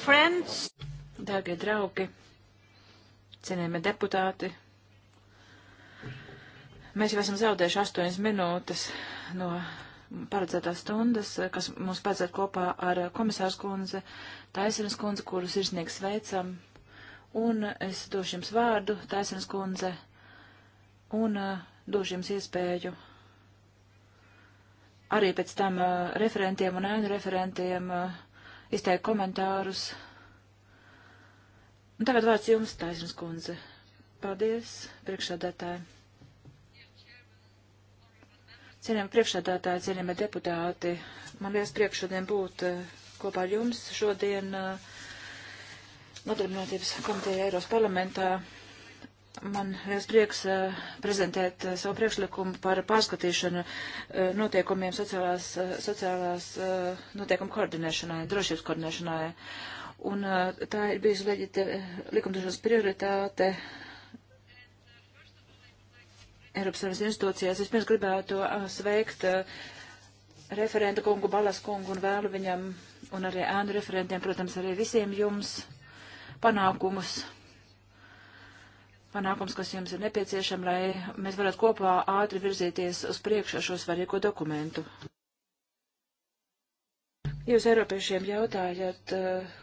friends. Dārgie draugi, cienījamie deputāti, mēs jau esam zaudējuši astoņas minūtes no paredzētās stundas, kas mums paredzēta kopā ar komisārs kundze, Taisanas kundze, kuru sirsnīgi sveicam. Un es došu jums vārdu, Taisanas kundze, un uh, došu jums iespēju arī pēc tam uh, referentiem un ēnu referentiem uh, izteikt komentārus. Un tagad vārds jums, Taisnes kundze. Paldies, priekšsādātāji. Cienījami priekšsādātāji, cienījami deputāti, man liels prieks šodien būt eh, kopā ar jums šodien eh, Nodarbinātības komiteja Eiros parlamentā. Man liels prieks uh, prezentēt uh, savu priekšlikumu par pārskatīšanu uh, noteikumiem sociālās, sociālās noteikumu koordinēšanai, drošības koordinēšanai. Un tā ir bijusi likumdošanas prioritāte Eiropas Savienības institūcijās. Es pirms gribētu sveikt referenta kungu, Balas kungu un vēlu viņam un arī ēnu referentiem, protams, arī visiem jums panākumus. Mm panākums, kas jums ir nepieciešams, lai mēs varētu kopā ātri virzīties uz priekšu ar šo svarīgo dokumentu. Jūs Eiropiešiem jautājat, eh,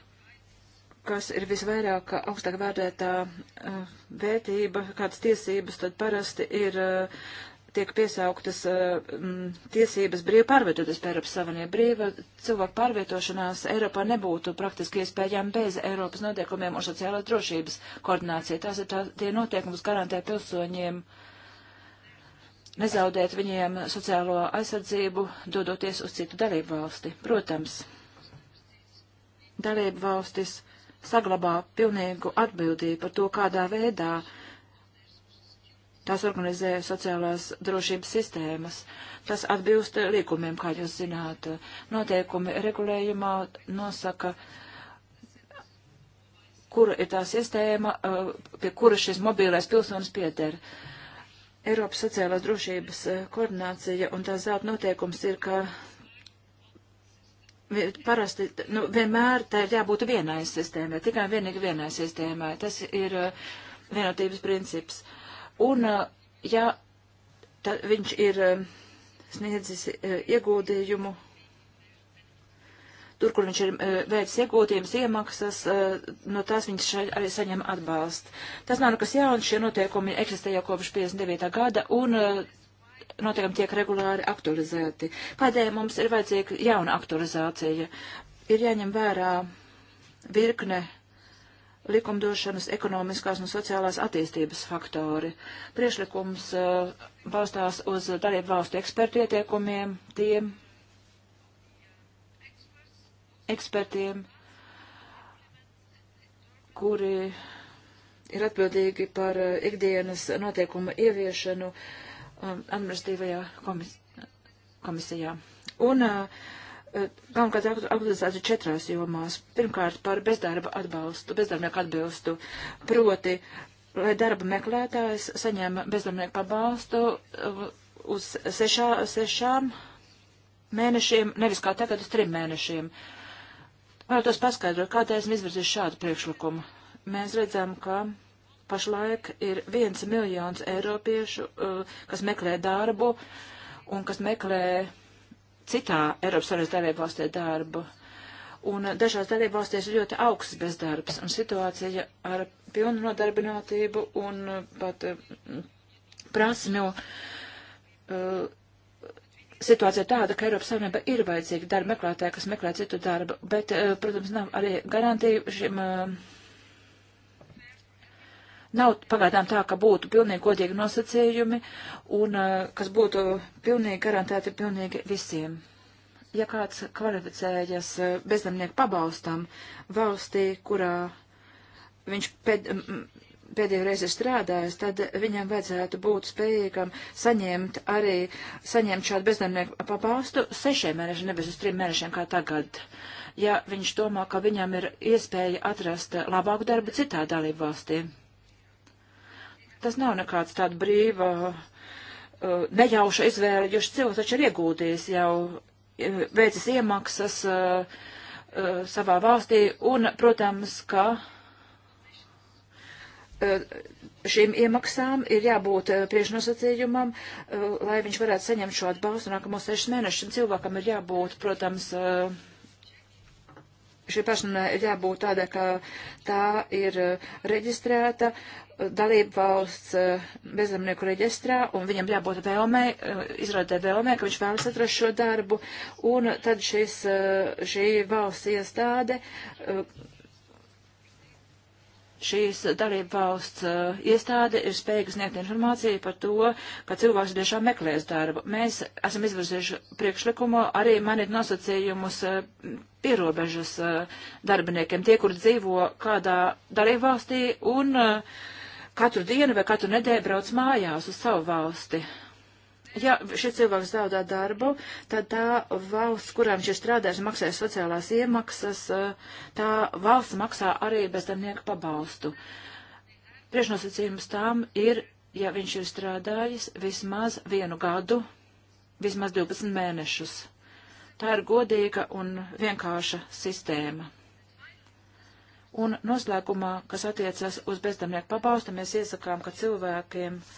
kas ir visvairāk augstāk vērtētā eh, vērtība, kādas tiesības tad parasti ir eh, tiek piesauktas eh, m, tiesības brīvi pārvietoties pa Eiropas Savienību. Brīva cilvēku pārvietošanās Eiropā nebūtu praktiski iespējama bez Eiropas noteikumiem un sociālā drošības koordinācija. Tās ir tā, tie noteikumi, kas garantē pilsoņiem nezaudēt viņiem sociālo aizsardzību, dodoties uz citu dalību valsti. Protams, dalību valstis saglabā pilnīgu atbildību par to, kādā veidā uh, Tās organizē sociālās drošības sistēmas. Tas atbilst līkumiem, kā jūs zināt. Noteikumi regulējumā nosaka, kura ir tā sistēma, pie kura šis mobīlais pilsonis pieder. Eiropas sociālās drošības koordinācija un tā zelta noteikums ir, ka Parasti nu, vienmēr tā ir jābūt vienai sistēmai, tikai vienīgi vienai sistēmai. Tas ir vienotības princips. Un, eh, ja viņš ir eh, sniedzis eh, ieguldījumu, tur, kur viņš ir veicis iegūtījums, iemaksas, no tās viņš arī saņem atbalstu. Tas nav nekas jauns, šie noteikumi eksistē jau kopš 59. gada, un noteikumi tiek regulāri aktualizēti. Kādēļ mums ir vajadzīga jauna aktualizācija? Ir jāņem vērā virkne likumdošanas, ekonomiskās un sociālās attīstības faktori. Priešlikums uh, balstās uz dalību valstu ekspertu ieteikumiem, tiem ekspertiem, kuri ir atbildīgi par uh, ikdienas notiekumu ieviešanu um, administratīvajā komis komisijā. Un uh, galvenokārt aktualizēti četrās jomās. Pirmkārt, par bezdarba atbalstu, bezdarbnieku atbalstu, proti, lai darba meklētājs saņem bezdarbnieku atbalstu uh, uz sešā, sešām mēnešiem, nevis kā tagad uz trim mēnešiem. Vēlētos paskaidrot, kādēļ esmu izvirzījis šādu priekšlikumu. Mēs redzam, ka pašlaik ir viens miljons eiropiešu, uh, kas meklē darbu un kas meklē uh, citā Eiropas Savienības dalību valstī darbu. Un dažās dalību valstīs ir ļoti augsts bezdarbs un situācija ar pilnu nodarbinātību un uh, pat uh, prasmju uh, situācija tāda, ka Eiropas Savienība ir vajadzīga darba meklētāja, kas meklē citu darbu, bet, uh, protams, nav arī garantija šim uh, Nav pagaidām tā, ka būtu pilnīgi godīgi nosacījumi un eh, kas būtu pilnīgi garantēti pilnīgi visiem. Ja kāds kvalificējas eh, bezdamnieku pabalstam valstī, kurā viņš pēd, pēdējo reizi strādājis, tad viņam vajadzētu būt spējīgam saņemt arī, saņemt šādu bezdarbnieku pabalstu sešiem mēnešiem, nevis uz trim mēnešiem kā tagad. Ja viņš domā, ka viņam ir iespēja atrast labāku darbu citā dalību valstī. Tas nav nekāds tāds brīva, uh, nejauša izvēle, jo šis cilvēks taču ir iegūties jau uh, veicis iemaksas uh, uh, savā valstī, un, protams, ka uh, šīm iemaksām ir jābūt uh, priekšnosacījumam, lai viņš varētu saņemt šo atbalstu nākamos sešas mēnešus. Cilvēkam ir jābūt, protams, šī personai ir jābūt tādai, ka tā ir uh, reģistrēta uh, dalību valsts uh, bezdarbnieku reģistrā, un viņam jābūt vēlmē, izrādē vēlmē, ka viņš vēlas atrast šo darbu, un tad šis, šī valsts iestāde šīs dalība valsts uh, iestāde ir spējīga sniegt informāciju par to, ka cilvēks tiešām meklēs darbu. Mēs esam izvirzījuši priekšlikumu arī manīt nosacījumus uh, pierobežas uh, darbiniekiem, tie, kur dzīvo kādā dalība valstī un katru dienu vai katru nedēļu brauc mājās uz savu valsti ja šis cilvēks zaudē darbu, tad tā valsts, kurām šis strādājs maksā sociālās iemaksas, tā valsts maksā arī bezdarbnieku pabalstu. Priešnosacījums tām ir, ja viņš ir strādājis vismaz vienu gadu, vismaz 12 mēnešus. Tā ir godīga un vienkārša sistēma. Un noslēgumā, kas attiecas uz bezdarbnieku pabalstu, mēs iesakām, ka cilvēkiem uh,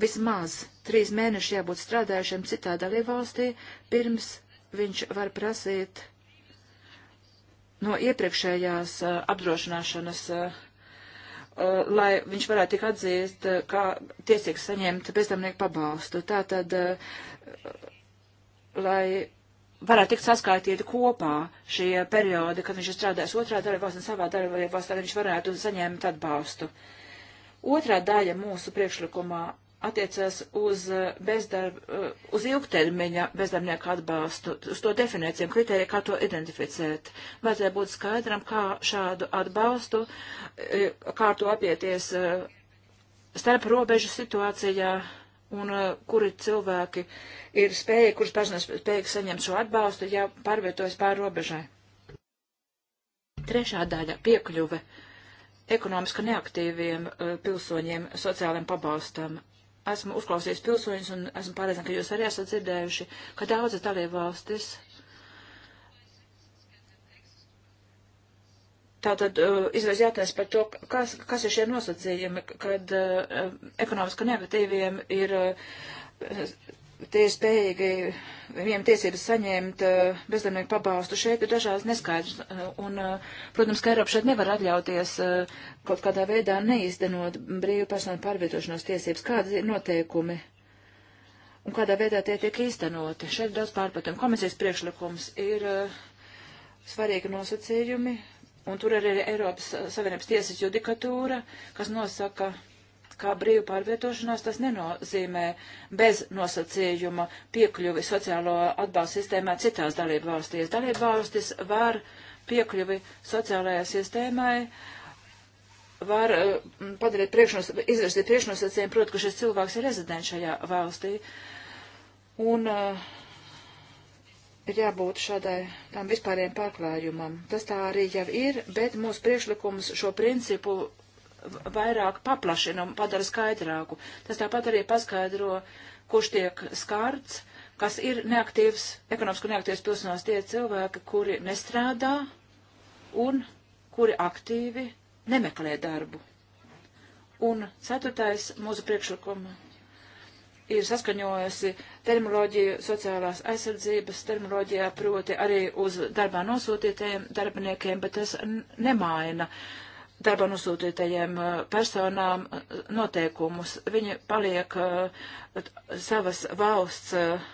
vismaz trīs mēneši jābūt strādājušiem citā dalībvalstī, pirms viņš var prasīt no iepriekšējās uh, apdrošināšanas, uh, uh, lai viņš varētu tik atzīst, uh, kā tiesīgs saņemt bezdarbnieku pabalstu. Tātad, uh, lai varētu tikt saskaitīti kopā šie periodi, kad viņš ir strādājis otrā dalībvalstī un savā dalībvalstī, lai viņš varētu saņemt atbalstu. Otrā daļa mūsu priekšlikumā attiecas uz, eh, bezdarba, eh, uz ilgtermiņa bezdarbnieku atbalstu, uz to definīcijiem, kritēriju, kā to identificēt. Vajadzēja būt skaidram, kā šādu atbalstu, eh, kā to apieties starp robežu situācijā un kuri cilvēki ir spējīgi, kurš personas spējīgi saņemt šo atbalstu, ja pārvietojas pār robežai. Trešā daļa - piekļuve ekonomiski neaktīviem pilsoņiem sociālajiem pabalstam esmu uzklausījis pilsoņus un esmu pārliecināta, ka jūs arī esat dzirdējuši, ka daudzas dalībvalstis tātad uh, izveiz jautājums par to, kas, kas ir šie nosacījumi, kad uh, ekonomiski negatīviem ir uh, tie ir spējīgi, viņiem tiesības saņemt uh, bezdarbnieku pabalstu. Šeit ir dažādas neskaidrs. Eh, un, uh, protams, ka Eiropa šeit nevar atļauties uh, kaut kādā veidā neizdenot brīvu personu pārvietošanos tiesības. Kādi ir noteikumi? Un kādā veidā tie tiek īstenoti? Šeit daudz pārpatumu. Komisijas priekšlikums ir svarīgi nosacījumi. Un tur arī ir Eiropas Savienības tiesas judikatūra, kas nosaka kā brīva pārvietošanās tas nenozīmē bez nosacījuma piekļuvi sociālo atbalstu sistēmā citās dalību valstīs. Dalību valstis var piekļuvi sociālajai sistēmai, var mm, padarīt priekšnos, izvirzīt priekšnosacījumu, protams, ka šis cilvēks ir rezidents šajā valstī. Un uh, ir jābūt šādai tam vispārējiem pārklājumam. Tas tā arī jau ir, bet mūsu priekšlikums šo principu vairāk paplašina un padara skaidrāku. Tas tāpat arī paskaidro, kurš tiek skārts, kas ir neaktīvs, ekonomiski neaktīvs pilsonos tie cilvēki, kuri nestrādā un kuri aktīvi nemeklē darbu. Un ceturtais mūsu priekšlikuma ir saskaņojusi terminoloģiju sociālās aizsardzības terminoloģijā, proti arī uz darbā nosūtītajiem darbiniekiem, bet tas nemaina uh, darba nosūtītajiem eh, personām eh, noteikumus. Viņi paliek uh, savas valsts uh,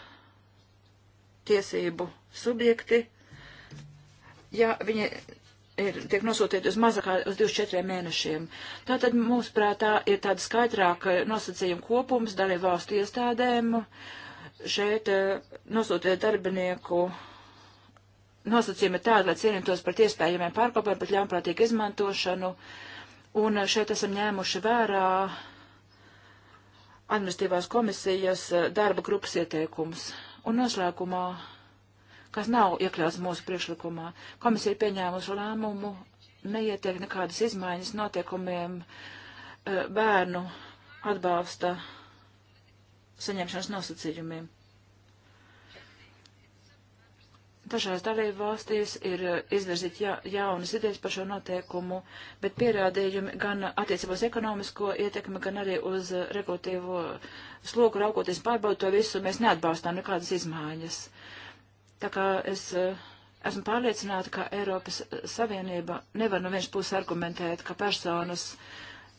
tiesību subjekti, ja viņi ir, tiek nosūtīti uz mazākā uz 24 mēnešiem. Tātad mūsu prātā ir tāda skaidrāka nosacījuma kopums dalībvalstu iestādēm. Šeit uh, nosūtiet darbinieku uh, nosacījumi ir tādi, lai cīnītos pret iespējamiem pārkopiem, pret ļaunprātīgu izmantošanu. Un šeit esam ņēmuši vērā administratīvās komisijas eh, darba grupas ieteikumus. Un noslēgumā, kas nav iekļauts mūsu priekšlikumā, komisija ir pieņēmusi lēmumu neietiek nekādas izmaiņas notiekumiem eh, bērnu atbalsta saņemšanas nosacījumiem. Dažās dalību valstīs ir eh, izvirzīt ja, jaunas idejas par šo noteikumu, bet pierādījumi gan attiecībā uz ekonomisko ietekmi, gan arī uz eh, regulatīvo slogu raukoties pārbaudot to visu, mēs neatbalstām nekādas izmaiņas. Tā kā es eh, esmu pārliecināta, ka Eiropas Savienība nevar no vienas puses argumentēt, ka personas,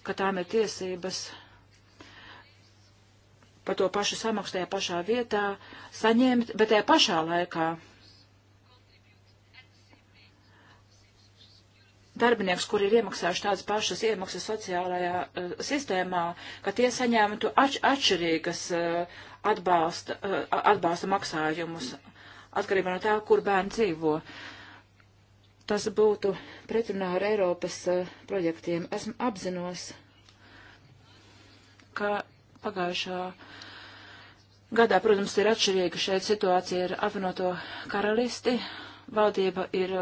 ka tām ir tiesības par to pašu samaksu tajā pašā vietā saņemt, bet tajā pašā laikā darbinieks, kuri ir iemaksājuši tādas pašas iemaksas sociālajā uh, sistēmā, ka tie saņēmtu atš atšķirīgas uh, atbalsta, uh, atbalsta maksājumus atkarībā no tā, kur bērni dzīvo. Tas būtu pretrunā ar Eiropas uh, projektiem. Esmu apzinos, ka pagājušā gadā, protams, ir atšķirīga šeit situācija ar apvienoto karalisti. Valdība ir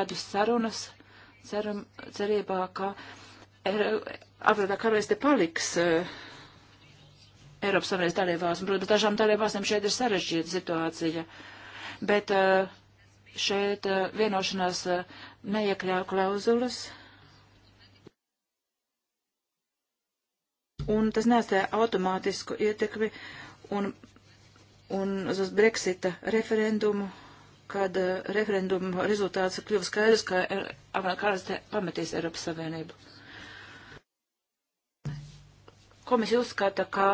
vedus sarunas. Uh, ceram, cerībā, ka er, apvienotā karaliste paliks uh, Eiropas Savienības dalībās. Un, protams, dažām dalībāsiem šeit ir sarežģīta situācija. Bet uh, šeit uh, vienošanās neiekļāva klauzulas. Un tas nestāja automātisku ietekmi un, un uz Brexita referendumu kad referenduma rezultāts kļuva skaidrs, ka Avankārs pametīs Eiropas Savienību. Komisija uzskata, ka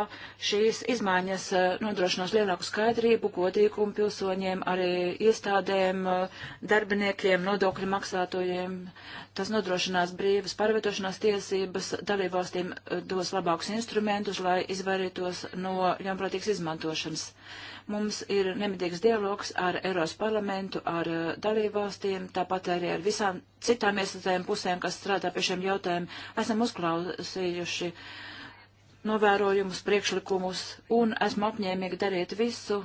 šīs izmaiņas eh, nodrošinās lielāku skaidrību, godīgumu pilsoņiem, arī iestādēm, eh, darbiniekiem, nodokļu maksātojiem. Tas nodrošinās brīvas pārvietošanās tiesības, dalībvalstīm eh, dos labākus instrumentus, lai izvairītos no ļaunprātīgas izmantošanas. Mums ir nemitīgs dialogs ar Eiropas parlamentu, ar dalībvalstīm, tāpat arī ar visām citām iestādēm pusēm, kas strādā pie šiem jautājumiem. Esam uzklausījuši. Uh, novērojumus, priekšlikumus, un esmu apņēmīgi darīt visu,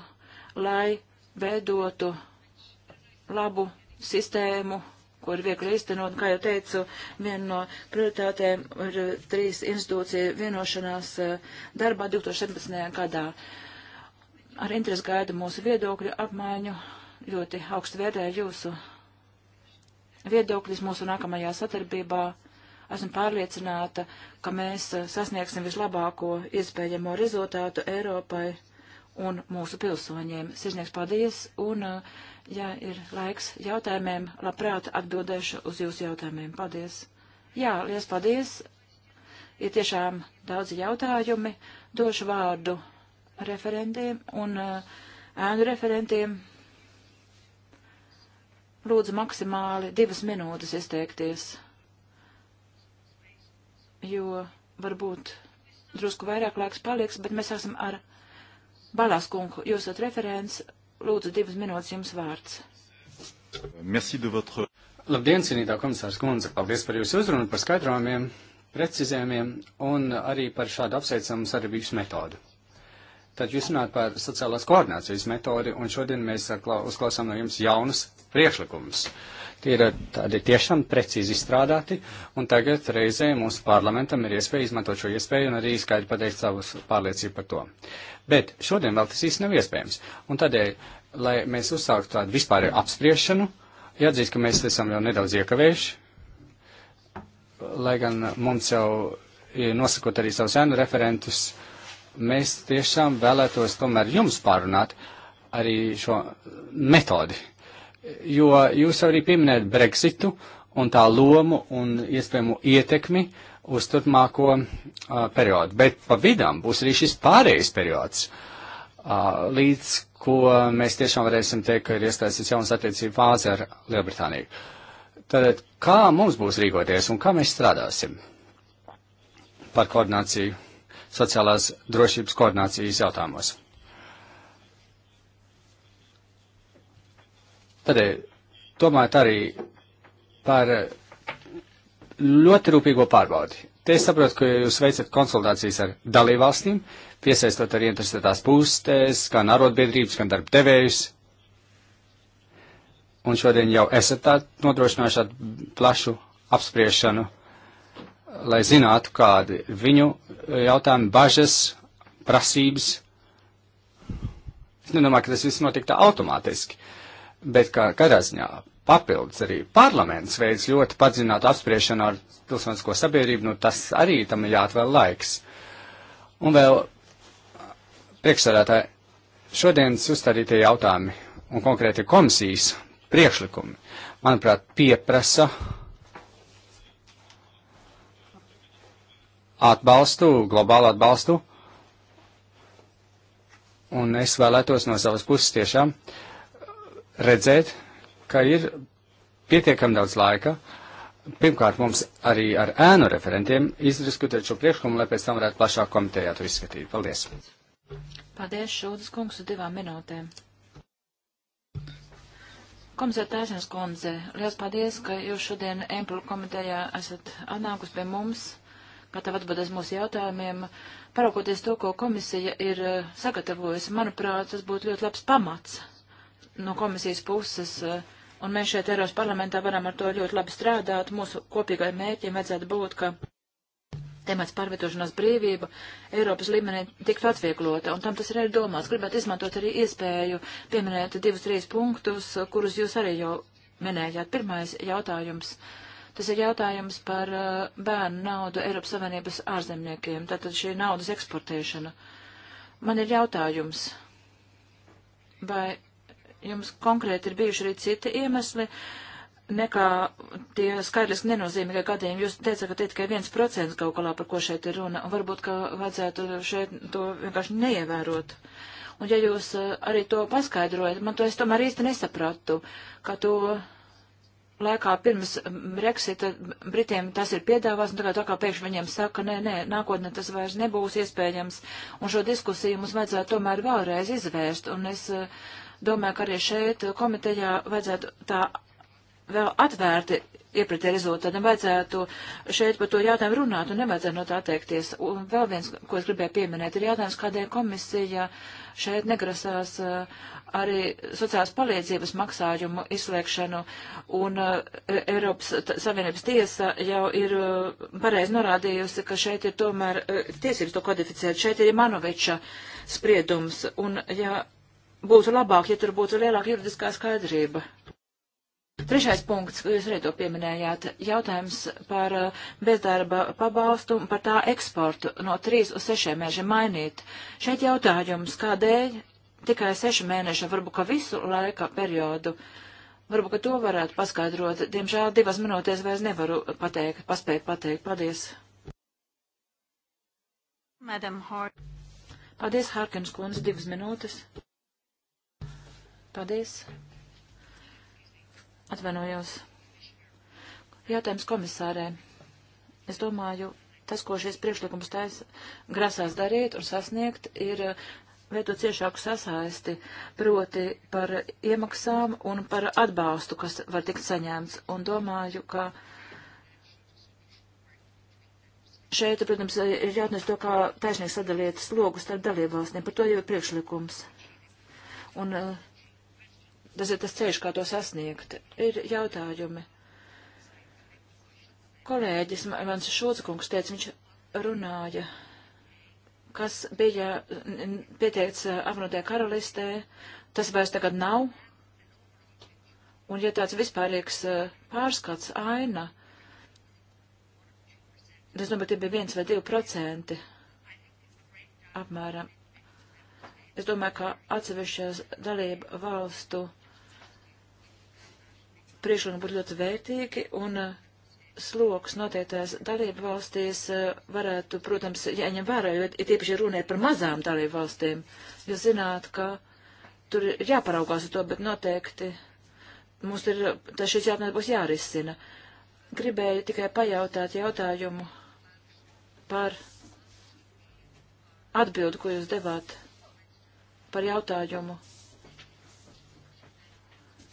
lai veidotu labu sistēmu, ko ir viegli īstenot. Kā jau teicu, viena no prioritātēm ir trīs institūcija vienošanās eh, darbā 2017. gadā. Ar interesi gaida mūsu viedokļu apmaiņu. Ļoti augstu vērtēju jūsu viedokļus mūsu nākamajā sadarbībā Esmu pārliecināta, ka mēs eh, sasniegsim vislabāko iespējamo rezultātu Eiropai un mūsu pilsoņiem. Sirdnieks paldies, un, eh, ja ir laiks jautājumiem, labprāt atbildēšu uz jūsu jautājumiem. Paldies! Jā, liels paldies! Ir tiešām daudzi jautājumi. Došu vārdu referentiem un eh, ēnu referentiem. Lūdzu maksimāli divas minūtes izteikties jo varbūt drusku vairāk laiks paliks, bet mēs esam ar Balās kungu. Jūs esat referents, lūdzu divas minūtes jums vārds. Merci de votre. Labdien, cienītā komisārs Kunze, paldies par jūsu uzrunu, par skaidrojumiem, precizējumiem un arī par šādu apsveicamu sadarbības metodu. Tad jūs runājat par sociālās koordinācijas metodi, un šodien mēs uzklausām no jums jaunus priekšlikumus. Tie ir tādi tiešām precīzi izstrādāti, un tagad reizē mūsu parlamentam ir iespēja izmantot šo iespēju un arī skaidri pateikt savus pārliecību par to. Bet šodien vēl tas īsti nav iespējams, un tādēļ, lai mēs uzsāktu tādu vispārēju apspriešanu, jāatzīst, ka mēs esam jau nedaudz iekavējuši, lai gan mums jau nosakot arī savus ēnu referentus, uh, mēs tiešām vēlētos tomēr jums pārunāt arī šo metodi. Jo jūs arī pieminējat Brexitu un tā lomu un iespējamo ietekmi uz turpmāko uh, periodu. Bet pa vidām būs arī šis pārējais periods, uh, līdz ko mēs tiešām varēsim teikt, ka ir iestājusies jaunas attiecību fāze ar Lielbritāniju. Tad kā mums būs rīkoties un kā mēs strādāsim par koordināciju? sociālās drošības koordinācijas jautājumos. Tādēļ eh, domājot arī par ļoti rūpīgo pārbaudi. Te es saprotu, ka jūs veicat konsultācijas ar dalībvalstīm, piesaistot arī interesētās pūstēs, gan arotbiedrības, gan darba devējus. Un šodien jau esat tā nodrošinājuši plašu apspriešanu uh, lai zinātu, kādi viņu eh, jautājumi, bažas, prasības. Es nedomāju, ka tas viss notika automātiski, bet kā katrā ziņā papildus arī parlaments veids ļoti padzinātu apspriešanu ar pilsonisko sabiedrību, nu tas arī tam ir jāatvēl laiks. Un vēl priekšsādātāji, šodienas uzstādītie jautājumi un konkrēti komisijas priekšlikumi, manuprāt, pieprasa atbalstu, globālu atbalstu. Un es vēlētos no savas puses tiešām redzēt, ka ir pietiekami daudz laika. Pirmkārt, mums arī ar ēnu referentiem izdiskutēt šo priekšlikumu, lai pēc tam varētu plašāk komitejā to izskatīt. Paldies! Paldies, Šūdas kungs, uz divām minūtēm. Komisija Taisnes kundze, liels paldies, ka jūs šodien Emplu komitejā esat atnākus pie mums gatavi atbildēt mūsu jautājumiem. Paraugoties to, ko komisija ir eh, sagatavojusi, manuprāt, tas būtu ļoti labs pamats no komisijas puses. Eh, un mēs šeit Eiropas parlamentā varam ar to ļoti labi strādāt. Mūsu kopīgai mērķiem vajadzētu būt, ka temats pārvietošanās brīvība Eiropas līmenī tiktu atvieglota, un tam tas ir arī domāts. Gribētu izmantot arī iespēju pieminēt divus, trīs punktus, kurus jūs arī jau minējāt. Pirmais jautājums. Uh, Tas ir jautājums par uh, bērnu naudu Eiropas Savienības ārzemniekiem, tātad šī naudas eksportēšana. Man ir jautājums, vai jums konkrēti ir bijuši arī citi iemesli, nekā tie skaidriski nenozīmīgie gadījumi. Jūs teicāt, ka tie tikai viens procents kaut kādā, par ko šeit ir runa, un varbūt, ka vajadzētu šeit to vienkārši neievērot. Un ja jūs uh, arī to paskaidrojat, man to es tomēr īsti nesapratu, ka to. Uh, laikā pirms Brexita Britiem tas ir piedāvās, un tagad tā kā pēkšņi viņiem saka, nē, nē, nākotnē tas vairs nebūs iespējams, un šo diskusiju mums vajadzētu tomēr vēlreiz izvērst, un es eh, domāju, ka arī šeit komitejā vajadzētu tā vēl atvērti iepratē rezultātam, vajadzētu šeit par to jautājumu runāt un nevajadzētu no tā atteikties. Un vēl viens, ko es gribēju pieminēt, ir jautājums, kādēļ komisija šeit negrasās uh, arī sociālās palīdzības maksājumu izslēgšanu, un uh, Eiropas Savienības tiesa jau ir uh, pareizi norādījusi, ka šeit ir tomēr uh, tiesības to kodificēt. Šeit ir Manoviča spriedums, un ja būtu labāk, ja tur būtu lielāka juridiskā skaidrība. Trešais punkts, ko jūs arī to pieminējāt, jautājums par bezdarba pabalstu un par tā eksportu no 3 uz 6 mēnešiem mainīt. Šeit jautājums, kādēļ tikai sešu mēnešu, varbūt ka visu laika periodu. Varbūt, ka to varētu paskaidrot. Diemžēl divas minūtēs vairs nevaru pateikt, paspēt pateikt. Paldies. Madam Hort. Paldies, Harkins kundze, divas minūtes. Paldies. Atvainojos. Jātājums komisārē. Es domāju, tas, ko šis priekšlikums taisa grasās darīt un sasniegt, ir veidot ciešāku sasaisti, proti par iemaksām un par atbalstu, kas var tikt saņemts. Un domāju, ka šeit, protams, ir jautājums to, kā taisnīgi sadaliet slogus starp dalībvalstīm. Par to jau ir priekšlikums. Un eh, tas ir tas ceļš, kā to sasniegt. Ir jautājumi. Kolēģis, mans šūdzakungs teica, viņš runāja kas bija pieteicis apvienotē karalistē, tas vairs tagad nav. Un ja tāds vispārīgs pārskats aina, es domāju, tie bija viens vai divi procenti apmēram. Es domāju, ka atsevišķas dalību valstu priekšlikumi būtu ļoti vērtīgi, un uh, sloks noteiktās dalību valstīs eh, varētu, protams, jāņem vērā, jo ir tieši runē par mazām dalību valstīm. Jūs zināt, ka tur ir jāparaugās uz to, bet noteikti mums ir, tas šis jautājums būs jārisina. Gribēju tikai pajautāt jautājumu par atbildi, ko jūs devāt par jautājumu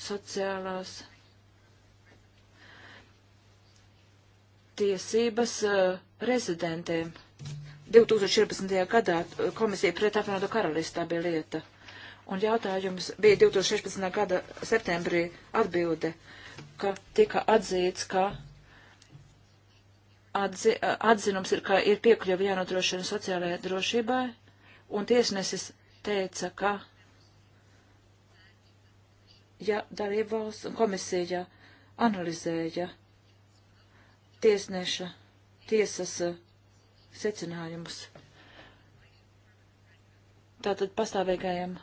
sociālās tiesības eh, rezidentiem. 2014. gadā eh, komisija pret apvienoto karalistā bija lieta. Un jautājums bija 2016. gada septembrī atbilde, ka tika atzīts, ka atzi, eh, atzinums ir, ka ir piekļuva jānodrošina sociālajai drošībai, un tiesnesis teica, ka, ja darībvalsts un komisija analizēja tiesneša tiesas eh, secinājumus. Tātad pastāvīgajam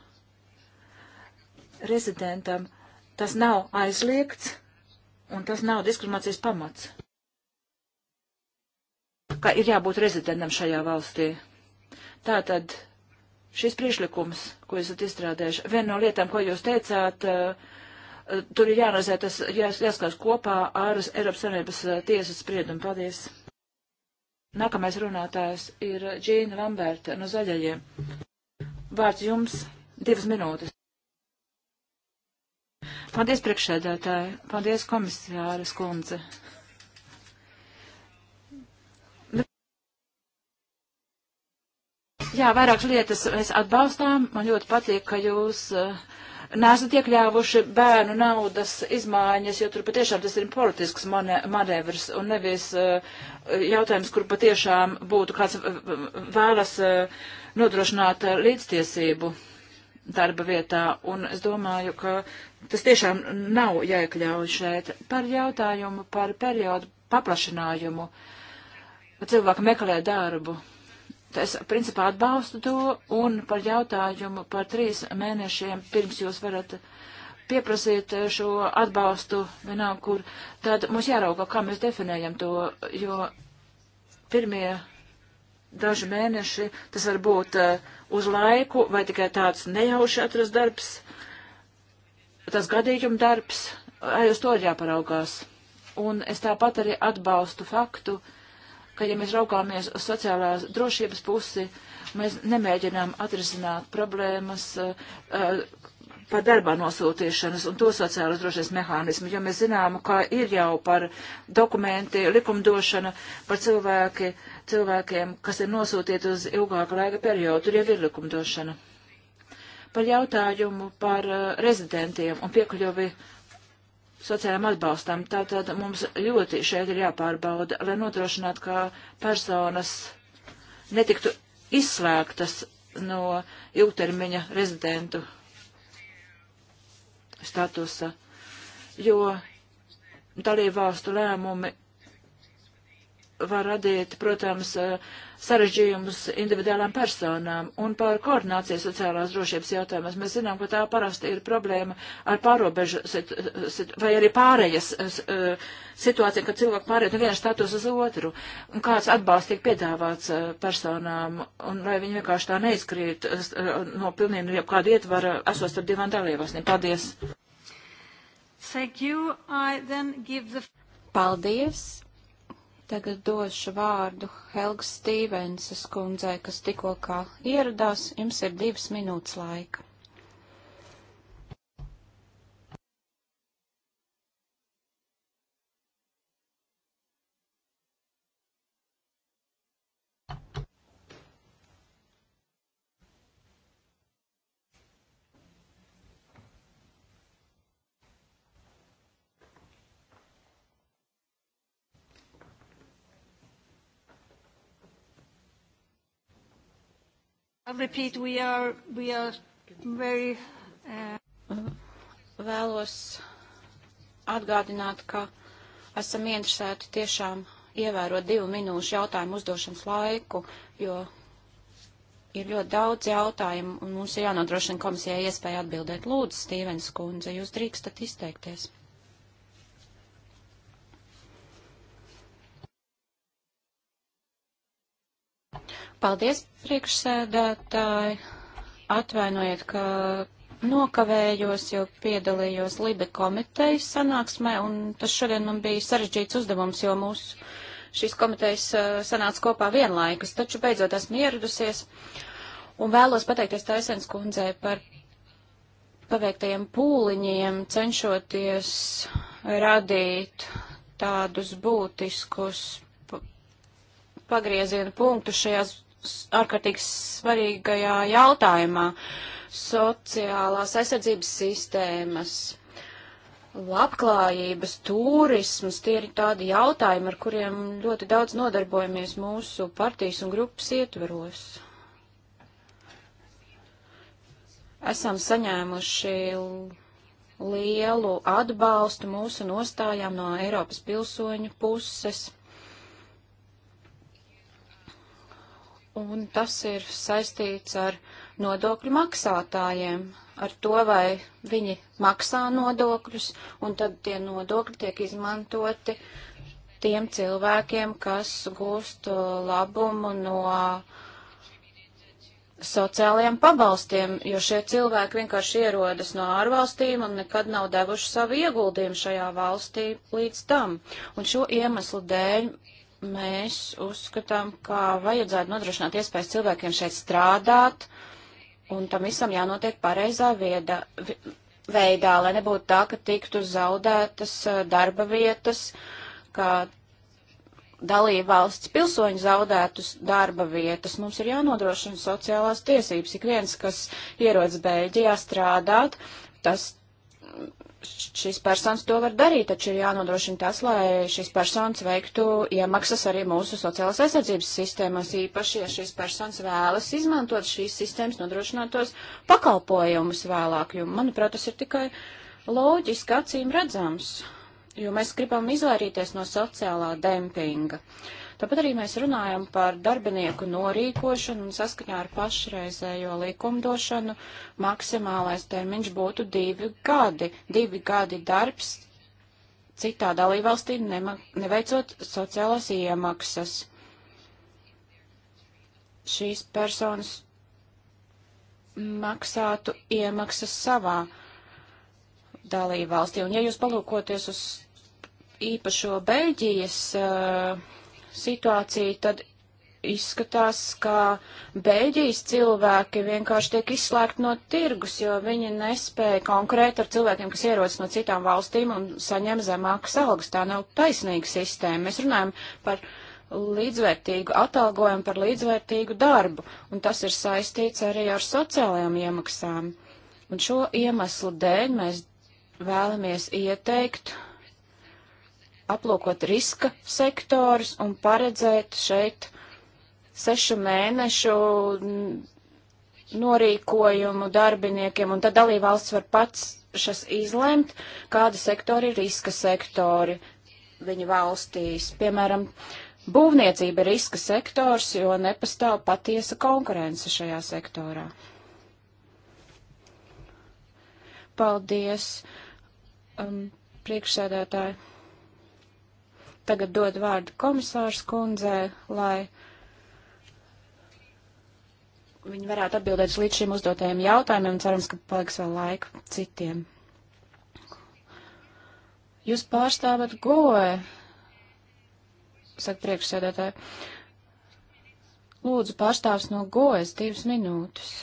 rezidentam tas nav aizliegts un tas nav diskriminācijas pamats. Ka ir jābūt rezidentam šajā valstī. Tātad šis priešlikums, ko esat izstrādājuši, viena no lietām, ko jūs teicāt, uh, tur ir jārazē tas, jās, jāskatās kopā ar Eiropas Savienības tiesas spriedumu. Paldies! Nākamais runātājs ir Džīna Lamberta no Zaļajiem. Vārds jums divas minūtes. Paldies priekšsēdētāji, paldies komisāras kundze. Nu, jā, vairākas lietas mēs atbalstām. Man ļoti patīk, ka jūs uh, nesat iekļāvuši bērnu naudas izmaiņas, jo tur patiešām tas ir politisks manevrs un nevis eh, jautājums, kur patiešām būtu kāds eh, vēlas eh, nodrošināt līdztiesību darba vietā. Un es domāju, ka tas tiešām nav jāiekļauj šeit par jautājumu par periodu paplašinājumu. Cilvēki meklē darbu Es principā atbalstu to un par jautājumu par trīs mēnešiem pirms jūs varat pieprasīt šo atbalstu vienalga, kur tad mums jārauga, kā mēs definējam to, jo pirmie daži mēneši tas var būt uh, uz laiku vai tikai tāds nejauši atrast darbs, tas gadījuma darbs, arī uz to ir jāparaugās. Un es tāpat arī atbalstu faktu, uh, ka, ja mēs raugāmies uz sociālās drošības pusi, mēs nemēģinām atrisināt problēmas uh, par darbā nosūtīšanas un to sociālas drošības mehānismu, jo mēs zinām, ka ir jau par dokumenti, likumdošana, par cilvēki, cilvēkiem, kas ir nosūtīti uz ilgāku laika periodu, tur jau ir likumdošana. Par jautājumu par uh, rezidentiem un piekļuvi sociālajiem atbalstam. Tātad mums ļoti šeit ir jāpārbauda, lai nodrošinātu, ka personas netiktu izslēgtas no ilgtermiņa rezidentu statusa, jo dalībvalstu lēmumi var radīt, protams, eh, sarežģījumus individuālām personām. Un par koordināciju sociālās drošības jautājumus mēs zinām, ka tā parasti ir problēma ar pārobežu sit, sit, vai arī pārējas eh, situācija, kad cilvēki pārēja no viena status uz otru. Un kāds atbalsts tiek piedāvāts eh, personām, un lai viņi vienkārši tā neizkrīt no pilnīgi jau kāda ietvara esot starp divām dalībvalstīm. Paldies! Thank you. I then give the... Paldies! Tagad došu vārdu Helga Stīvenses kundzei, kas tikko kā ieradās. Jums ir divas minūtes laika. repeat, we are, we are very, uh... Vēlos atgādināt, ka esam interesēti tiešām ievērot divu minūšu jautājumu uzdošanas laiku, jo ir ļoti daudz jautājumu, un mums ir jānodrošina komisijai iespēja atbildēt. Lūdzu, Stīvens kundze, jūs drīkstat izteikties. Paldies, priekšsēdētāji. Atvainojiet, ka nokavējos, jo piedalījos Libe komitejas sanāksmē, un tas šodien man bija sarežģīts uzdevums, jo mūsu šīs komitejas sanāca kopā vienlaikus, taču beidzot esmu ieradusies un vēlos pateikties Taisens kundzei par paveiktajiem pūliņiem, cenšoties radīt tādus būtiskus pagrieziena punktus šajās ārkārtīgi svarīgajā jautājumā - sociālās aizsardzības sistēmas, labklājības, turismas. Tie ir tādi jautājumi, ar kuriem ļoti daudz nodarbojamies mūsu partijas un grupas ietveros. Esam saņēmuši lielu atbalstu mūsu nostājām no Eiropas pilsoņu puses. un tas ir saistīts ar nodokļu maksātājiem, ar to, vai viņi maksā nodokļus, un tad tie nodokļi tiek izmantoti tiem cilvēkiem, kas gūst uh, labumu no sociālajiem pabalstiem, jo šie cilvēki vienkārši ierodas no ārvalstīm un nekad nav devuši savu ieguldījumu šajā valstī līdz tam. Un šo iemeslu dēļ mēs uzskatām, ka vajadzētu nodrošināt iespējas cilvēkiem šeit strādāt, un tam visam jānotiek pareizā vieda, veidā, lai nebūtu tā, ka tiktu zaudētas eh, darba vietas, ka dalībvalsts pilsoņi zaudētus darba vietas. Mums ir jānodrošina sociālās tiesības. Ik viens, kas ierodas Beļģijā strādāt, tas šīs personas to var darīt, taču ir jānodrošina tas, lai šīs personas veiktu iemaksas arī mūsu sociālās aizsardzības sistēmās, īpaši, ja šīs personas vēlas izmantot šīs sistēmas nodrošinātos pakalpojumus vēlāk, jo, manuprāt, tas ir tikai loģiski acīm redzams, jo mēs gribam izvairīties no sociālā dempinga. Uh, Tāpat arī mēs runājam par darbinieku norīkošanu un saskaņā ar pašreizējo likumdošanu maksimālais termiņš būtu divi gadi. Divi gadi darbs citā dalībvalstī neveicot sociālās iemaksas. Šīs personas maksātu iemaksas savā dalībvalstī. Un ja jūs palūkoties uz īpašo Beļģijas uh, situāciju, tad izskatās, ka Beļģijas cilvēki vienkārši tiek izslēgti no tirgus, jo viņi nespēja konkurēt ar cilvēkiem, kas ierodas no citām valstīm un saņem zemākas algas. Tā nav taisnīga sistēma. Mēs runājam par līdzvērtīgu atalgojumu, par līdzvērtīgu darbu, un tas ir saistīts arī ar sociālajām iemaksām. Un šo iemeslu dēļ mēs vēlamies ieteikt aplūkot riska sektorus un paredzēt šeit sešu mēnešu norīkojumu darbiniekiem, un tad dalībvalsts var pats šas izlemt, kāda sektori ir riska sektori viņa valstīs. Piemēram, būvniecība ir riska sektors, jo nepastāv patiesa konkurence šajā sektorā. Paldies, um, priekšsēdētāji tagad dod vārdu komisārs kundzē, lai viņi varētu atbildēt uz līdz šim uzdotajiem jautājumiem un cerams, ka paliks vēl laika citiem. Jūs pārstāvat goe, saka priekšsēdētāji. Lūdzu, pārstāvs no goes divas minūtes.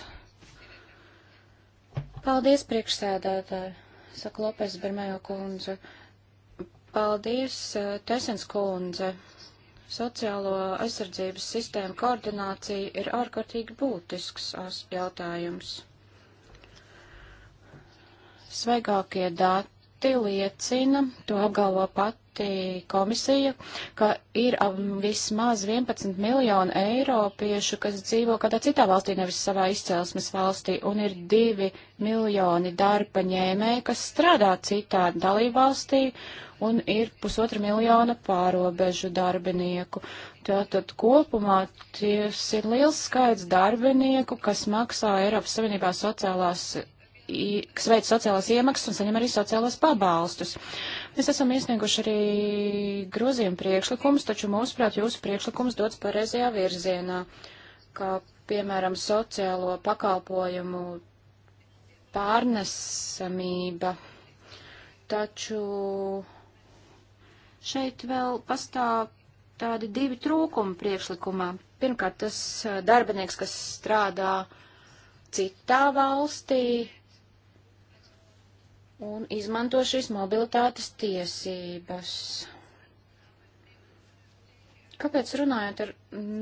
Paldies, priekšsēdētāji, saka Lopes Bermejo kundze. Uh, Paldies, eh, Tesens kundze. Sociālo aizsardzības sistēmu koordinācija ir ārkārtīgi būtisks jautājums. Svaigākie dati liecina, to apgalvo pat pati komisija, ka ir um, vismaz 11 miljonu eiropiešu, kas dzīvo kādā citā valstī, nevis savā izcelsmes valstī, un ir 2 miljoni darba ņēmēji, kas strādā citā dalībvalstī, un ir pusotra miljona pārobežu darbinieku. Tātad kopumā tas ir liels skaits darbinieku, kas maksā Eiropas Savienībā sociālās kas veic sociālās iemaksas un saņem arī sociālos pabalstus. Mēs esam iesnieguši arī grozījumu priekšlikumus, taču mūsuprāt jūsu priekšlikums dots pareizajā virzienā, kā piemēram sociālo pakalpojumu pārnesamība. Taču šeit vēl pastāv tādi divi trūkumi priekšlikumā. Pirmkārt, tas eh, darbinieks, kas strādā citā valstī, un izmanto šīs mobilitātes tiesības. Kāpēc runājot ar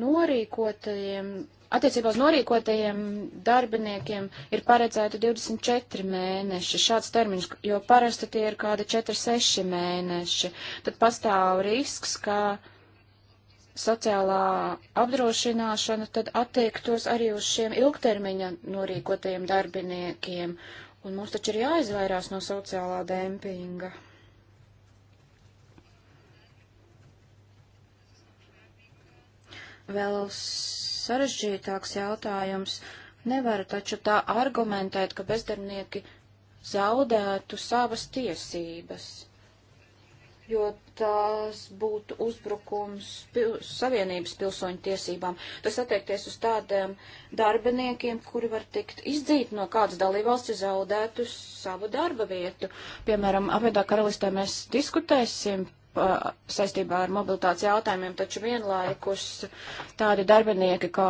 norīkotajiem, attiecībā uz norīkotajiem darbiniekiem ir paredzēta 24 mēneši šāds termiņš, jo parasti tie ir kādi 4-6 mēneši. Tad pastāv risks, ka sociālā apdrošināšana tad attiektos arī uz šiem ilgtermiņa norīkotajiem darbiniekiem. Uh, Un mums taču ir jāizvairās no sociālā dempinga. Vēl sarežģītāks jautājums. Nevaru taču tā argumentēt, ka bezdarbnieki zaudētu savas tiesības jo tās būtu uzbrukums pil Savienības pilsoņu tiesībām. Tas attiekties uz tādiem darbiniekiem, kuri var tikt izdzīti no kādas dalībvalsts, ir zaudētu savu darba vietu. Piemēram, apvienotā karalistē mēs diskutēsim saistībā ar mobilitātes jautājumiem, taču vienlaikus tādi darbinieki, kā,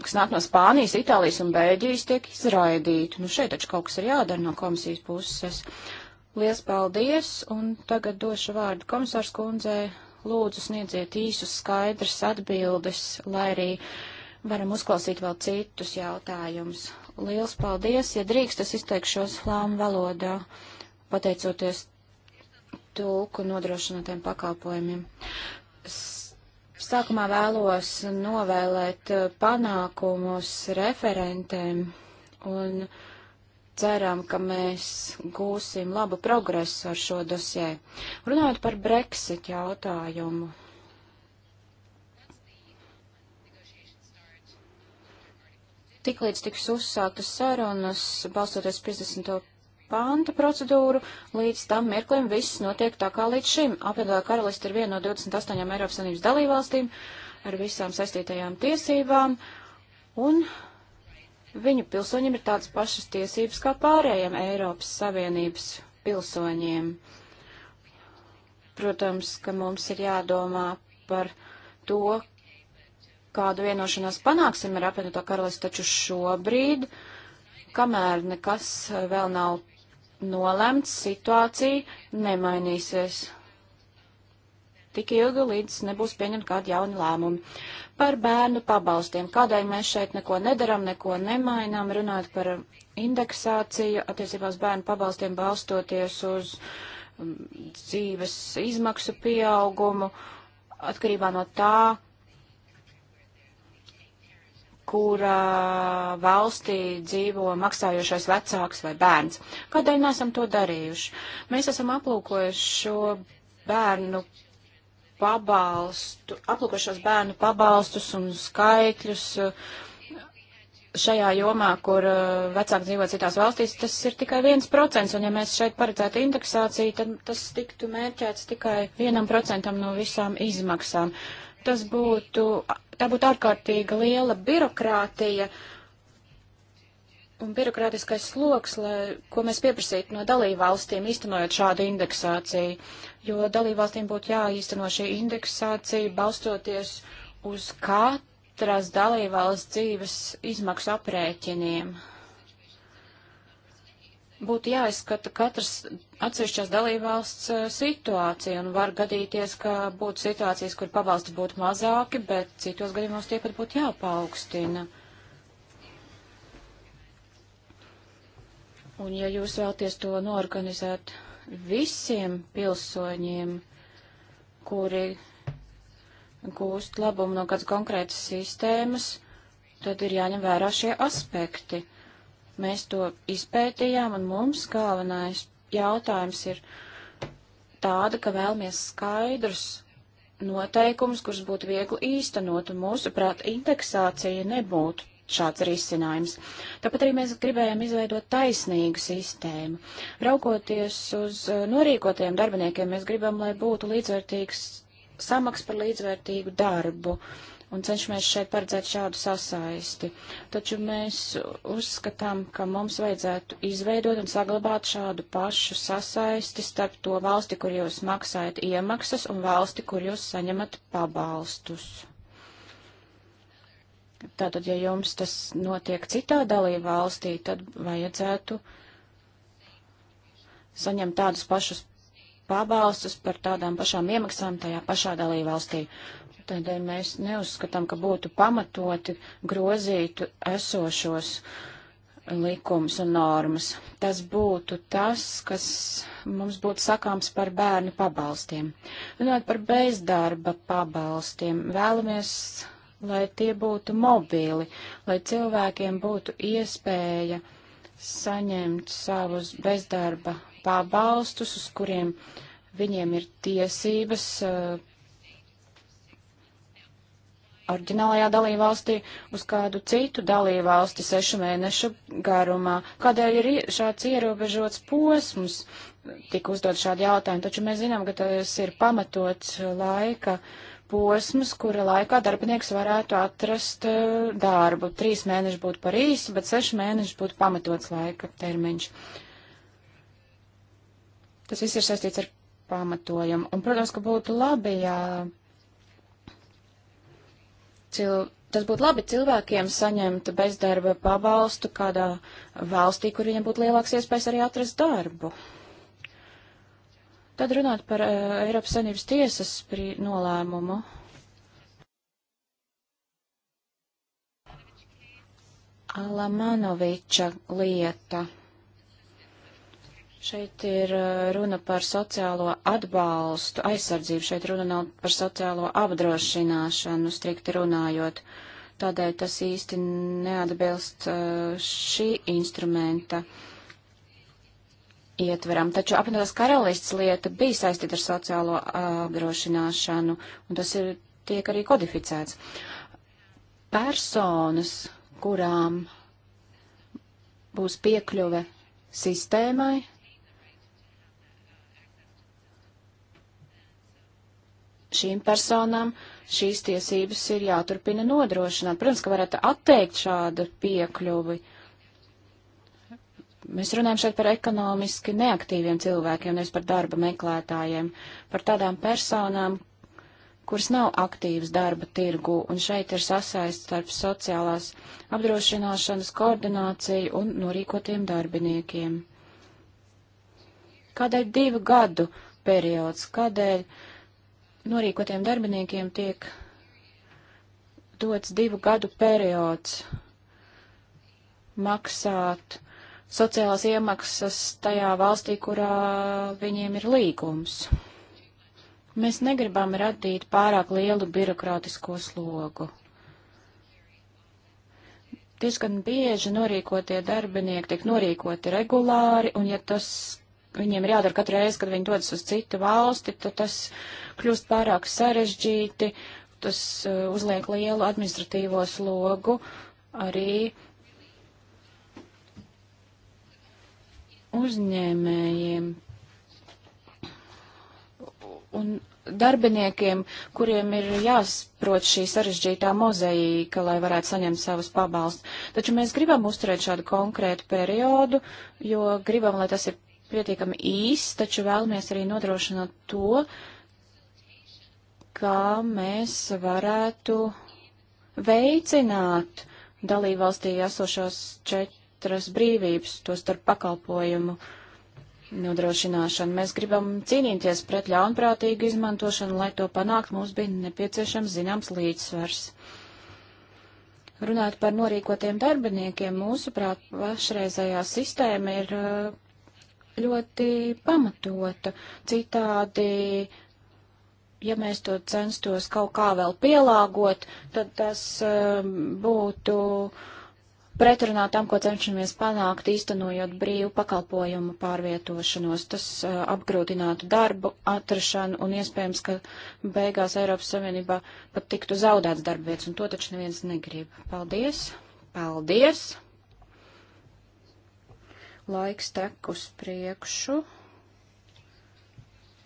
kas nāk no Spānijas, Itālijas un Bēļģijas, tiek izraidīti. Nu, šeit taču kaut kas ir jādara no komisijas puses. Es Liels paldies, un tagad došu vārdu komisārs kundzei. Lūdzu, sniedziet īsus skaidrs atbildes, lai arī varam uzklausīt vēl citus jautājumus. Liels paldies, ja drīkst, es izteikšos flāmu valodā, pateicoties tulku nodrošinātiem pakalpojumiem. Sākumā vēlos novēlēt eh, panākumus referentēm un ceram, ka mēs gūsim labu progresu ar šo dosē. Runājot par Brexit jautājumu. Tiklīdz tiks uzsāktas sarunas, balstoties 50. pānta procedūru, līdz tam mirklim viss notiek tā kā līdz šim. Apvienotā karalista ir viena no 28 Eiropas Savienības dalībvalstīm ar visām saistītajām tiesībām, un viņu pilsoņiem ir tādas pašas tiesības kā pārējiem Eiropas Savienības pilsoņiem. Protams, ka mums ir jādomā par to, kādu vienošanās panāksim ar apvienoto karalistu, taču šobrīd, kamēr nekas vēl nav nolemts, situācija nemainīsies tik ilgi, līdz nebūs pieņemti kādi jauni lēmumi. Par bērnu pabalstiem. Kādēļ mēs šeit neko nedaram, neko nemainām, runājot par indeksāciju attiecībā uz bērnu pabalstiem balstoties uz um, dzīves izmaksu pieaugumu, atkarībā no tā, kurā valstī dzīvo maksājošais vecāks vai bērns. Kādēļ nesam to darījuši? Mēs esam aplūkojuši šo bērnu pabalstu, aplūkošos bērnu pabalstus un skaitļus eh, šajā jomā, kur eh, vecāki dzīvo citās valstīs, tas ir tikai viens procents, un ja mēs šeit paredzētu indeksāciju, tad tas tiktu mērķēts tikai vienam procentam no visām izmaksām. Tas būtu, tā būtu ārkārtīga liela birokrātija, un birokrātiskais sloks, lai, ko mēs pieprasītu no dalību valstīm, iztenojot šādu indeksāciju jo dalībvalstīm būtu jāīsteno šī indeksācija balstoties uz katras dalībvalsts dzīves izmaksu aprēķiniem. Būtu jāizskata katras atsevišķās dalībvalsts eh, situācija, un var gadīties, ka būtu situācijas, kur pabalsti būtu mazāki, bet citos gadījumos tie pat būtu jāpaukstina. Un ja jūs vēlties to norganizēt visiem pilsoņiem, kuri gūst labumu no kādas konkrētas sistēmas, tad ir jāņem vērā šie aspekti. Mēs to izpētījām, un mums galvenais jautājums ir tāda, ka vēlamies skaidrus noteikumus, kurus būtu viegli īstenot, un mūsuprāt, indeksācija nebūtu šāds risinājums. Tāpat arī mēs gribējām izveidot taisnīgu sistēmu. Raugoties uz eh, norīkotajiem darbiniekiem, mēs gribam, lai būtu līdzvērtīgs samaks par līdzvērtīgu darbu. Un cenšamies šeit paredzēt šādu sasaisti. Taču mēs uzskatām, ka mums vajadzētu izveidot un saglabāt šādu pašu sasaisti starp to valsti, kur jūs maksājat iemaksas, un valsti, kur jūs saņemat pabalstus. Tātad, ja jums tas notiek citā dalība valstī, tad vajadzētu saņemt tādus pašus pabalstus par tādām pašām iemaksām tajā pašā dalība valstī. Tādēļ mēs neuzskatām, ka būtu pamatoti grozīt esošos likums un normas. Tas būtu tas, kas mums būtu sakāms par bērnu pabalstiem. Runājot par bezdarba pabalstiem, vēlamies lai tie būtu mobili, lai cilvēkiem būtu iespēja saņemt savus bezdarba pabalstus, uz kuriem viņiem ir tiesības uh, oriģinālajā dalībvalstī uz kādu citu dalībvalsti sešu mēnešu garumā. Kādēļ ir šāds ierobežots posms? Tik uzdot šādi jautājumi, taču mēs zinām, ka tas ir pamatots laika uh, posms, kura laikā darbinieks varētu atrast eh, darbu. Trīs mēneši būtu par īsu, bet seši mēneši būtu pamatots laika termiņš. Tas viss ir saistīts ar pamatojumu. Un, protams, ka būtu labi, ja cil... tas būtu labi cilvēkiem saņemt bezdarba pabalstu kādā valstī, kur viņiem būtu lielāks iespējas arī atrast darbu. Tad runāt par uh, Eiropas Savienības tiesas nolēmumu. Alamanoviča lieta. Šeit ir eh, runa par sociālo atbalstu, aizsardzību. Šeit runa nav par sociālo apdrošināšanu, strikti runājot. Tādēļ tas īsti neatbilst eh, šī instrumenta uh, ietveram, taču apvienotās karalists lieta bija saistīta ar sociālo apdrošināšanu, un tas ir, tiek arī kodificēts. Personas, kurām būs piekļuve sistēmai, šīm personām šīs tiesības ir jāturpina nodrošināt. Protams, ka varētu atteikt šādu piekļuvi. Uh, Mēs runājam šeit par ekonomiski neaktīviem cilvēkiem, nevis par darba meklētājiem, par tādām personām, kuras nav aktīvas darba tirgu, un šeit ir sasaist starp sociālās apdrošināšanas koordināciju un norīkotiem darbiniekiem. Kādēļ divu gadu periods, kādēļ norīkotiem darbiniekiem tiek dots divu gadu periods maksāt sociālās iemaksas tajā valstī, kurā viņiem ir līgums. Mēs negribam radīt pārāk lielu birokrātisko slogu. Diezgan bieži norīkotie darbinieki tiek norīkoti regulāri, un ja tas viņiem ir jādara katru reizi, kad viņi dodas uz citu valsti, tad tas kļūst pārāk sarežģīti, tas uh, uzliek lielu administratīvo slogu arī uh, uzņēmējiem un darbiniekiem, kuriem ir jāsprot šī sarežģītā mozaīka, lai varētu saņemt savus pabalstus. Taču mēs gribam uzturēt šādu konkrētu periodu, jo gribam, lai tas ir pietiekami īss, taču vēlamies arī nodrošināt to, kā mēs varētu veicināt dalībvalstī esošās četras četras brīvības, to starp pakalpojumu nodrošināšanu. Mēs gribam cīnīties pret ļaunprātīgu izmantošanu, lai to panākt, mums bija nepieciešams zināms līdzsvars. Runāt par norīkotiem darbiniekiem, mūsuprāt, pašreizējā sistēma ir uh, ļoti pamatota. Citādi, ja mēs to censtos kaut kā vēl pielāgot, tad tas uh, būtu uh, pretrunā tam, ko cenšamies panākt, īstenojot brīvu pakalpojumu pārvietošanos. Tas uh, apgrūtinātu darbu atrašanu un iespējams, ka beigās Eiropas Savienībā pat tiktu zaudēts darbvietas, un to taču neviens negrib. Paldies! Paldies! Laiks tek uz priekšu.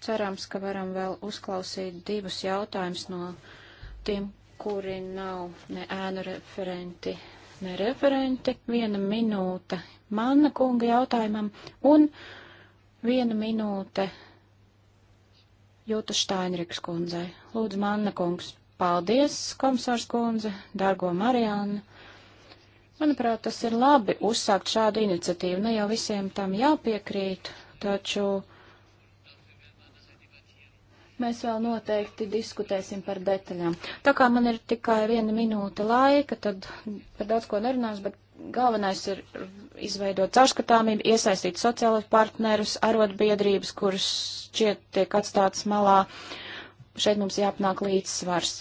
Cerams, ka varam vēl uzklausīt divus jautājumus no tiem, kuri nav ne ēnu referenti nākotnē referente, viena minūte manna kunga jautājumam un viena minūte Jūta Štainriks kundzei. Lūdzu, manna kungs, paldies, komisārs kundze, dargo Marianna. Manuprāt, tas ir labi uzsākt šādu iniciatīvu. Ne jau visiem tam jāpiekrīt, taču Mēs vēl noteikti diskutēsim par detaļām. Tā kā man ir tikai viena minūte laika, tad par daudz ko nerunāšu, bet galvenais ir izveidot caurskatāmību, iesaistīt sociālos partnerus, arotbiedrības, kuras šķiet tiek atstātas malā. Šeit mums jāpanāk līdzsvars.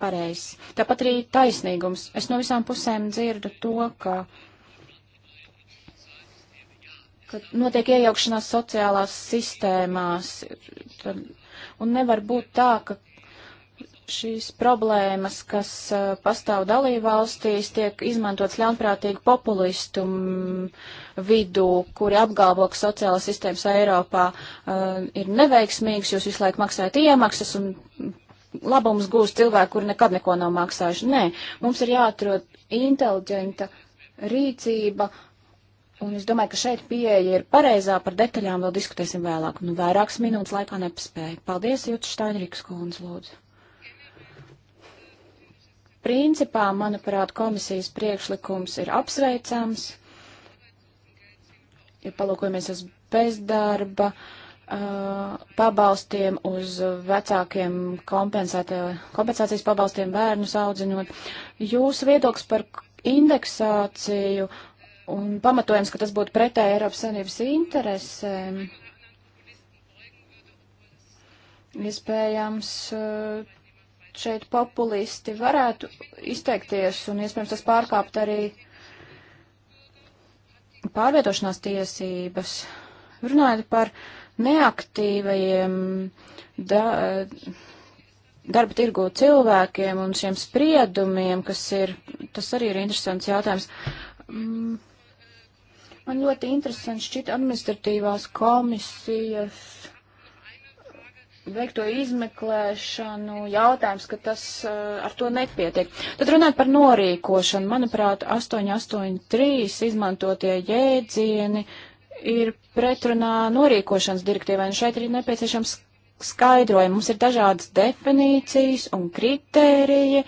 Pareizi. Tāpat arī taisnīgums. Es no visām pusēm dzirdu to, ka ka notiek iejaukšanās sociālās sistēmās, tad Un nevar būt tā, ka šīs problēmas, kas uh, pastāv dalībvalstīs, tiek izmantots ļaunprātīgi populistu mm, vidū, kuri apgalvo, ka sociālās sistēmas Eiropā uh, ir neveiksmīgas, jūs visu laiku maksājat iemaksas un labums gūs cilvēki, kuri nekad neko nav maksājuši. Nē, mums ir jāatrod inteliģenta rīcība, uh, Un es domāju, ka šeit pieeja ir pareizā, par detaļām vēl diskutēsim vēlāk. Nu, vairākas minūtes laikā nepaspēju. Paldies, Jūtas Štainrīks kundz, lūdzu. Principā, manuprāt, komisijas priekšlikums ir apsveicams. Ja palūkojamies uz bezdarba uh, pabalstiem, uz vecākiem kompensācijas pabalstiem bērnus audzinot, jūsu viedoklis par indeksāciju Un pamatojums, ka tas būtu pretēji Eiropas Savienības interesēm, iespējams, eh, šeit populisti varētu izteikties, un iespējams tas pārkāpt arī pārvietošanās tiesības. Runājot par neaktīvajiem da, eh, darba tirgu cilvēkiem un šiem spriedumiem, kas ir, tas arī ir interesants jautājums. Mm Man ļoti interesanti šķiet administratīvās komisijas veikto izmeklēšanu, jautājums, ka tas uh, ar to nepietiek. Tad runāt par norīkošanu. Manuprāt, 883 izmantotie jēdzieni ir pretrunā norīkošanas direktīvai, un šeit ir nepieciešams skaidrojumi. Mums ir dažādas definīcijas un kritēriji,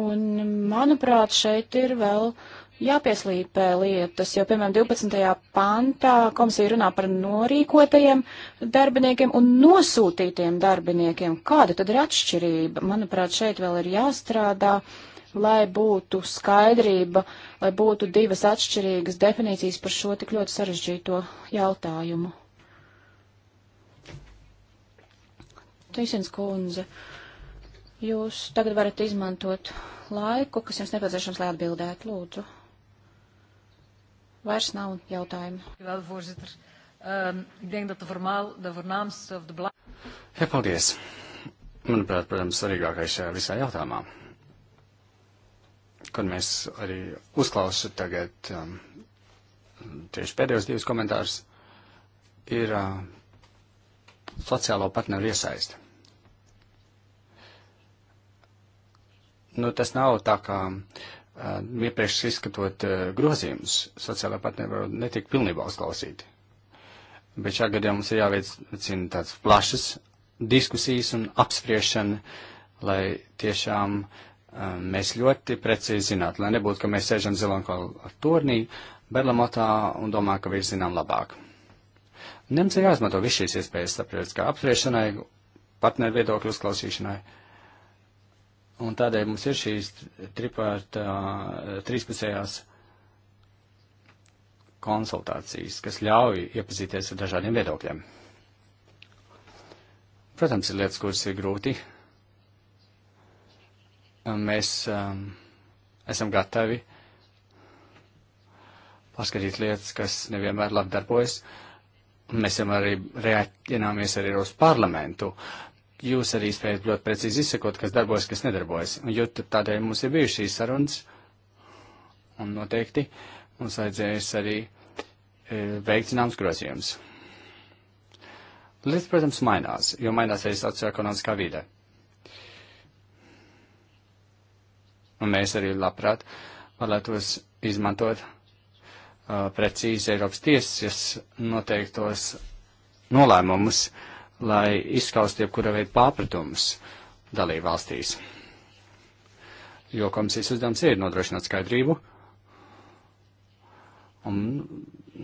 un manuprāt, šeit ir vēl jāpieslīpē eh, lietas, jo, piemēram, 12. pantā komisija runā par norīkotajiem darbiniekiem un nosūtītiem darbiniekiem. Kāda tad ir atšķirība? Manuprāt, šeit vēl ir jāstrādā, lai būtu skaidrība, lai būtu divas atšķirīgas definīcijas par šo tik ļoti sarežģīto jautājumu. Tīsins kundze, jūs tagad varat izmantot laiku, kas jums nepieciešams, lai atbildētu, lūdzu. Vairs nav jautājumu. Ehm, Jā, paldies. Manuprāt, protams, svarīgākais šajā visā jautājumā, kur mēs arī uzklausu tagad um, tieši pēdējos divus komentārus, ir uh, sociālo partneru iesaisti. Nu, tas nav tā, ka uh, iepriekš izskatot grozījumus, sociālā partneri netika pilnībā uzklausīti. Bet šā gadā mums ir jāveic cina, tāds plašas diskusijas un apspriešana, lai tiešām um, mēs ļoti precīzi zinātu, lai nebūtu, ka mēs sēžam zilonkolu turnī, berlamotā un domā, ka viss zinām labāk. Nemcē jāizmanto viss šīs iespējas sapriešanai, apspriešanai, partneru viedokļu uzklausīšanai. Uh, Un tādēļ mums ir šīs tripārtā, trīspusējās konsultācijas, kas ļauj iepazīties ar dažādiem viedokļiem. Protams, ir lietas, kuras ir grūti. Mēs um, esam gatavi paskatīt lietas, kas nevienmēr labi darbojas. Mēs jau arī reaģināmies arī uz parlamentu jūs arī spējat ļoti precīzi izsekot, kas darbojas, kas nedarbojas. Jo tādēļ mums ir bijušas šīs sarunas, un noteikti mums vajadzēs arī e, veikt zināms grozījums. Lietas, protams, mainās, jo mainās arī socioekonomiskā vide. Un mēs arī labprāt vēlētos izmantot uh, precīzi Eiropas tiesas noteiktos nolēmumus, uh, lai izskaust jebkura veida pārpratums dalību valstīs. Jo komisijas uzdevums ir nodrošināt skaidrību un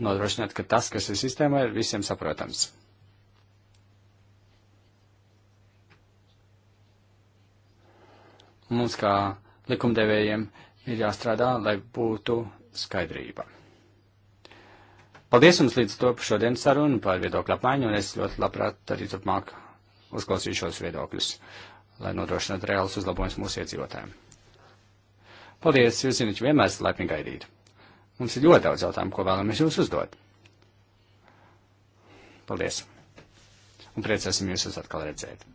nodrošināt, ka tas, kas ir sistēmā, ir visiem saprotams. Mums kā likumdevējiem ir jāstrādā, lai būtu skaidrība. Paldies jums līdz to šodien sarunu par viedokļu apmaiņu, un es ļoti labprāt arī turpmāk uzklausīšos viedokļus, lai nodrošinātu reālus uzlabojumus mūsu iedzīvotājiem. Paldies, jūs zināt, vienmēr esat laipni gaidīt. Mums ir ļoti daudz jautājumu, ko vēlamies jums uzdot. Paldies! Un priecāsim jūs atkal redzēt!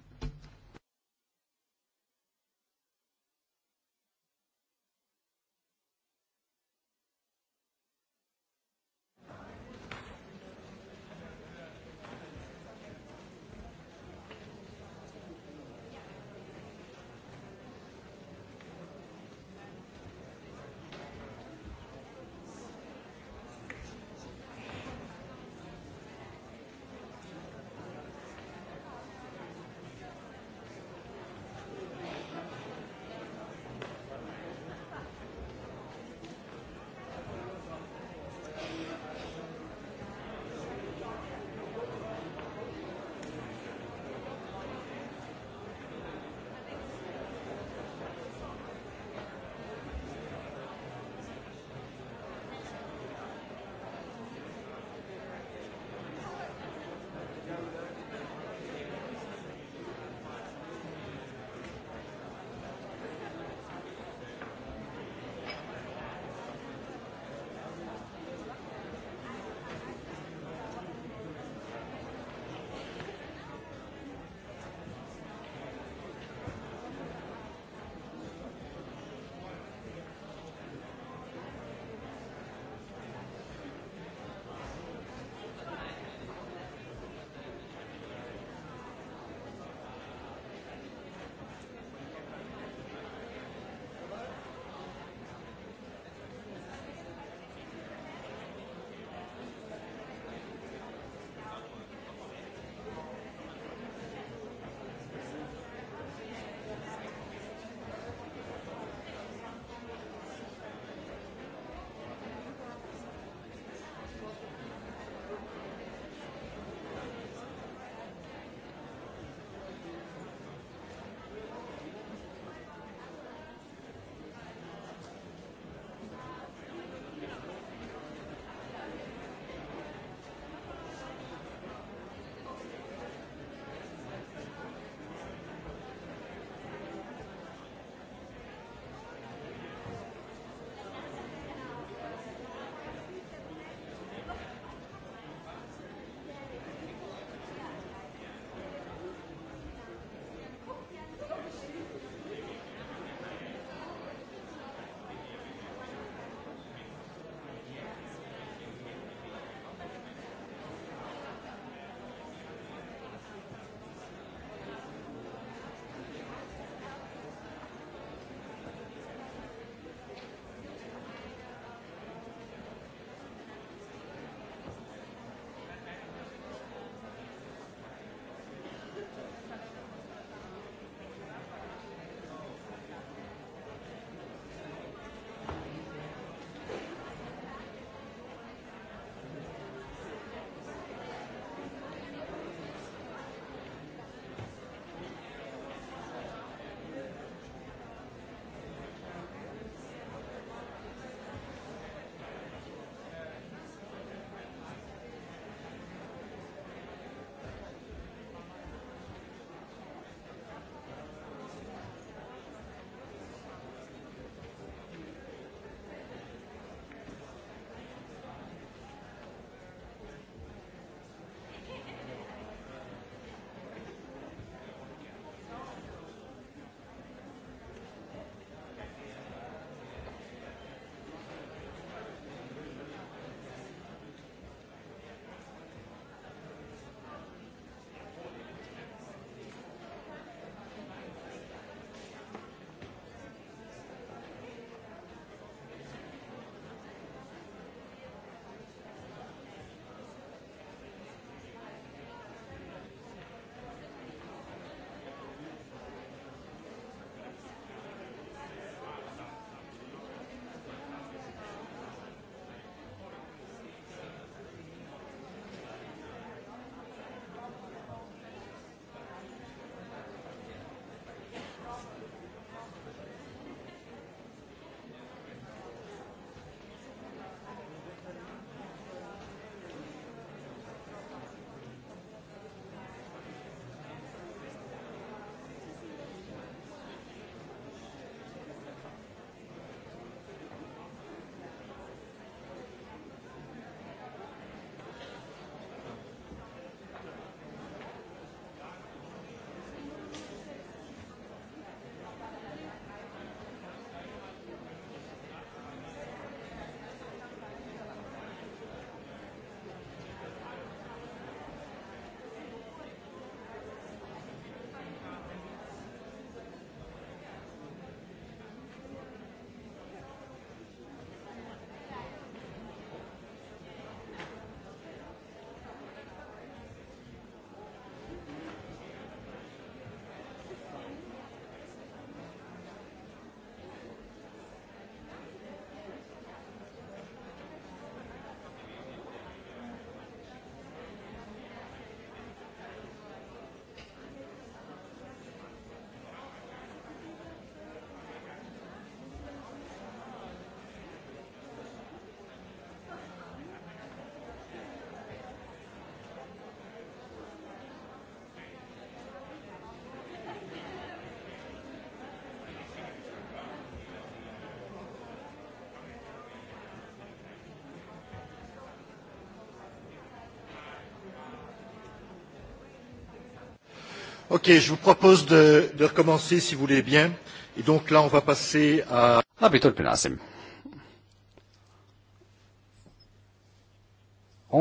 Ok, je vous propose de, de recommencer si vous voulez bien. Et donc là, on va passer à... Labi, turpināsim.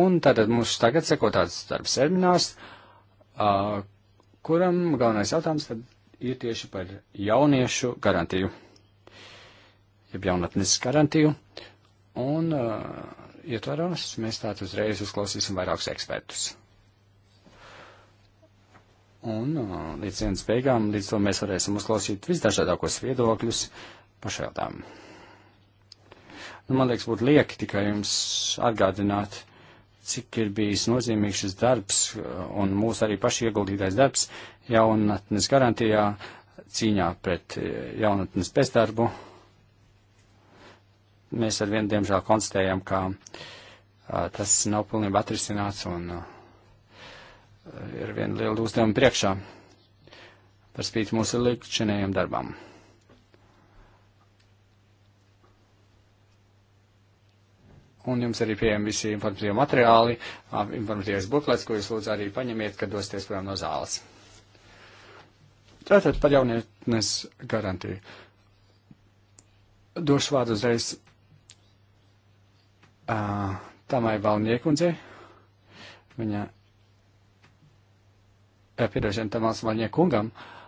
Un tātad mums tagad seko tāds darbs seminārs, uh, kuram galvenais jautājums tad ir tieši par jauniešu garantiju, jeb jaunatnes garantiju. Un uh, ietvaros mēs tātad uzreiz uzklausīsim vairākus ekspertus. līdz dienas beigām, līdz to mēs varēsim uzklausīt visdažādākos viedokļus par šo jautājumu. Nu, man liekas, būtu lieki tikai jums atgādināt, cik ir bijis nozīmīgs šis darbs un mūsu arī paši ieguldītais darbs jaunatnes garantijā cīņā pret e, jaunatnes bezdarbu. Mēs ar vienu diemžēl konstatējam, ka a, tas nav pilnībā atrisināts un a, ir viena liela uzdevuma priekšā par spīti mūsu likšanējiem darbam. Un jums arī pieejami visi informatīvie materiāli, informatīvais buklets, ko jūs lūdzu arī paņemiet, kad dosieties prom no zāles. Tātad par jaunietnes garantiju. Došu vārdu uzreiz uh, Tamai Valniekundzei. Viņa, uh, piedošana Tamās Valniekungam. Uh,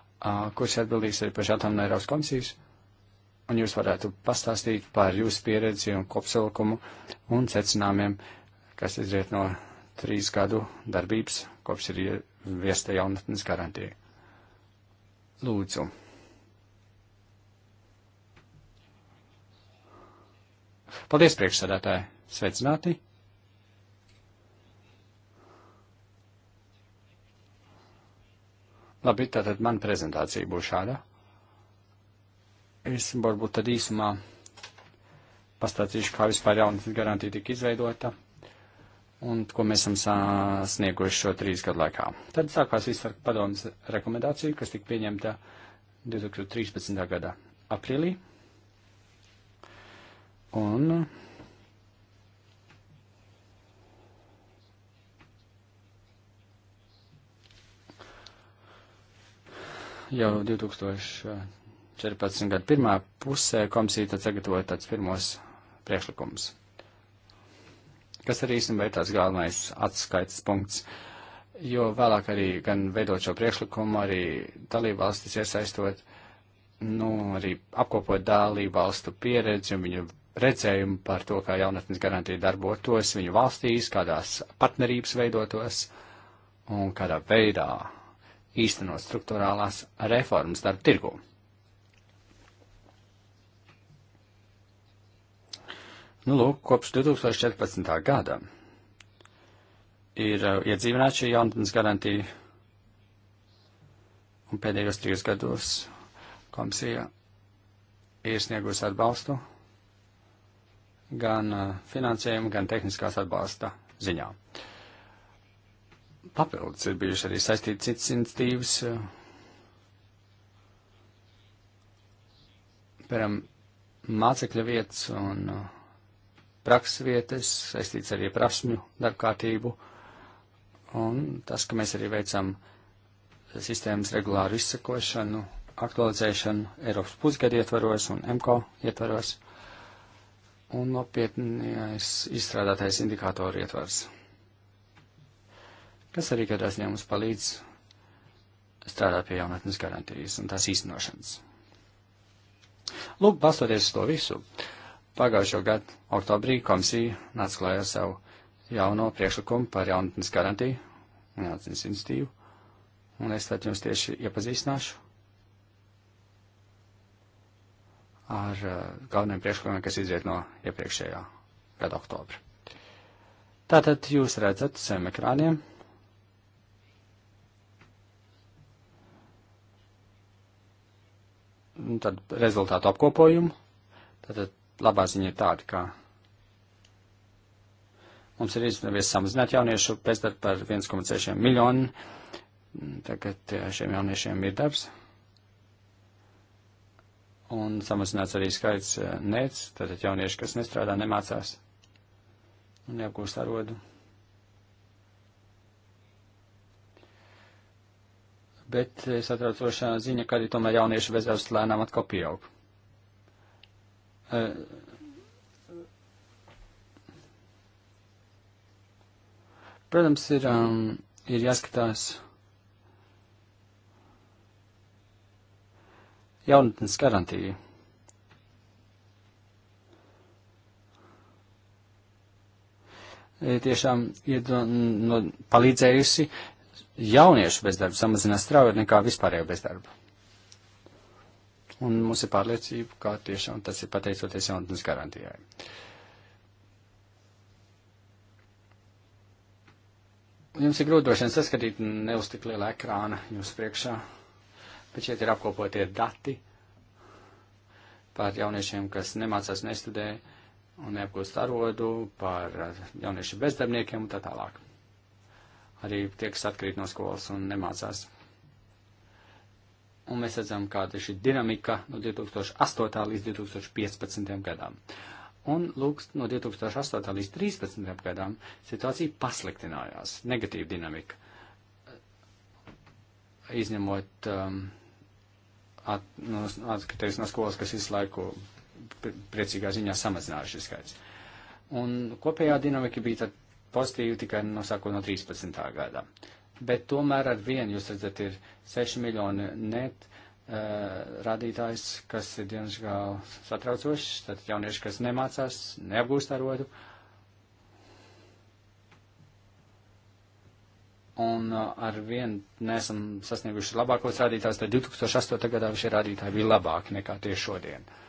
kurš atbildīgs arī par šādām Eiropas komisijas, un jūs varētu pastāstīt par jūsu pieredzi un kopsavilkumu un secinājumiem, kas izriet no trīs gadu darbības, kopš ir viesta jaunatnes garantija. Lūdzu. Paldies, priekšsēdētāji! Sveicināti! Labi, tātad man prezentācija būs šāda. Es varbūt tad īsumā pastāstīšu, kā vispār jaunatnes garantija tika izveidota un ko mēs esam sasnieguši šo trīs gadu laikā. Tad sākās viss ar padomas rekomendāciju, kas tika pieņemta 2013. gada aprīlī. Un jau 2014. gada pirmā pusē komisija tad sagatavoja tāds pirmos priekšlikums, kas arī īstenībā ir tāds galvenais atskaites punkts, jo vēlāk arī gan veidot šo priekšlikumu, arī dalībvalstis iesaistot, nu, arī apkopot dalībvalstu pieredzi un viņu redzējumu par to, kā jaunatnes garantija darbotos viņu valstīs, kādās partnerības veidotos un kādā veidā īstenot struktūrālās reformas darba tirgū. Nu, lūk, kopš 2014. gada ir uh, iedzīvināta šī jaunatnes garantija, un pēdējos trīs gados komisija ir sniegusi atbalstu gan uh, finansējumu, gan tehniskās atbalsta ziņā. Uh, papildus ir bijuši arī saistīti citas iniciatīvas. Eh, piemēram, mācekļa vietas un eh, prakses vietas saistīts arī prasmju darbkārtību. Un tas, ka mēs arī veicam sistēmas regulāru izsekošanu, aktualizēšanu Eiropas pusgadu ietvaros un MKO ietvaros un nopietnējais izstrādātais indikātoru ietvars kas arī kādā ziņā mums palīdz strādāt pie jaunatnes garantijas un tās īstenošanas. Lūk, balstoties uz to visu, pagājušo gadu oktobrī komisija nāca klājā savu jauno priekšlikumu par jaunatnes garantiju un jaunatnes institīvu, un es tad jums tieši iepazīstināšu ar uh, galveniem priekšlikumiem, kas izriet no iepriekšējā gada oktobra. Tātad jūs redzat zem ekrāniem Nu, tad rezultātu apkopojumu. Tātad labā ziņa ir tāda, ka mums ir izdevies samazināt jauniešu bezdarbu par 1,6 miljonu. Tagad šiem jauniešiem ir darbs. Un samazināts arī skaits eh, nec, tātad jaunieši, kas nestrādā, nemācās un neapgūst arodu. bet eh, satraucošā ziņa, ka arī tomēr jauniešu bezdarbs lēnām atkal pieaug. Eh, Protams, ir, um, ir jāskatās jaunatnes garantija. Eh, tiešām ir no, no, palīdzējusi jauniešu bezdarbu samazinās strauji nekā vispārējo bezdarbu. Un mums ir pārliecība, ka tiešām tas ir pateicoties jaunatnes garantijai. Jums ir grūti droši vien saskatīt ne uz tik liela ekrāna jums priekšā, bet šeit ir apkopotie dati par jauniešiem, kas nemācās, nestudē un neapgūst arodu, par jauniešu bezdarbniekiem un tā tālāk arī tie, kas atkrīt no skolas un nemācās. Un mēs redzam, kāda ir šī dinamika no 2008. līdz 2015. gadam. Un, lūk, no 2008. līdz 2013. gadam situācija pasliktinājās, negatīva dinamika, izņemot um, at, no, atkriteris no skolas, kas visu laiku priecīgā ziņā samazinājušies skaits. Un kopējā dinamika bija tad pozitīvi tikai no sākot no 13. gadā. Bet tomēr ar vienu jūs redzat, ir 6 miljoni net uh, eh, rādītājs, kas ir diemžēl satraucošs, tad jaunieši, kas nemācās, neapgūst arodu. Un uh, ar vienu nesam sasnieguši labākos rādītājus, tad 2008. gadā šie rādītāji bija labāki nekā tieši šodien. Uh,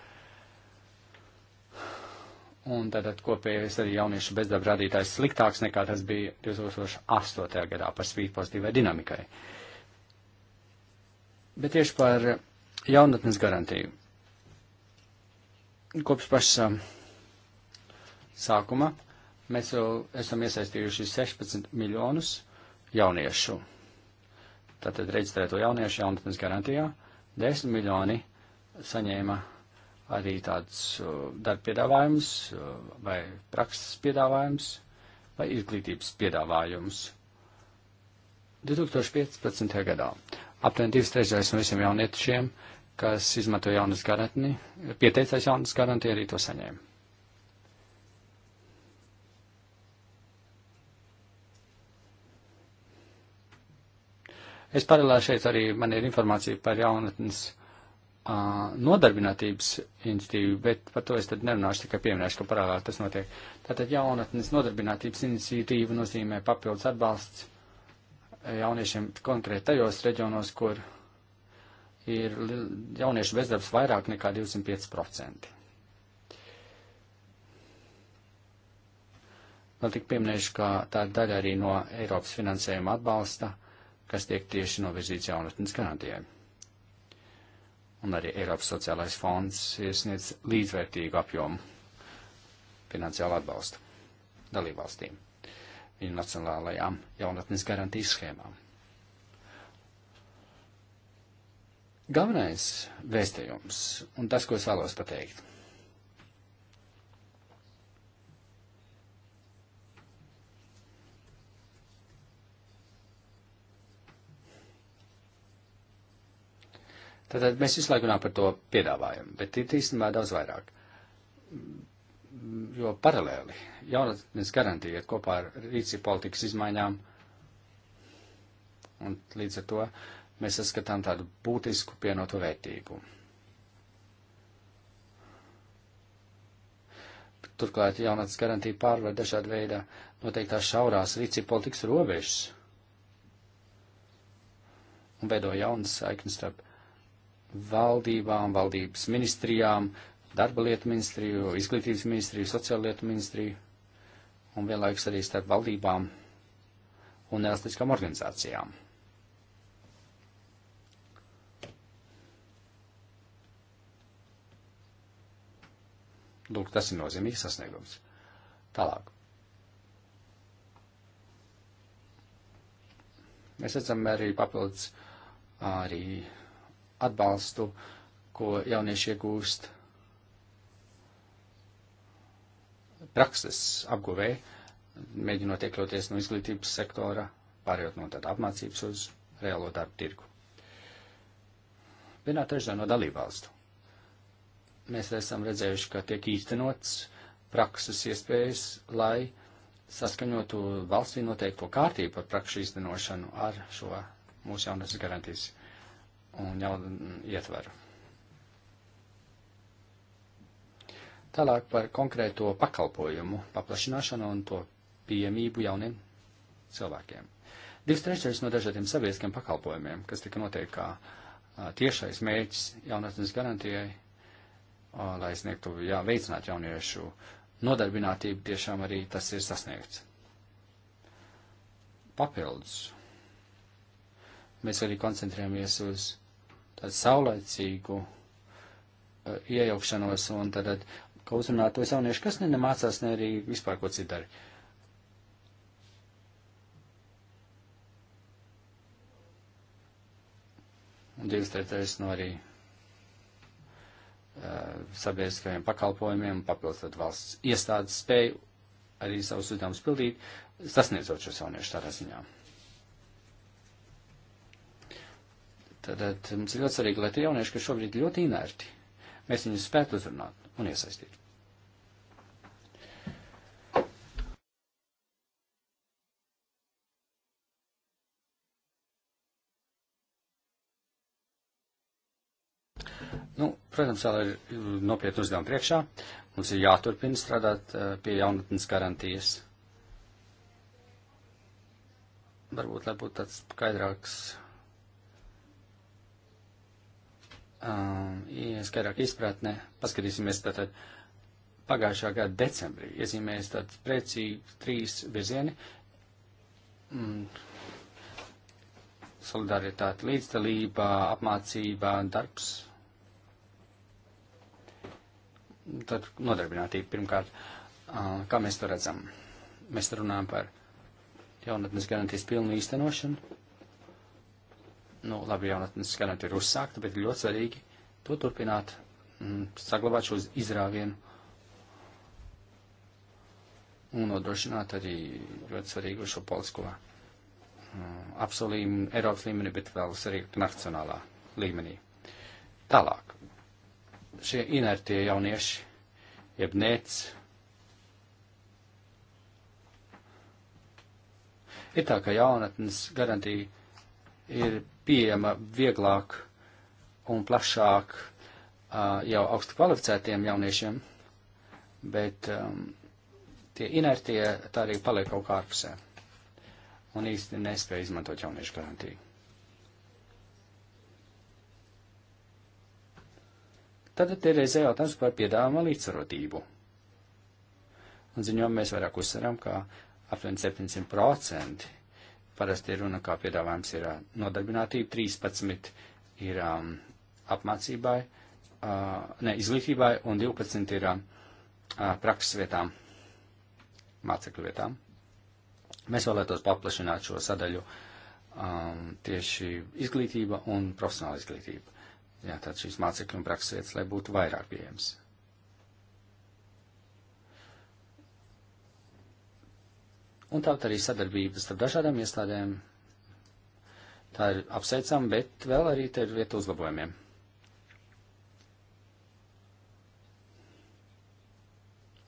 Un tātad kopējais arī jauniešu bezdarba rādītājs sliktāks nekā tas bija 2008. gadā par spīti pozitīvai dinamikai. Bet tieši par jaunatnes garantiju. Kopš paša um, sākuma mēs jau esam iesaistījuši 16 miljonus jauniešu. Tātad reģistrēto jauniešu jaunatnes garantijā 10 miljoni saņēma arī tādus uh, darba piedāvājumus uh, vai prakses piedāvājumus vai izglītības piedāvājumus. 2015. gadā aptuveni divas trešdaļas no visiem jauniešiem, kas izmanto jaunas garantni, pieteicās jaunas garantni, arī to saņēma. Es paralēli šeit arī man ir informācija par jaunatnes uh, nodarbinātības iniciatīvu, bet par to es tad nerunāšu, tikai pieminēšu, ka paralēli tas notiek. Tātad jaunatnes nodarbinātības iniciatīva nozīmē papildus atbalsts jauniešiem konkrēti tajos reģionos, kur ir jauniešu bezdarbs vairāk nekā 25%. Vēl tik pieminēšu, ka tā ir daļa arī no Eiropas finansējuma atbalsta, kas tiek tieši novirzīts jaunatnes garantijai un arī Eiropas sociālais fonds iesniedz līdzvērtīgu apjomu finansiālu atbalstu dalībvalstīm viņu nacionālajām jaunatnes garantijas schēmām. Galvenais vēstījums, un tas, ko es vēlos pateikt, Tātad mēs visu laiku runājam par to piedāvājumu, bet ir īstenībā daudz vairāk. Jo paralēli jaunatnes garantija ir kopā ar rīcību politikas izmaiņām, un līdz ar to mēs saskatām tādu būtisku pienotu vērtību. Turklāt jaunatnes garantija pārvar dažādu veidu noteiktās šaurās rīcību politikas robežas un veido jaunas saiknes starp valdībām, valdības ministrijām, darba lietu ministriju, izglītības ministriju, sociālo lietu ministriju un vienlaikus arī starp valdībām un nevalstiskām organizācijām. Lūk, tas ir nozīmīgs sasniegums. Tālāk. Mēs redzam arī papildus arī atbalstu, ko jaunieši iegūst prakses apguvē, mēģinot iekļauties no izglītības sektora, pārējot no tāda apmācības uz reālo darbu tirgu. Vienā trešdā no dalībvalstu. Mēs esam redzējuši, ka tiek īstenots prakses iespējas, lai saskaņotu valstī noteikto kārtību par prakšu īstenošanu ar šo mūsu jaunas garantijas un jau ietveru. Tālāk par konkrēto pakalpojumu paplašināšanu un to pieejamību jauniem cilvēkiem. Divas trešdaļas no dažādiem sabiedriskiem pakalpojumiem, kas tika noteikti kā tiešais mērķis jaunatnes garantijai, lai sniegtu, jā, veicināt jauniešu nodarbinātību, tiešām arī tas ir sasniegts. Papildus. Mēs arī koncentrējamies uz tādu saulēcīgu uh, iejaukšanos un tad, ka uzrunāt to jauniešu, kas ne, nemācās, ne arī vispār ko citu darīt. Un divas trešdaļas no arī uh, sabiedriskajiem pakalpojumiem, papildinot valsts iestādes spēju arī savus uzdevumus pildīt, sasniedzot šos jauniešus tādā ziņā. Tad eh, mums ir ļoti svarīgi, lai tie jaunieši, kas šobrīd ir ļoti inerti, mēs viņus spētu uzrunāt un iesaistīt. Nu, protams, vēl ir eh, nopietni uzdevumi priekšā. Mums ir jāturpina strādāt eh, pie jaunatnes garantijas. Varbūt, lai būtu tāds skaidrāks um, skaidrāk izpratnē, paskatīsimies tātad pagājušā gada decembrī, iezīmējas tāds precīgi trīs virzieni mm, - solidaritāte, līdzdalība, apmācība, darbs, tad nodarbinātība pirmkārt. Uh, kā mēs to redzam? Mēs runājam par jaunatnes garantijas pilnu īstenošanu Nu, labi, jaunatnes skanēt ir uzsākta, bet ļoti svarīgi to turpināt, m, mm, saglabāt šo izrāvienu un nodrošināt arī ļoti svarīgu šo politisko mm, apsolījumu Eiropas līmenī, bet vēl arī nacionālā līmenī. Tālāk. Šie inertie jaunieši, jeb nēc, ir tā, ka jaunatnes garantija ir pieejama vieglāk un plašāk uh, jau augstu kvalificētiem jauniešiem, bet um, tie inertie tā arī paliek kaut kā ārpusē un īsti nespēja izmantot jauniešu garantiju. Tad ir reizē jautājums par piedāvājumu līdzsvarotību. Un ziņojumā mēs vairāk uzsveram, ka aptuveni 700% Parasti runa, kā piedāvājums ir nodarbinātība, 13 ir um, apmācībai, uh, ne, izglītībai un 12 ir uh, prakses vietām, mācekļu vietām. Mēs vēlētos paplašināt šo sadaļu um, tieši izglītība un profesionāla izglītība. Jā, tad šīs mācekļu un prakses vietas, lai būtu vairāk pieejams. Un tāpat arī sadarbības starp dažādām iestādēm. Tā ir apsveicama, bet vēl arī te ir vieta uzlabojumiem.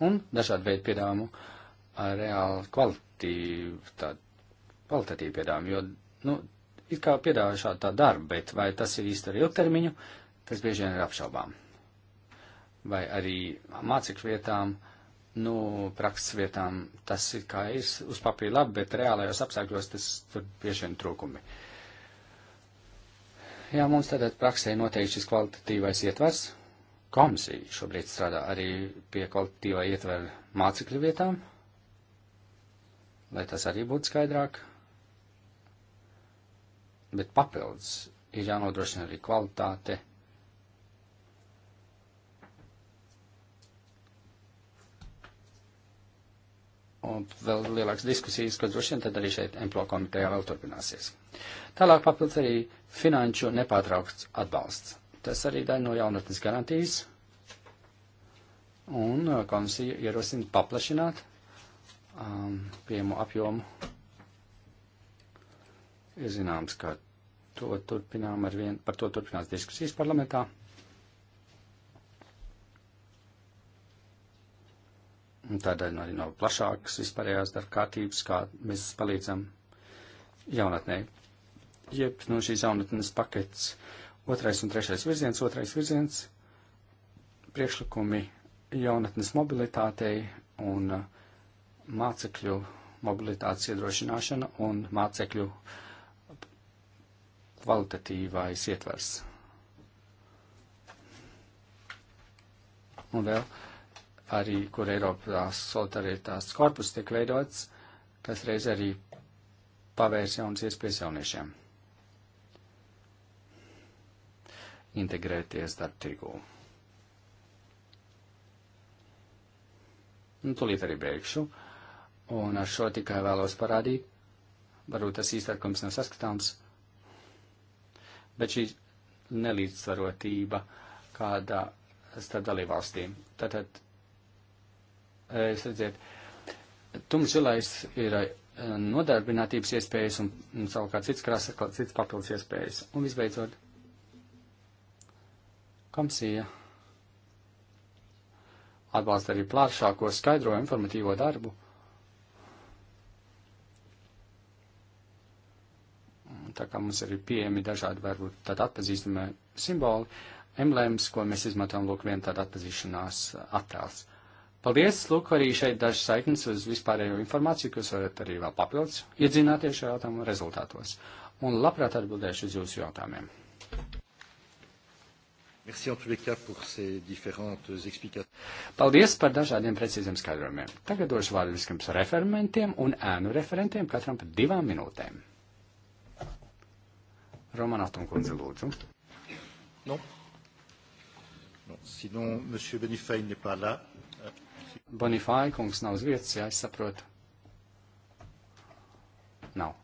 Un dažādi veidi piedāvājumu reāli kvalitīvu, tādu kvalitatīvu piedāvājumu, jo, nu, it kā piedāvā šādu tā darbu, bet vai tas ir īsti ar ilgtermiņu, tas bieži vien ir apšaubām. Vai arī mācekļu vietām uh, nu, prakses vietām tas ir kā ir uz papīra labi, bet reālajos apstākļos tas tur bieži vien trūkumi. Jā, mums tātad praksē noteikti šis kvalitatīvais ietvers. Komisija šobrīd strādā arī pie kvalitatīvā ietvera mācekļu vietām, lai tas arī būtu skaidrāk. Bet papildus ir jānodrošina arī kvalitāte un vēl lielākas diskusijas, kas droši vien tad arī šeit MPLO komitejā vēl turpināsies. Tālāk papildus arī finanšu nepārtraukts atbalsts. Tas arī daļa no jaunatnes garantijas, un uh, komisija ierosina paplašināt um, pieejamo apjomu. Ir zināms, ka to turpinām ar vien, par to turpinās diskusijas parlamentā. Tādēļ nu, arī no plašākas vispārējās darba kārtības, kā mēs palīdzam jaunatnē. Jeb no nu, šīs jaunatnes pakets otrais un trešais virziens, otrais virziens priekšlikumi jaunatnes mobilitātei un uh, mācekļu mobilitātes iedrošināšana un mācekļu kvalitatīvais ietvers. Un vēl arī, kur Eiropās solidaritātes korpus tiek veidots, kas reiz arī pavērs jaunas iespējas jauniešiem integrēties darba tirgū. Nu, tūlīt arī beigšu, un ar šo tikai vēlos parādīt, varbūt tas īstākums nav saskatāms, bet šī nelīdzsvarotība kāda starp dalībvalstīm. Tātad es redziet, tumšzilais ir eh, nodarbinātības iespējas un, un savukārt cits krāsas, cits papildus iespējas. Un visbeidzot, kamsija atbalsta arī plāršāko skaidro informatīvo darbu. Tā kā mums ir pieejami dažādi, varbūt tādi atpazīstami simboli, emblēmas, ko mēs izmantojam, lūk, vien tāda atpazīšanās attēls. Paldies, lūk, arī šeit dažas saiknes uz vispārējo informāciju, kas varat arī vēl papildus iedzināties šajā jautājuma rezultātos. Un labprāt atbildēšu uz jūsu jautājumiem. Paldies par dažādiem precīziem skaidrojumiem. Tagad došu vārdu vispirms referentiem un ēnu referentiem katram par divām minūtēm. Romanatum kundze lūdzu. No. No. Sinon, monsieur Benifei n'est pas là. Bonifāja kungs nav uz vietas, jā, es saprotu. Nav.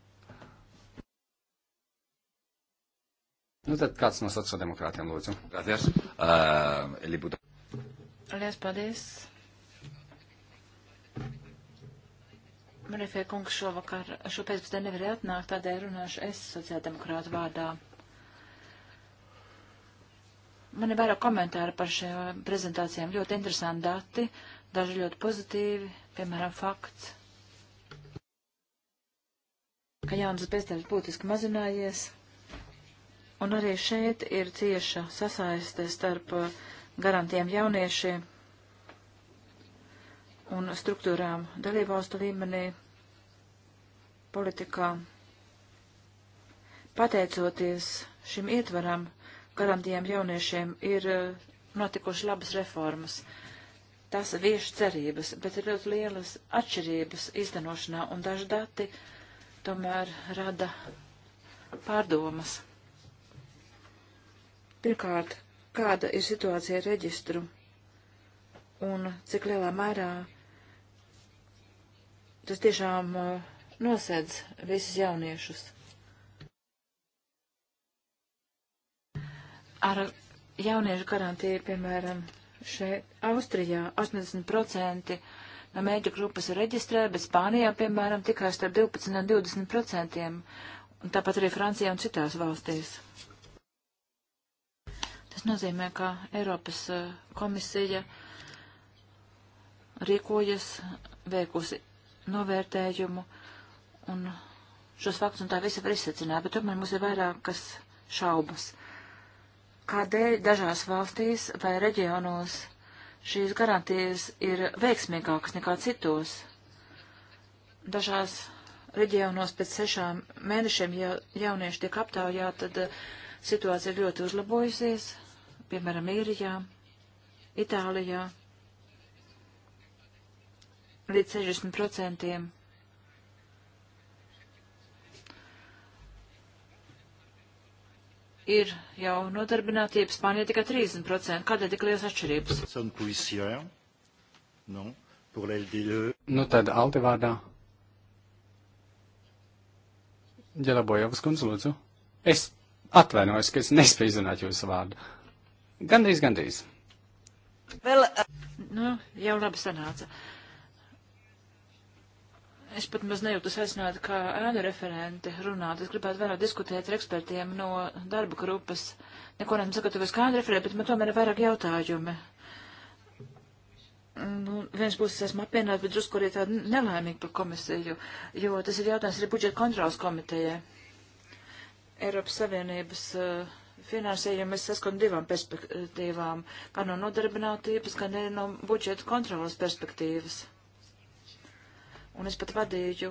Nu, tad kāds no sociāldemokrātiem lūdzu? Gracias. Uh, ah, Elibuta. Lies, paldies. Marifē kungs šovakar, šo pēcpusdienu nevarēja atnākt, tādēļ runāšu es sociāldemokrātu vārdā. Man ir vairāk komentāri par šiem prezentācijām. Ļoti interesanti dati. Uh, daži ļoti pozitīvi, piemēram, fakts, ka jaunas bezdarbs būtiski mazinājies, un arī šeit ir cieša sasaiste starp uh, garantiem jauniešiem un struktūrām dalībvalstu līmenī politikā. Pateicoties šim ietvaram, garantijām jauniešiem ir uh, notikuši labas reformas. Uh, tas vieš cerības, bet ir ļoti lielas atšķirības izdenošanā, un daži dati tomēr rada pārdomas. Pirmkārt, kāda ir situācija ar reģistru un cik lielā mērā tas tiešām uh, nosedz visus jauniešus. Ar jauniešu garantiju, piemēram, Šeit Austrijā 80% no mēģu grupas ir reģistrē, bet Spānijā, piemēram, tikai starp 12 un 20 procentiem, un tāpat arī Francijā un citās valstīs. Tas nozīmē, ka Eiropas eh, komisija rīkojas, veikusi novērtējumu, un šos faktus un tā visi var izsacināt, bet tomēr mums ir vairākas šaubas kādēļ dažās valstīs vai reģionos šīs garantijas ir veiksmīgākas nekā citos. Dažās reģionos pēc sešām mēnešiem, ja jaunieši tiek aptaujā, tad eh, situācija ir ļoti uzlabojusies, piemēram, Īrijā, Itālijā, līdz 60% ir jau nodarbinātība, Spānija tikai 30%. Kādēļ tik liels atšķirības? Nu tad Aldi vārdā. Ģelabojevas kundze, lūdzu. Es atvainojos, ka es nespēju izrunāt jūsu vārdu. Gandrīz, gandrīz. Vēl, nu, jau labi sanāca. Uh, Es pat maz nejūtu aicināta, kā ēnu referente runāt. Es gribētu vairāk diskutēt ar ekspertiem no darba grupas. Neko neesmu sagatavojis kā ēnu referente, bet man tomēr ir vairāk jautājumi. Nu, viens puses esmu apvienot, bet drusku arī tāda nelēmīga par komisiju, jo tas ir jautājums arī budžeta kontrolas komitejai. Eiropas Savienības uh, finansējumu es saskanu divām perspektīvām, gan no nodarbinātības, gan arī no budžeta kontrolas perspektīvas un es pat vadīju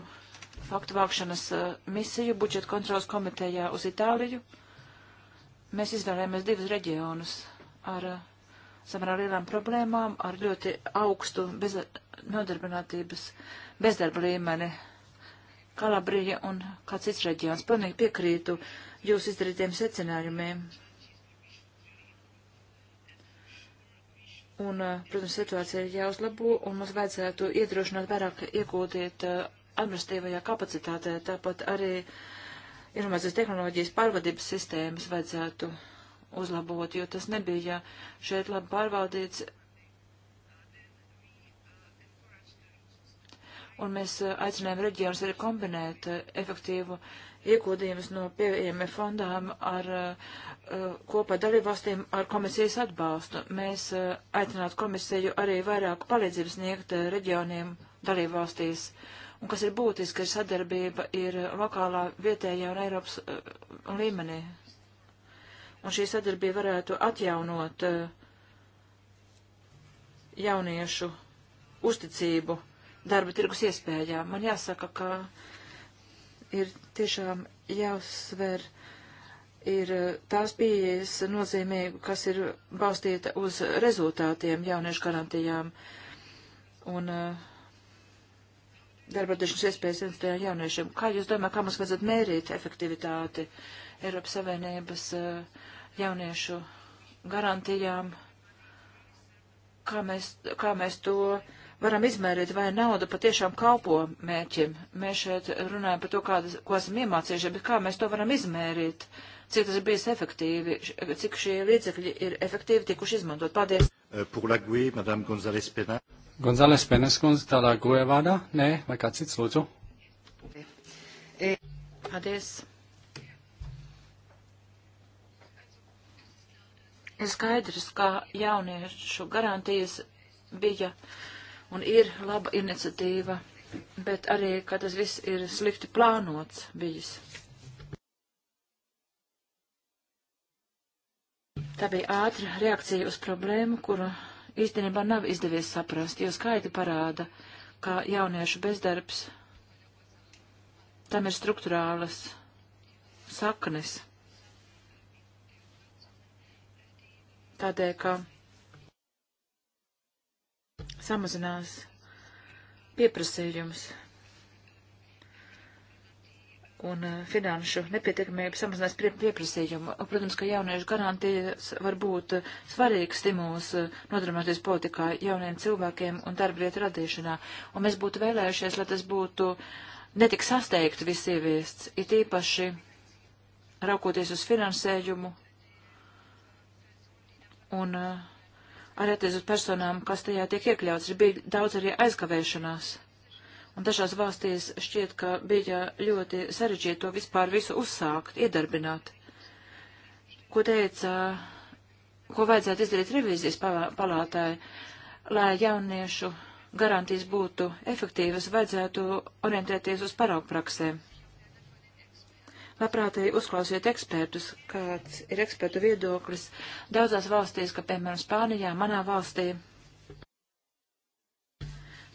faktu vākšanas eh, misiju budžeta kontrolas komitejā uz Itāliju. Mēs izvēlējāmies divus reģionus ar eh, samērā lielām problēmām, ar ļoti augstu bez, nodarbinātības bezdarba līmeni. Kalabrija un kāds cits reģions. Pilnīgi piekrītu jūsu izdarītiem secinājumiem. Un, eh, protams, situācija ir jāuzlabo, un mums vajadzētu iedrošināt vairāk iegūtiet eh, administratīvajā kapacitātē, tāpat arī informācijas tehnoloģijas pārvadības sistēmas vajadzētu uzlabot, jo tas nebija šeit labi pārvaldīts. Un mēs eh, aicinājām reģionus arī kombinēt efektīvu uh, ieguldījumus no pieejamiem fondām ar eh, kopā dalībvalstīm ar komisijas atbalstu. Mēs eh, aicinātu komisiju arī vairāk palīdzības sniegt eh, reģioniem dalībvalstīs. Un kas ir būtiski, ir sadarbība ir lokālā, vietējā un Eiropas līmenī. Un šī sadarbība varētu atjaunot jauniešu uzticību darba tirgus iespējām. Man jāsaka, ka ir tiešām jāuzsver ir eh, tās pieejas nozīmīga, kas ir balstīta uz rezultātiem jauniešu garantijām un uh, eh, darbradīšanas iespējas interesētajiem jauniešiem. Kā jūs domājat, kā mums vajadzētu mērīt efektivitāti Eiropas Savienības uh, jauniešu garantijām? Kā mēs, kā mēs to varam izmērīt, vai nauda patiešām kalpo mērķim. Mēs šeit runājam par to, kādas, ko esam iemācījušies, bet kā mēs to varam izmērīt, cik tas ir bijis efektīvi, cik šie līdzekļi ir efektīvi tikuši izmantot. Paldies! Eh, Gui, Gonzales Penas. Gonzales Penas kundze, tālāk goja vārdā? Nē, vai kāds cits lūdzu? Eh, Paldies! Ir skaidrs, ka jauniešu garantijas bija un ir laba iniciatīva, bet arī, ka tas viss ir slikti plānots bijis. Tā bija ātra reakcija uz problēmu, kuru īstenībā nav izdevies saprast, jo skaiti parāda, ka jauniešu bezdarbs tam ir struktūrālas saknes. Tādēļ, ka samazinās pieprasījums un eh, finanšu nepietiekamība samazinās pie, pieprasījumu. Protams, ka jauniešu garantijas var būt eh, svarīgs stimuls eh, nodarboties politikā jauniem cilvēkiem un darbvietu radīšanā. Un mēs būtu vēlējušies, lai tas būtu netik sasteigti viss ieviests, it īpaši raukoties uz finansējumu un uh, arī attiecas uz personām, kas tajā tiek iekļauts, ir bija daudz arī aizkavēšanās. Un dažās valstīs šķiet, ka bija ļoti sarežģīti to vispār visu uzsākt, iedarbināt. Ko teica, ko vajadzētu izdarīt revīzijas palātai, lai jauniešu garantijas būtu efektīvas, vajadzētu orientēties uz paraugpraksēm. praksēm labprātēji uzklausiet ekspertus, kāds ir ekspertu viedoklis daudzās valstīs, kā piemēram Spānijā, manā valstī.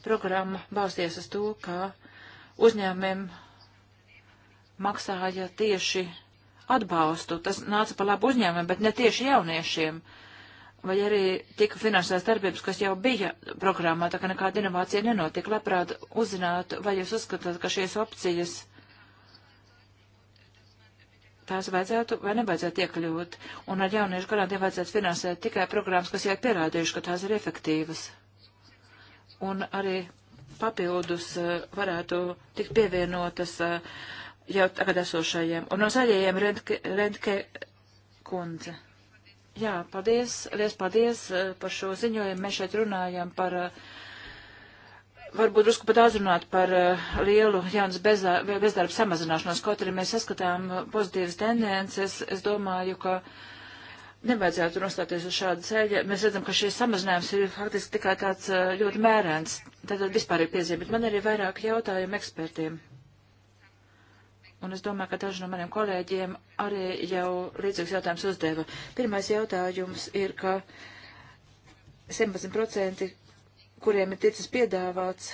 Programma balsties uz to, ka uzņēmumiem maksāja tieši atbalstu. Tas nāca par labu uzņēmumiem, bet ne tieši jauniešiem. Vai arī tika finansēts darbības, kas jau bija programmā, tā ka nekāda inovācija nenotika. Labprāt uzzināt, vai jūs uzskatāt, ka šīs opcijas tās vajadzētu vai nevajadzētu iekļūt, un ar jauniešu garantiju vajadzētu finansēt tikai programmas, kas jau ir pierādījuši, ka tās ir efektīvas. Un arī papildus eh, varētu tikt pievienotas eh, jau tagad esošajiem. Un no zaļajiem Rentke, Rentke kundze. Jā, paldies, liels paldies eh, par šo ziņojumu. Mēs šeit runājam par uh, varbūt drusku pat aizrunāt par uh, lielu jaunas bezdarba samazināšanos, kaut arī mēs saskatām eh, pozitīvas tendences. Es domāju, ka nevajadzētu nostāties uz šādu ceļu. Mēs redzam, ka šis samazinājums ir faktiski tikai tāds uh, ļoti mērens. Tātad vispār ir piezīme, bet man arī vairāk jautājumu ekspertiem. Un es domāju, ka daži no maniem kolēģiem arī jau līdzīgs jautājums uzdeva. Pirmais jautājums ir, ka 17% kuriem ir ticis piedāvāts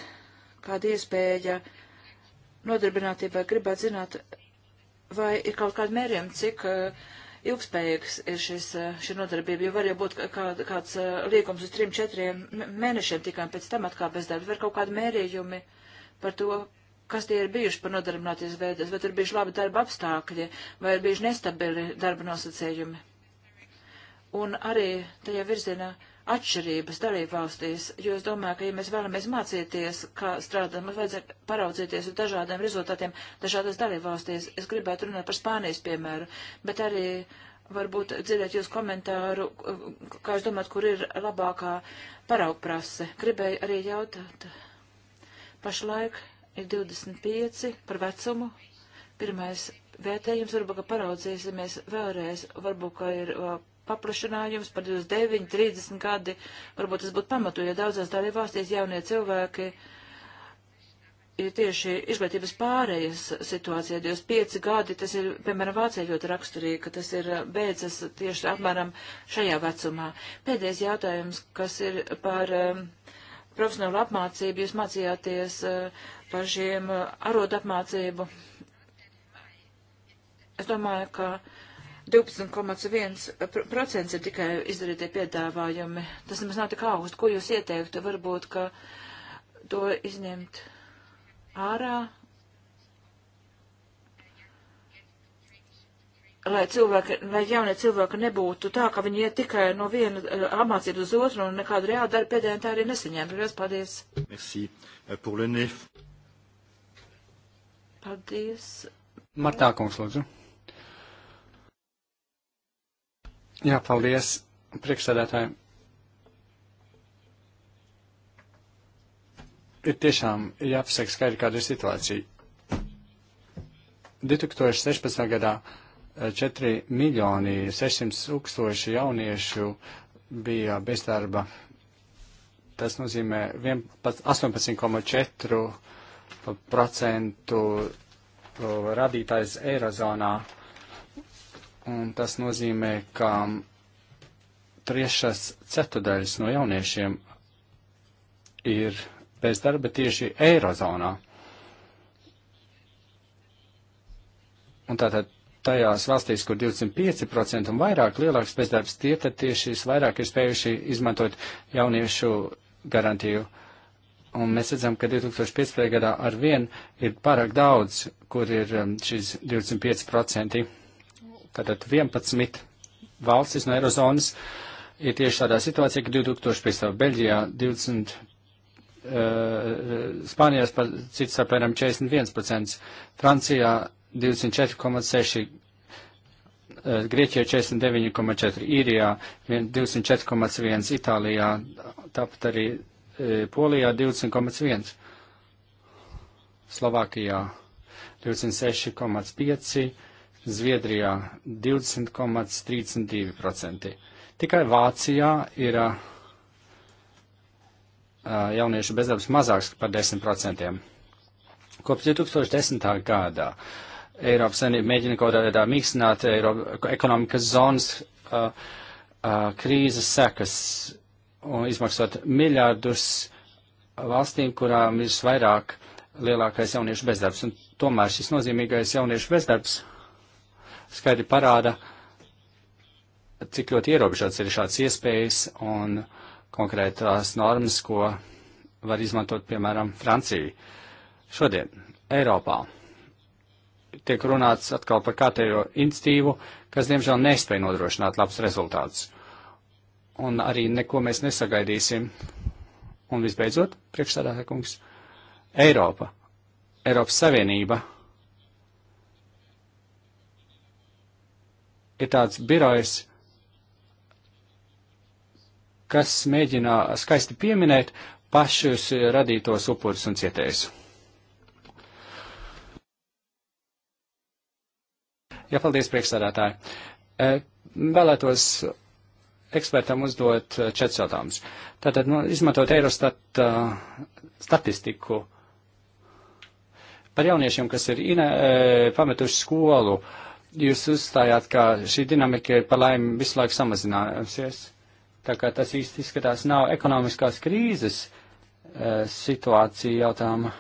kāda iespēja nodarbinātībai, gribētu zināt, vai ir kaut kāda mērījuma, cik uh, ilgspējīgs ir šis, eh, šī nodarbība, jo var jau būt kā, kāds uh, eh, liekums uz trim, četriem mēnešiem tikai pēc tam atkal bezdarbs, var kaut kādi mērījumi par to, kas tie ir bijuši par nodarbināties veidas, vai tur bijuši labi darba apstākļi, vai ir bijuši nestabili darba nosacījumi. Un arī tajā virzienā atšķirības dalībvalstīs, jo es domāju, ka, ja mēs vēlamies mācīties, kā strādāt, mums vajadzēja paraudzīties uz dažādiem rezultātiem dažādās dalībvalstīs. Es gribētu runāt par Spānijas piemēru, bet arī varbūt dzirdēt jūs komentāru, kā jūs domājat, kur ir labākā paraugprase. Gribēju arī jautāt. Pašlaik ir 25 par vecumu. Pirmais vērtējums varbūt, ka paraudzīsimies vēlreiz, varbūt, ka ir paplašinājums par 29, 30 gadi. Varbūt tas būtu pamatu, jo ja daudzās dalībvalstīs jaunie cilvēki ir tieši izglītības pārējas situācijā. 25 gadi, tas ir, piemēram, Vācijā ļoti raksturīgi, ka tas ir beidzas tieši apmēram šajā vecumā. Pēdējais jautājums, kas ir par um, profesionālu apmācību, jūs mācījāties uh, par šiem uh, arodu apmācību. Es domāju, ka 12,1% ir tikai izdarītie piedāvājumi. Tas nemaz nav tik augsts. Ko jūs ieteiktu? Varbūt, ka to izņemt ārā, lai cilvēki, lai jaunie cilvēki nebūtu tā, ka viņi iet tikai no viena eh, apmācību uz otru un nekādu reālu darbu pēdējā tā arī nesaņēma. Lielas paldies! Merci eh, pour le nef. Paldies! Martā kungs, lūdzu. Jā, paldies priekšsēdētājiem. Ir tiešām jāpasaka skaidri, kāda ir situācija. 2016. gadā 4 eh, miljoni 600 tūkstoši jauniešu bija bezdarba. Tas nozīmē 18,4% eh, eh, radītājs Eirozonā. Uh, Un tas nozīmē, ka trešas ceturdaļas no jauniešiem ir bez darba tieši Eirozonā. Un tātad tajās valstīs, kur 25% un vairāk lielāks bezdarbs, tie tad tieši vairāk ir spējuši izmantot jauniešu garantiju. Un mēs redzam, ka 2015. gadā ar vien ir pārāk daudz, kur ir um, šis 25%. Tātad 11 valstis no Eirozonas ir tieši tādā situācijā, ka 2005. Beļģijā 20, uh, eh, Spānijā cits apmēram 41%, Francijā 204,6%, uh, eh, Grieķijā 49,4%, Īrijā 204,1%, Itālijā tāpat arī uh, Polijā 20,1%, Slovākijā 26,5%. Zviedrijā 20,32%. Tikai Vācijā ir uh, jauniešu bezdarbs mazāks par 10%. Kopš 2010. gadā Eiropas Savienība mēģina kaut kādā veidā mīkstināt Eiropa, ekonomikas zonas uh, uh, krīzes sekas un izmaksot miljārdus valstīm, kurām ir visvairāk lielākais jauniešu bezdarbs. Un tomēr šis nozīmīgais jauniešu bezdarbs skaidri parāda, cik ļoti ierobežots ir šāds iespējas un konkrētās normas, ko var izmantot, piemēram, Francija. Šodien Eiropā tiek runāts atkal par kārtējo institīvu, kas, diemžēl, nespēja nodrošināt labus rezultātus. Un arī neko mēs nesagaidīsim. Un visbeidzot, priekšstādātā kungs, Eiropa, Eiropas Savienība ir tāds birojs, kas mēģina skaisti pieminēt pašus radītos upurus un cietējus. Jā, paldies, priekšsādātāji. E, vēlētos ekspertam uzdot e, četrus jautājumus. Tātad, nu, izmantot Eurostat uh, statistiku par jauniešiem, kas ir ina, e, pametuši skolu, uh, jūs uzstājāt, ka šī dinamika ir par laimi visu laiku samazinājusies. Tā kā tas īsti izskatās nav ekonomiskās krīzes e, situācija jautājuma.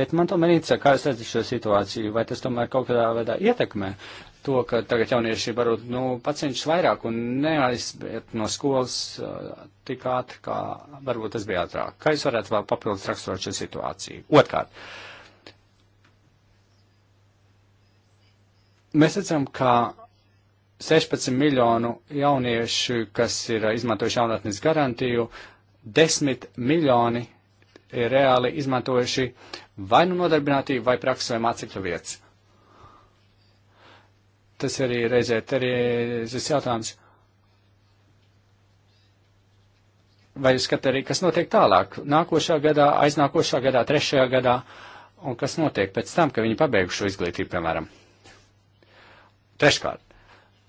Bet man tomēr īca, kā es redzu šo situāciju, vai tas tomēr kaut kādā veidā ietekmē to, ka tagad jaunieši varbūt, nu, pacienšas vairāk un neaizbiet no skolas e, tik ātri, kā varbūt tas bija ātrāk. Kā jūs varētu vēl papildus raksturot šo situāciju? Otkārt. Uh, Mēs redzam, ka 16 miljonu jauniešu, kas ir izmantojuši jaunatnes garantiju, 10 miljoni ir reāli izmantojuši vai nu nodarbinātību, vai prakses, vai mācekļu vietas. Tas arī reizē Terēzes jautājums. Vai jūs skatāt arī, kas notiek tālāk? Nākošā gadā, aiznākošā gadā, trešajā gadā, un kas notiek pēc tam, ka viņi pabeigušo izglītību, piemēram? Treškārt,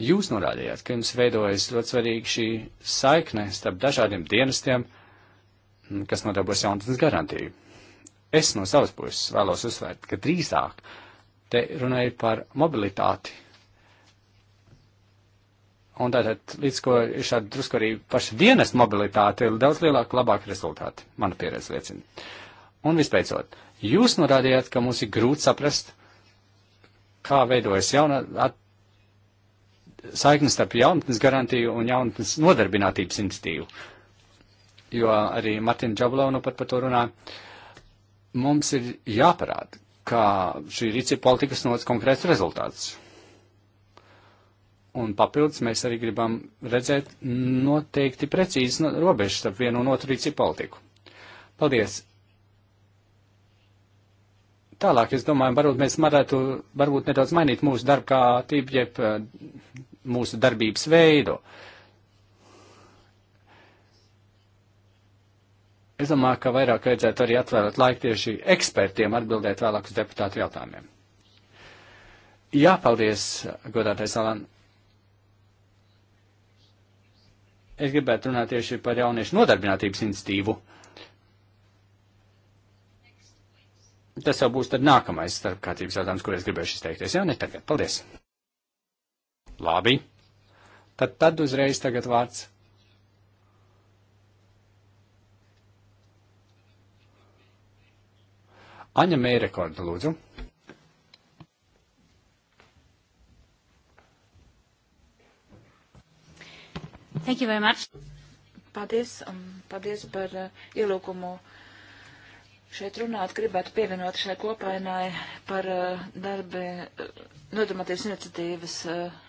jūs norādījāt, ka jums veidojas ļoti svarīga šī saikne starp dažādiem dienestiem, kas nodarbojas jaunatnes garantiju. Es no savas puses vēlos uzsvērt, ka drīzāk te runāja par mobilitāti. Un tātad, līdz ko ir šāda drusku arī paša dienas mobilitāte, ir daudz lielāka, labāka rezultāti, mana pieredze liecina. Un vispēcot, jūs norādījāt, ka mums ir grūti saprast, kā veidojas jauna at, saiknes starp jaunatnes garantiju un jaunatnes nodarbinātības institīvu. Jo arī Martina Džablauna nu pat par to runā. Mums ir jāparāda, ka šī rīcība politikas nodz konkrēts rezultāts. Un papildus mēs arī gribam redzēt noteikti precīzi robežas starp vienu un otru rīcību politiku. Paldies! Tālāk, es domāju, varbūt mēs varētu varbūt nedaudz mainīt mūsu darba kārtību, jeb mūsu darbības veidu. Es domāju, ka vairāk vajadzētu arī atvēlēt laiku tieši ekspertiem atbildēt vēlāk uz deputātu jautājumiem. Jā, paldies, godātais Alan. Es gribētu runāt tieši par jauniešu nodarbinātības institīvu. Tas jau būs tad nākamais starpkārtības jautājums, kur es gribēšu izteikties. Jā, ne tagad. Paldies! Labi. Tad, tad uzreiz tagad vārds. Aņa Mērekorda, lūdzu. Thank you very much. Paldies, um, paldies par uh, ielūkumu šeit runāt. Gribētu pievienot šai kopainai par uh, darbi uh, nodomāties iniciatīvas uh,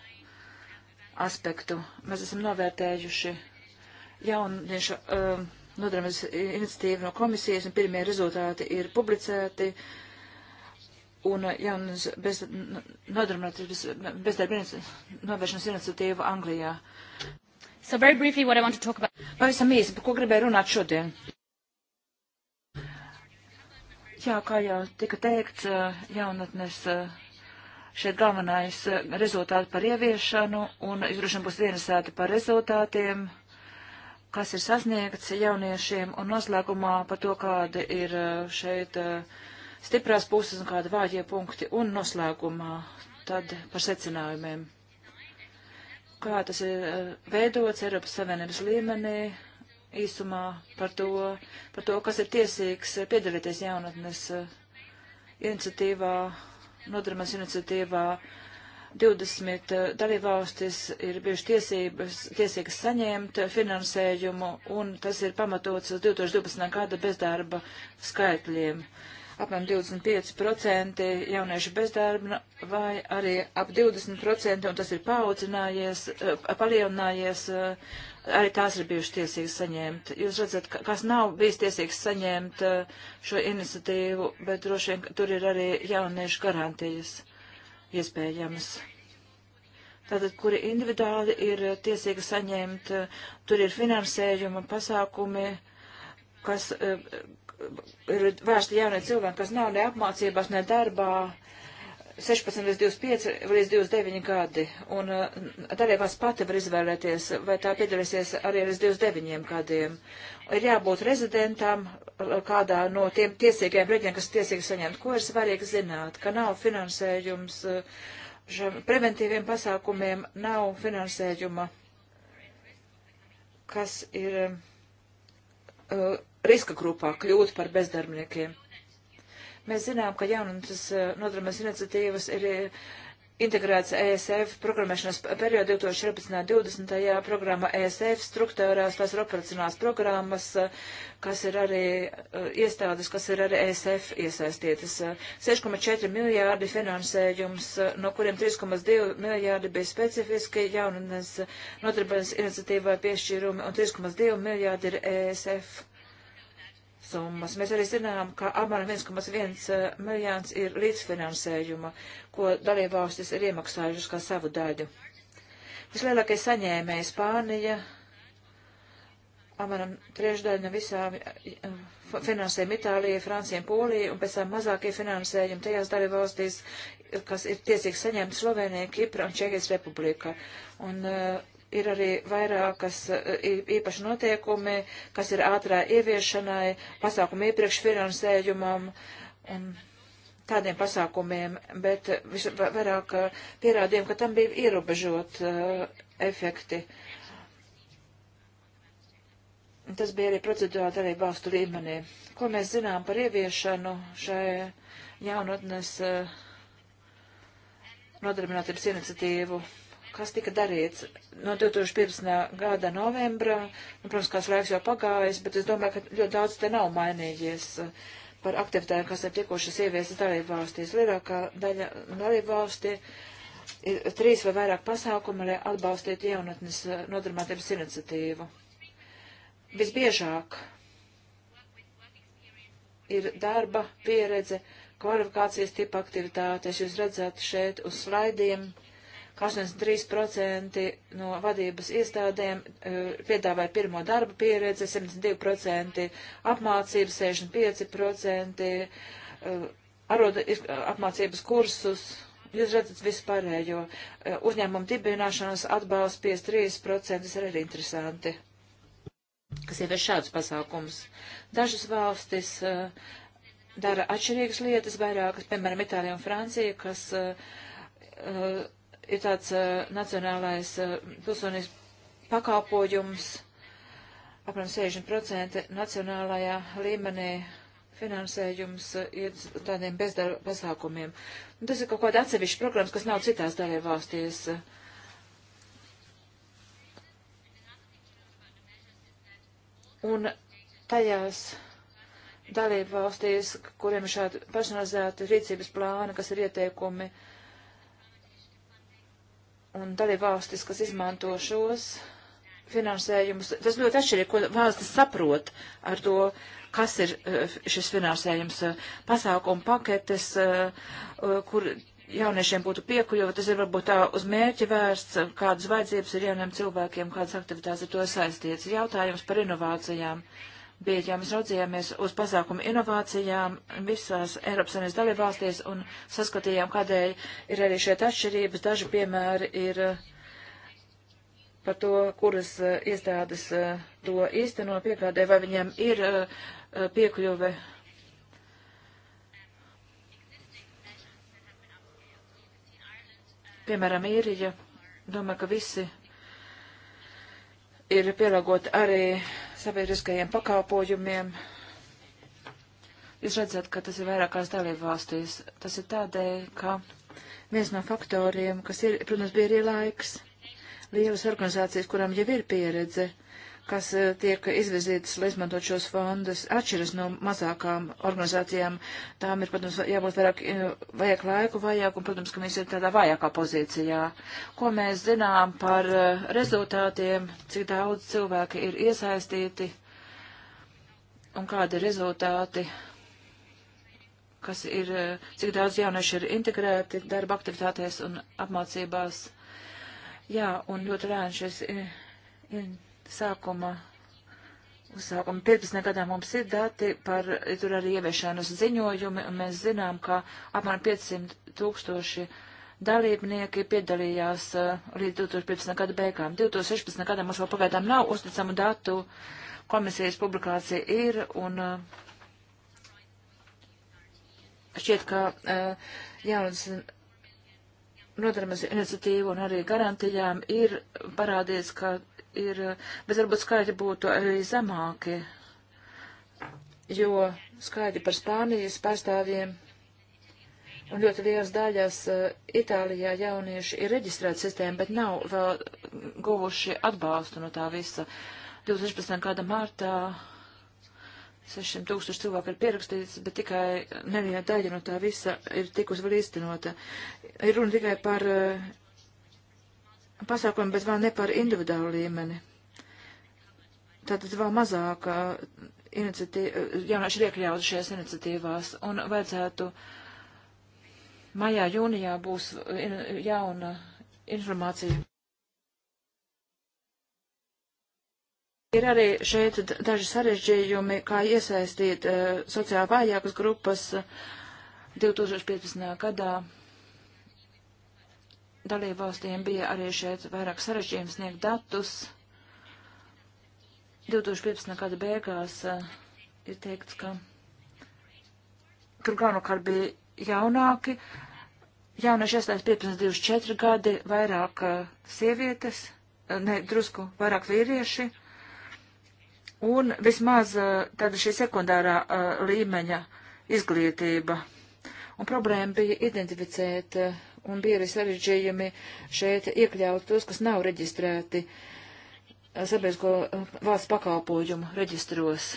aspektu. Mēs esam novērtējuši jauniešu uh, um, nodarības iniciatīvu no komisijas, un pirmie rezultāti ir publicēti. Un uh, jaunas bez, nodarbinātības bezdarbības novēršanas iniciatīva Anglijā. So very briefly what I want to talk about. Pavisam īsi, par ko gribēju runāt šodien. Jā, kā jau tika teikts, uh, jaunatnes uh, Šeit galvenais eh, rezultāti par ieviešanu un izdrošina būs dienasēti par rezultātiem, kas ir sasniegts jauniešiem un noslēgumā par to, kāda ir eh, šeit eh, stiprās puses un kāda vājie punkti un noslēgumā tad par secinājumiem. Kā tas ir veidots Eiropas Savienības līmenī, īsumā par to, par to kas ir tiesīgs piedalīties jaunatnes iniciatīvā nodarmas iniciatīvā 20 eh, dalībvalstis ir bijuši tiesības, tiesīgas saņemt finansējumu, un tas ir pamatots 2012. gada bezdarba skaitļiem. Apmēram 25% jauniešu bezdarba vai arī ap 20%, un tas ir paaudzinājies, eh, palielinājies eh, arī tās ir bijušas tiesīgas saņemt. Jūs redzat, kas nav bijis tiesīgs saņemt uh, šo iniciatīvu, bet droši vien tur ir arī jauniešu garantijas iespējamas. Tātad, kuri individuāli ir tiesīgi saņemt, uh, tur ir finansējuma pasākumi, kas uh, ir vērsti jaunie cilvēki, kas nav ne apmācībās, ne darbā. Uh, 16 līdz 25 līdz 29 gadi, un eh, dalībās pati var izvēlēties, vai tā piedalīsies arī līdz 29 gadiem. Ir jābūt rezidentam kādā no tiem tiesīgajiem reģioniem, kas tiesīgi saņemt. Ko ir svarīgi zināt? Ka nav finansējums eh, šiem preventīviem pasākumiem, nav finansējuma, kas ir uh, riska grupā kļūt par bezdarbniekiem Mēs zinām, ka jaunatnes eh, nodarbības iniciatīvas ir eh, integrēts ESF programmēšanas periodā 2014.20. programma ESF struktūrās, tās ir operacionālās programmas, eh, kas ir arī iestādes, kas ir arī ESF iesaistītas. 6,4 miljārdi finansējums, no kuriem 3,2 miljārdi bija specifiski jaunas notarbības iniciatīvai piešķīrumi un 3,2 miljārdi ir ESF summas. Mēs arī zinām, ka apmēram 1,1 eh, miljāns ir līdzfinansējuma, ko dalībvalstis ir iemaksājušas kā savu daļu. Vislielākais saņēmējs Spānija, apmēram trešdaļa no visām eh, finansējuma Itālija, Francija un Polija, un pēc tam mazākie finansējumi tajās dalībvalstīs, kas ir tiesīgi saņemti Slovenija, Kipra un Čehijas republika. Un, uh, ir arī vairākas īpaši notiekumi, kas ir ātrā ieviešanai, pasākumu iepriekš finansējumam un tādiem pasākumiem, bet vairāk pierādījumi, ka tam bija ierobežot uh, efekti. Tas bija arī procedūrāli arī valstu līmenī. Ko mēs zinām par ieviešanu šai jaunatnes uh, nodarbinātības iniciatīvu kas tika darīts no 2015. gada novembra. Un, nu, protams, kāds laiks jau pagājis, bet es domāju, ka ļoti daudz te nav mainījies uh, par aktivitātēm, kas ir tikušas ieviesas dalībvalstīs. Lielākā daļa dalībvalsti ir trīs vai vairāk pasākumu, lai atbalstītu jaunatnes uh, nodarbinātības iniciatīvu. Visbiežāk ir darba pieredze, kvalifikācijas tipa aktivitātes. Jūs redzat šeit uz slaidiem 83% no vadības iestādēm e, piedāvāja pirmo darba pieredzi, 72% apmācību, 65% e, arodu e, apmācības kursus. Jūs redzat vispārējo uzņēmumu dibināšanas atbalsts 53% ir arī interesanti, kas ievieš šādus pasākumus. Dažas valstis uh, dara atšķirīgas lietas, vairākas, piemēram, Itālija un Francija, kas uh, ir tāds uh, nacionālais uh, pilsonības pakāpojums, apmēram 60% nacionālajā līmenī finansējums uh, ir tādiem bezdarba pasākumiem. Un tas ir kaut kāda atsevišķa programmas, kas nav citās dalībvalstīs. Un tajās dalībvalstīs, kuriem ir šādi personalizēti rīcības plāni, kas ir ieteikumi, uh, un dalībvalstis, kas izmanto šos finansējumus, tas ļoti atšķirīgi, ko valstis saprot ar to, kas ir eh, šis finansējums. Pasākuma paketes, eh, eh, kur jauniešiem būtu piekuļuva, tas ir varbūt tā uz mērķi vērsts, kādas vajadzības ir jauniem cilvēkiem, kādas aktivitātes ir to saistīts. Jautājums par inovācijām. Uh, bija, ja mēs raudzījāmies uz pasākumu inovācijām visās Eiropas Savienības dalībvalstīs un saskatījām, kādēļ ir arī šeit atšķirības. Daži piemēri ir eh, par to, kuras eh, iestādes eh, to īsteno piegādē, vai viņiem ir piekļuve piemēram, īrija, domāju, ka visi ir pielāgoti arī sabiedriskajiem pakalpojumiem. Jūs redzat, ka tas ir vairākās dalību valstīs. Tas ir tādēļ, ka viens no faktoriem, kas ir, protams, bija arī laiks. Lielas organizācijas, kurām jau ir pieredze, uh, kas eh, tiek izvirzītas, lai izmantot šos fondus, atšķiras no mazākām organizācijām. Tām ir, protams, jābūt vairāk, eh, vajag laiku, vajag, un, protams, ka mēs ir tādā vājākā pozīcijā. Ko mēs zinām par eh, rezultātiem, cik daudz cilvēki ir iesaistīti un kādi ir rezultāti, kas ir, cik daudz jaunieši ir integrēti darba aktivitātēs un apmācībās. Jā, un ļoti lēni šis. Ir, ir, sākuma. Uzsākuma 15. gadā mums ir dati par tur arī ieviešanas ziņojumi, un mēs zinām, ka apmēram 500 tūkstoši dalībnieki piedalījās uh, līdz 2015. gada beigām. 2016. gadā mums vēl pagaidām nav uzticamu datu, komisijas publikācija ir, un uh, šķiet, ka uh, jaunas nodarmas iniciatīva un arī garantijām ir parādīts, ka ir, bet varbūt skaidri būtu arī zemāki, jo skaidri par Spānijas pārstāvjiem un ļoti liels daļās eh, Itālijā jaunieši ir reģistrēti sistēma, bet nav vēl guvuši atbalstu no tā visa. 2016. gada martā 600 tūkstoši cilvēku ir pierakstīts, bet tikai neviena daļa no tā visa ir tikus vēl īstenota. Ir runa tikai par uh, pasākumiem, bet vēl ne par individuālu līmeni. Tātad vēl mazāk jaunieši ir iekļauti šajās iniciatīvās un vajadzētu maijā, jūnijā būs in, jauna informācija. Ir arī šeit daži sarežģījumi, kā iesaistīt uh, sociāli vājākas grupas eh, 2015. gadā dalībvalstīm bija arī šeit vairāk sarežģījums sniegt datus. 2015. gada beigās uh, ir teikts, ka tur galvenokārt bija jaunāki, jaunieši iestājas 15-24 gadi, vairāk uh, sievietes, eh, ne, drusku vairāk vīrieši. Un vismaz uh, tāda šī sekundārā līmeņa izglītība. Un problēma bija identificēt uh, un bija arī sarežģījumi šeit iekļaut tos, kas nav reģistrēti eh, sabiedrisko eh, valsts pakalpojumu reģistros.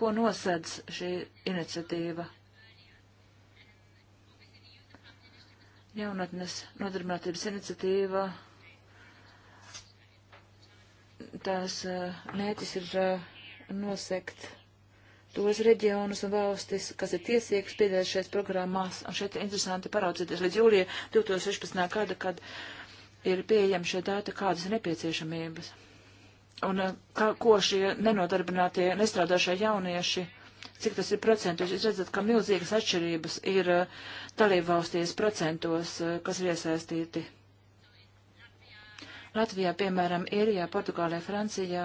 Ko nosedz šī iniciatīva? Jaunatnes nodarbinātības iniciatīva. Tās eh, mērķis ir nosekt tos reģionus un valstis, kas ir tiesīgas piedalīties programmās. Un šeit ir interesanti paraudzīties līdz jūlija 2016. gada, kad ir pieejami šie dati, kādas ir nepieciešamības. Un eh, kā, ko šie nenodarbinātie, nestrādāšie jaunieši, cik tas ir procentos, jūs redzat, ka milzīgas atšķirības ir eh, dalībvalstīs procentos, eh, kas ir iesaistīti Latvijā, piemēram, Irijā, Portugālē, Francijā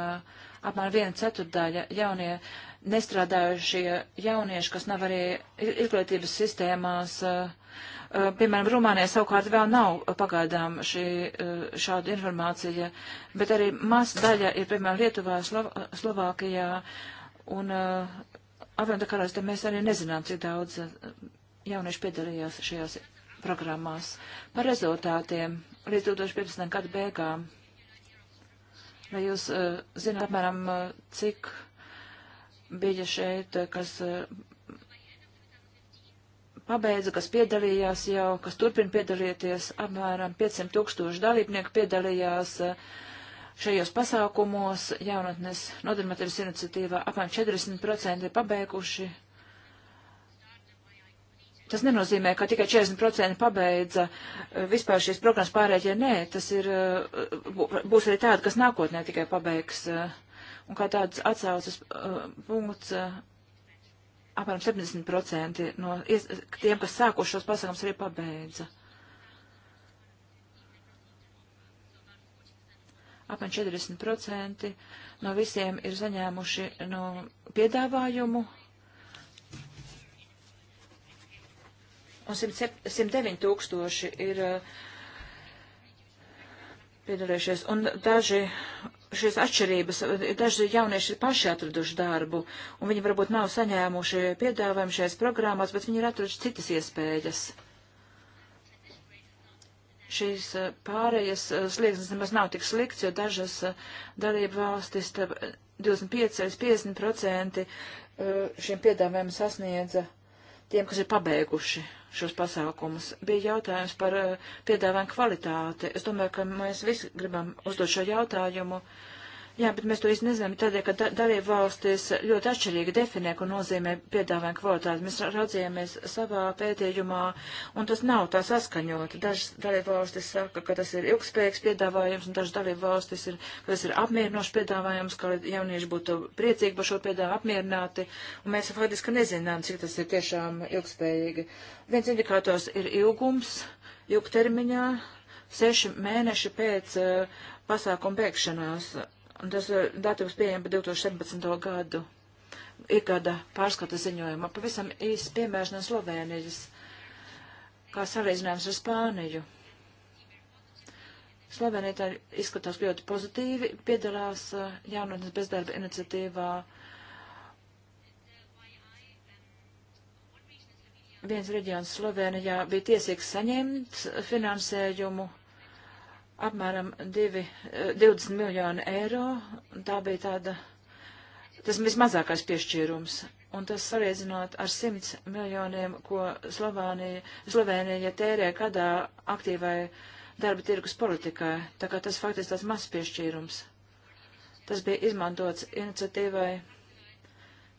apmēram viena ceturtdaļa jaunie nestrādājušie jaunieši, kas nav arī izglītības sistēmās, eh, eh, piemēram, Rumānijā savukārt vēl nav pagaidām šī, eh, šāda informācija, bet arī maz daļa ir, piemēram, Lietuvā, Slov Slovākijā un Avienta karalistē mēs arī nezinām, cik daudz jaunieši piedalījās šajās programmās. Par rezultātiem līdz 2015. gada beigām. Vai jūs uh, zināt, apmēram, uh, cik bija šeit, eh, kas uh, pabeidza, kas piedalījās jau, kas turpina piedalīties, apmēram 500 tūkstoši dalībnieku piedalījās uh, šajos pasākumos jaunatnes nodarbinātības iniciatīvā, apmēram 40% ir pabeiguši Tas nenozīmē, ka tikai 40% pabeidza eh, vispār šīs programmas pārējie. Nē, tas ir, eh, būs arī tāda, kas nākotnē tikai pabeigs. Eh, un kā tāds atsaucas punkts, apmēram 70% no tiem, kas sākušos pasākums, arī pabeidza. apmēram 40% no visiem ir saņēmuši no piedāvājumu, un 109 tūkstoši ir eh, piedalījušies, un daži šīs atšķirības, daži jaunieši ir paši atraduši darbu, un viņi varbūt nav saņēmuši piedāvājumu šajās programmās, bet viņi ir atraduši citas iespējas. Šīs eh, pārējas eh, slieksnes nemaz nav tik slikts, jo dažas dalība valstis 25-50% šiem piedāvājumiem sasniedza tiem, kas ir pabeiguši šos pasākumus. Bija jautājums par eh, piedāvājumu kvalitāti. Es domāju, ka mēs visi gribam uzdot šo jautājumu. Uh, Jā, bet mēs to īsti nezinām, tādēļ, ka da dalību valstis ļoti atšķirīgi definē, ko nozīmē piedāvājuma kvalitāte. Mēs raudzījāmies savā pētījumā, un tas nav tā saskaņot. Dažas dalību valstis saka, ka tas ir ilgspējīgs piedāvājums, un dažas dalību valstis ir, ka tas ir apmierinošs piedāvājums, ka jaunieši būtu priecīgi par šo piedāvājumu apmierināti, un mēs faktiski nezinām, cik tas ir tiešām ilgspējīgi. Viens indikators ir ilgums, ilgtermiņā, seši mēneši pēc uh, pasākuma beigšanās. Uh, un tas eh, datums pieejam par 2017. gadu, ikgada pārskata ziņojumā, pavisam īsts piemērs no Slovēnijas, kā salīdzinājums ar Spāniju. Slovenija tā izskatās ļoti pozitīvi, piedalās eh, jaunatnes bezdarba iniciatīvā. Viens reģions Slovenijā bija tiesīgs saņemt finansējumu apmēram 2, 20 eh, miljoni eiro, un tā bija tāda, tas vismazākais piešķīrums, un tas salīdzinot ar 100 miljoniem, ko Slovānija, Slovēnija tērē gadā aktīvai darba tirgus politikai, tā kā tas faktiski tāds mazs piešķīrums. Tas bija izmantots iniciatīvai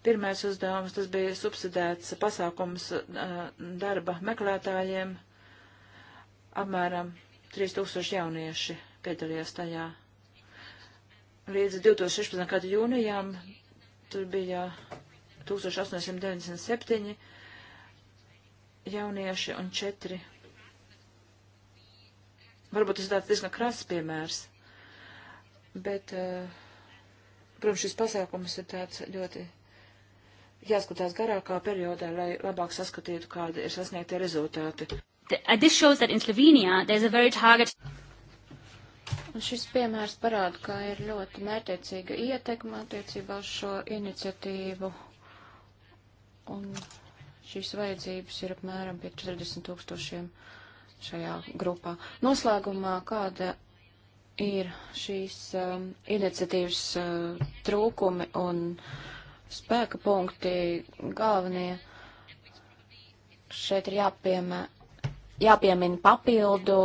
pirmais uzdevums, tas bija subsidēts pasākums eh, darba meklētājiem apmēram 3000 jaunieši piedalījās tajā. Līdz 2016. gada jūnijām tur bija 1897 jaunieši un 4. Varbūt tas tāds diezgan krāsas piemērs, bet, eh, protams, šis pasākums ir tāds ļoti jāskatās garākā periodā, lai labāk saskatītu, kādi ir sasniegtie rezultāti th uh, this shows that in Slovenia there's a very target. Un šis piemērs parāda, ka ir ļoti mērķiecīga ietekma attiecībā uz šo iniciatīvu. Un šīs vajadzības ir apmēram pie 40 tūkstošiem šajā grupā. Noslēgumā kāda ir šīs um, iniciatīvas uh, trūkumi un spēka punkti galvenie. Šeit ir jāpiemē, jāpiemina papildu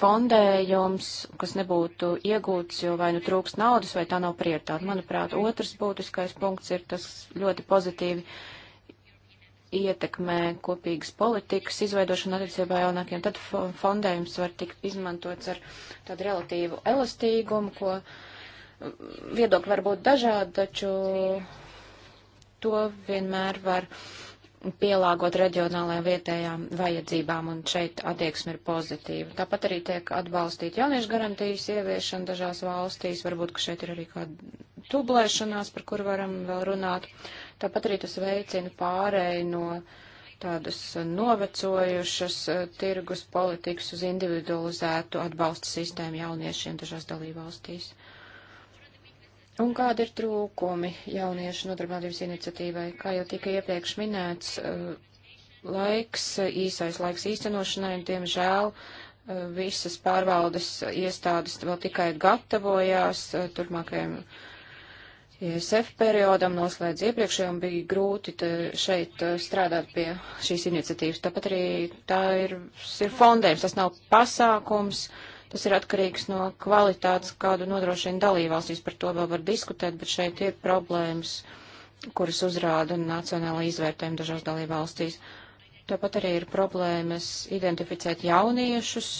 fondējums, kas nebūtu iegūts, jo vai nu trūks naudas, vai tā nav prioritāte. Manuprāt, otrs būtiskais punkts ir tas ļoti pozitīvi ietekmē kopīgas politikas izveidošanu attiecībā jaunākiem. Tad fondējums var tikt izmantots ar tādu relatīvu elastīgumu, ko viedokļi var būt dažādi, taču to vienmēr var pielāgot reģionālajām vietējām vajadzībām, un šeit attieksme ir pozitīva. Tāpat arī tiek atbalstīt jauniešu garantijas ieviešana dažās valstīs, varbūt, ka šeit ir arī kāda tublēšanās, par kur varam vēl runāt. Tāpat arī tas veicina pārēju no tādas novecojušas eh, tirgus politikas uz individualizētu atbalsta sistēmu jauniešiem dažās dalībvalstīs. valstīs. Un kādi ir trūkumi jauniešu nodarbinātības iniciatīvai? Kā jau tika iepriekš minēts, eh, laiks, īsais laiks īstenošanai, un diemžēl eh, visas pārvaldes iestādes vēl tikai gatavojās eh, turpmākajam ISF periodam, noslēdz iepriekšējo, un bija grūti šeit strādāt pie šīs iniciatīvas. Tāpat arī tā ir, ir fondējums, tas nav pasākums. Uh, Tas ir atkarīgs no kvalitātes, kādu nodrošina dalībvalstīs. Par to vēl var diskutēt, bet šeit ir problēmas, kuras uzrāda nacionāla izvērtējuma dažās dalībvalstīs. Tāpat arī ir problēmas identificēt jauniešus.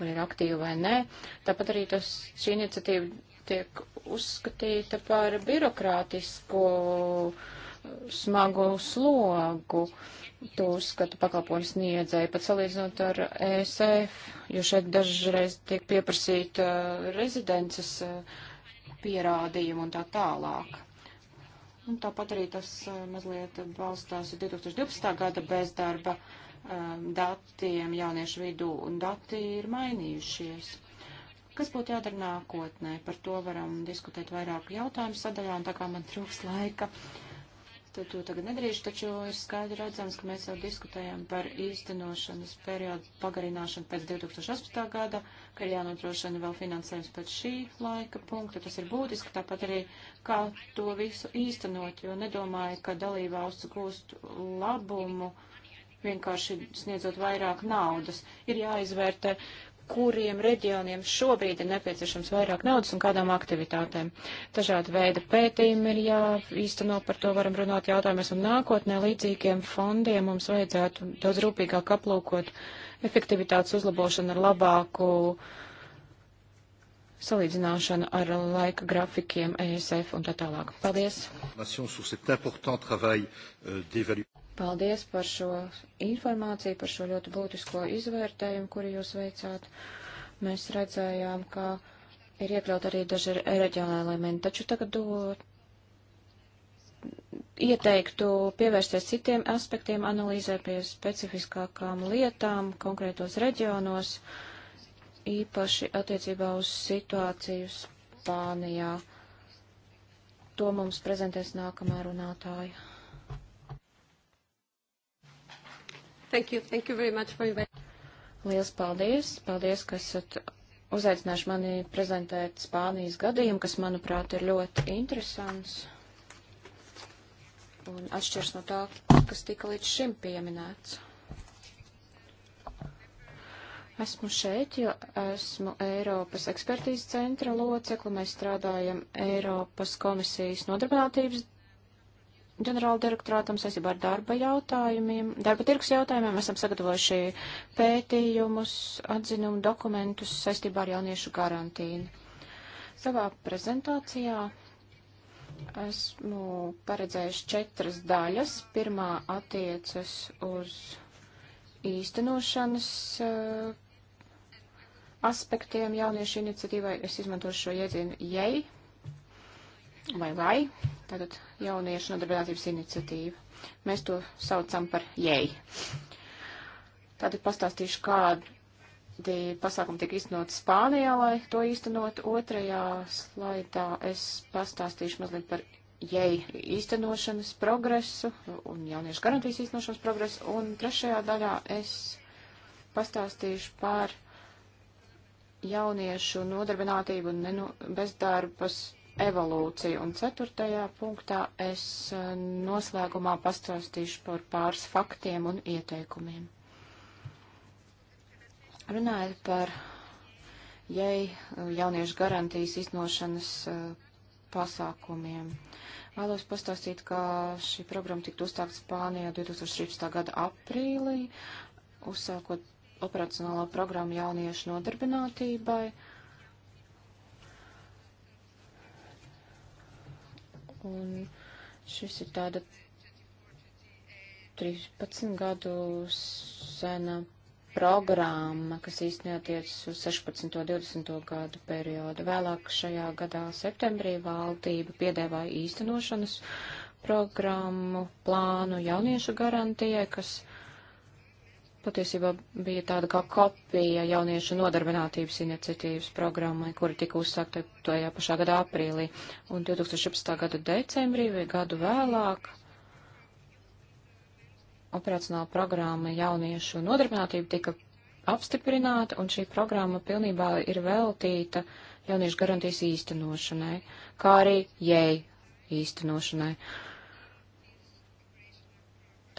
kur ir aktīvi vai nē. Tāpat arī tas, šī iniciatīva tiek uzskatīta par birokrātisku smagu slogu. Uh, to uzskatu pakalpojumu sniedzēju, pat salīdzinot ar ESF, jo šeit dažreiz tiek pieprasīta uh, rezidences uh, pierādījumi un tā tālāk. Un tāpat arī tas uh, mazliet balstās 2012. gada bezdarba um, datiem jauniešu vidū, un dati ir mainījušies. Kas būtu jādara nākotnē? Par to varam diskutēt vairāku jautājumu sadaļā, un tā kā man trūks laika. Uh, Tad to tagad nedrīkst, taču ir skaidri redzams, ka mēs jau diskutējam par īstenošanas periodu pagarināšanu pēc 2018. gada, ka ir jānodrošina vēl finansējums pēc šī laika punkta. Tas ir būtiski, tāpat arī kā to visu īstenot, jo nedomāju, ka dalībvalsts gūst labumu vienkārši sniedzot vairāk naudas. Ir jāizvērtē, kuriem reģioniem šobrīd ir nepieciešams vairāk naudas un kādām aktivitātēm. Dažāda veida pētījumi ir jāīsteno, par to varam runāt jautājumus, un nākotnē līdzīgiem fondiem mums vajadzētu daudz rūpīgāk aplūkot efektivitātes uzlabošanu ar labāku salīdzināšanu ar laika grafikiem, ESF un tā tālāk. Paldies! Paldies par šo informāciju, par šo ļoti būtisko izvērtējumu, kuru jūs veicāt. Mēs redzējām, ka ir iekļaut arī daži reģionāli elementi, taču tagad dot ieteiktu pievērsties citiem aspektiem, analīzē pie specifiskākām lietām konkrētos reģionos, īpaši attiecībā uz situāciju Spānijā. To mums prezentēs nākamā runātāja. Thank you. Thank you very much for inviting. Liels paldies. Paldies, ka esat uzaicinājuši mani prezentēt Spānijas gadījumu, kas, manuprāt, ir ļoti interesants un atšķirs no tā, kas tika līdz šim pieminēts. Esmu šeit, jo esmu Eiropas ekspertīzes centra locekla. Mēs strādājam Eiropas komisijas nodarbinātības ģenerāla direktorātam saistībā ar darba jautājumiem, darba tirgus jautājumiem. Esam sagatavojuši pētījumus, atzinumu dokumentus saistībā ar jauniešu garantīnu. Savā prezentācijā esmu paredzējis četras daļas. Pirmā attiecas uz īstenošanas uh, aspektiem jauniešu iniciatīvai. Es izmantošu šo jēdzienu jei. Ja vai lai, tātad jauniešu nodarbinātības iniciatīva. Mēs to saucam par jēj. Tātad pastāstīšu, kādi pasākumi tika iztenot Spānijā, lai to īstenot. Otrajā slaidā es pastāstīšu mazliet par jēj īstenošanas progresu un jauniešu garantijas īstenošanas progresu. Un trešajā daļā es pastāstīšu par jauniešu nodarbinātību un bezdarbas evolūciju. Un ceturtajā punktā es eh, noslēgumā pastāstīšu par pāris faktiem un ieteikumiem. Runājot par jai eh, jauniešu garantijas iznošanas eh, pasākumiem. Vēlos pastāstīt, ka šī programma tika uzstākta Spānijā 2016. gada aprīlī, uzsākot operacionālo programmu jauniešu nodarbinātībai. Uh, un šis ir tāda 13 gadu sena programma, kas īstenībā attiecas uz 16. un 20. gadu periodu. Vēlāk šajā gadā septembrī valdība piedāvāja īstenošanas programmu plānu jauniešu garantijai, kas patiesībā bija tāda kā kopija jauniešu nodarbinātības iniciatīvas programmai, kura tika uzsākta tajā pašā gadā aprīlī. Un 2017. gada decembrī vai gadu vēlāk operacionāla programma jauniešu nodarbinātība tika apstiprināta, un šī programma pilnībā ir veltīta jauniešu garantijas īstenošanai, kā arī jēj īstenošanai. Uh,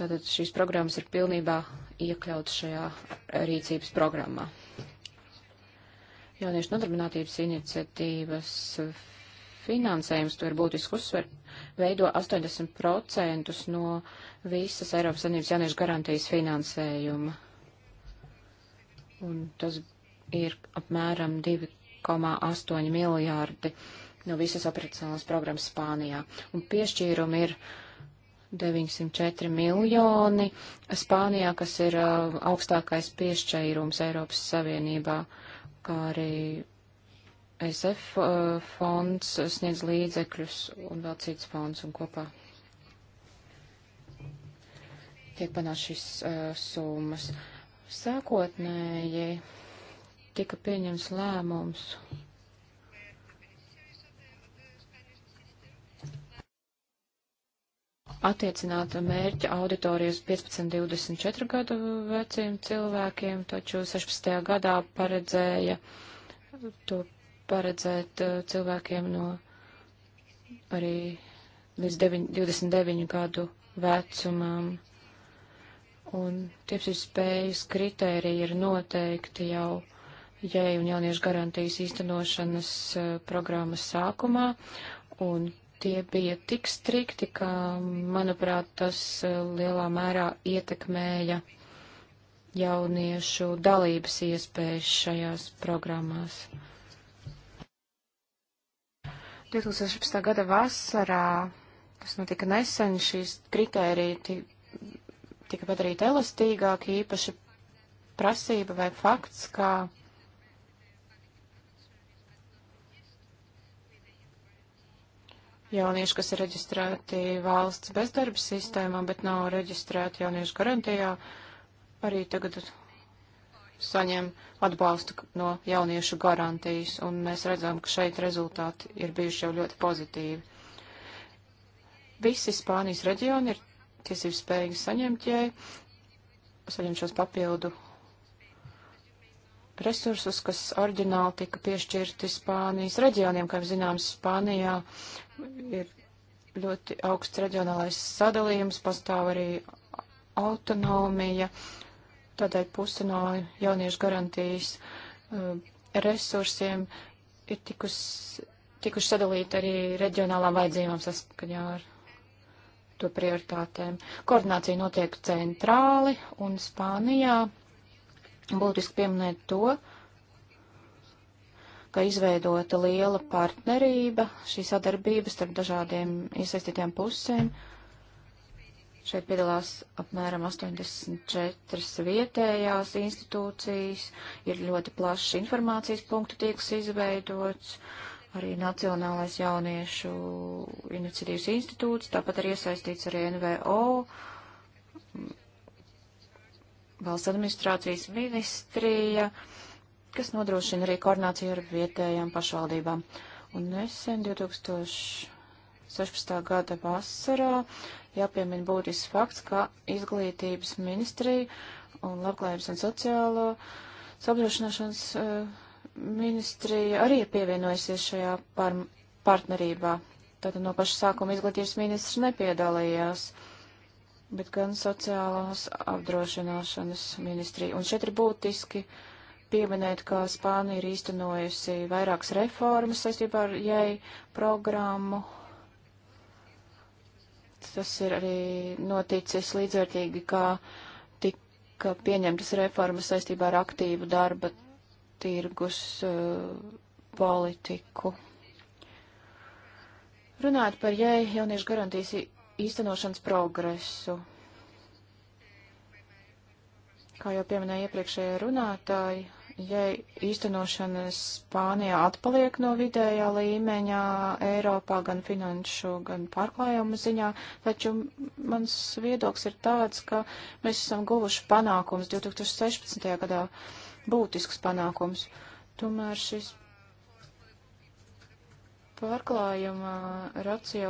Tātad šīs programmas ir pilnībā iekļautas šajā rīcības programmā. Jauniešu nodarbinātības iniciatīvas finansējums, to ir būtiski uzsver, veido 80% no visas Eiropas Savienības jauniešu garantijas finansējuma. Un tas ir apmēram 2,8 miljārdi no visas operacionālās programmas Spānijā. Un piešķīrumi ir 904 miljoni Spānijā, kas ir uh, augstākais piešķairums Eiropas Savienībā, kā arī SF uh, fonds sniedz līdzekļus un vēl cits fonds un kopā tiek panākt šīs uh, summas. Sākotnēji tika pieņems lēmums attiecināt mērķa auditoriju uz 15-24 gadu veciem cilvēkiem, taču 16. gadā paredzēja to paredzēt eh, cilvēkiem no arī līdz 9, 29 gadu vecumam. Un tiepsis spējas kritērija ir noteikti jau jēju un jauniešu garantijas īstenošanas eh, programmas sākumā, un tie bija tik strikti, ka, manuprāt, tas eh, lielā mērā ietekmēja jauniešu dalības iespējas šajās programmās. 2016. gada vasarā, tas notika nesen, šīs kritērija tika padarīta elastīgāk, īpaši prasība vai fakts, kā jaunieši, kas ir reģistrēti valsts bezdarba sistēmā, bet nav reģistrēti jauniešu garantijā, arī tagad saņem atbalstu no jauniešu garantijas, un mēs redzam, ka šeit rezultāti ir bijuši jau ļoti pozitīvi. Visi Spānijas reģioni ir tiesības spējīgi saņemt, ja saņem šos papildu resursus, kas oriģināli tika piešķirti Spānijas reģioniem, kā zināms, Spānijā ir ļoti augsts reģionālais sadalījums, pastāv arī autonomija, tādēļ puse no jauniešu garantijas uh, resursiem ir tikus, tikuši sadalīti arī reģionālām vajadzībām saskaņā ar to prioritātēm. Koordinācija notiek centrāli un Spānijā būtiski pieminēt to, ka izveidota liela partnerība, šī sadarbība starp dažādiem iesaistītiem pusēm. Šeit piedalās apmēram 84 vietējās institūcijas, ir ļoti plašs informācijas punktu tieks izveidots, arī Nacionālais jauniešu iniciatīvas institūts, tāpat arī iesaistīts arī NVO, uh, valsts administrācijas ministrija, kas nodrošina arī koordināciju ar vietējām pašvaldībām. Un nesen 2016. gada vasarā jāpiemina būtisks fakts, ka izglītības ministrija un labklājības un sociālo saprošanāšanas uh, eh, ministrija arī ir pievienojusies šajā par partnerībā. Tātad no paša sākuma izglītības ministrs nepiedalījās. Uh, bet gan sociālās apdrošināšanas ministrija. Un šeit ir būtiski pieminēt, ka Spānija ir īstenojusi vairākas reformas saistībā ar jai programmu. Tas ir arī noticis līdzvērtīgi, kā tika pieņemtas reformas saistībā ar aktīvu darba tirgus uh, politiku. Runājot par jai jauniešu garantijas īstenošanas progresu. Kā jau pieminēja iepriekšējie runātāji, ja īstenošana Spānijā atpaliek no vidējā līmeņa Eiropā gan finanšu, gan pārklājuma ziņā, taču mans viedoklis ir tāds, ka mēs esam guvuši panākums 2016. gadā, būtisks panākums. Tomēr šis pārklājuma racio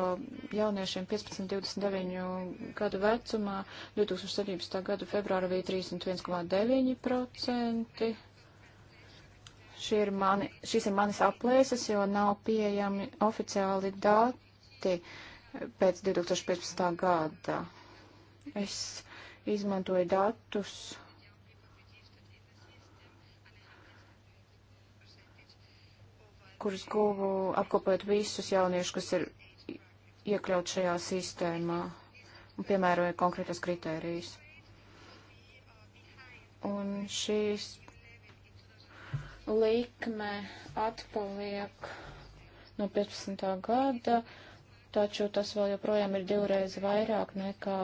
jauniešiem 15-29 gadu vecumā 2017. gada februāra bija 31,9%. Šī ir mani, šis ir manis aplēses, jo nav pieejami oficiāli dati pēc 2015. gada. Es izmantoju datus kurus guvu apkopot visus jauniešus, kas ir iekļaut šajā sistēmā un piemēroja konkrētos kritērijus. Un šīs likme atpaliek no 15. gada, taču tas vēl joprojām ir divreiz vairāk nekā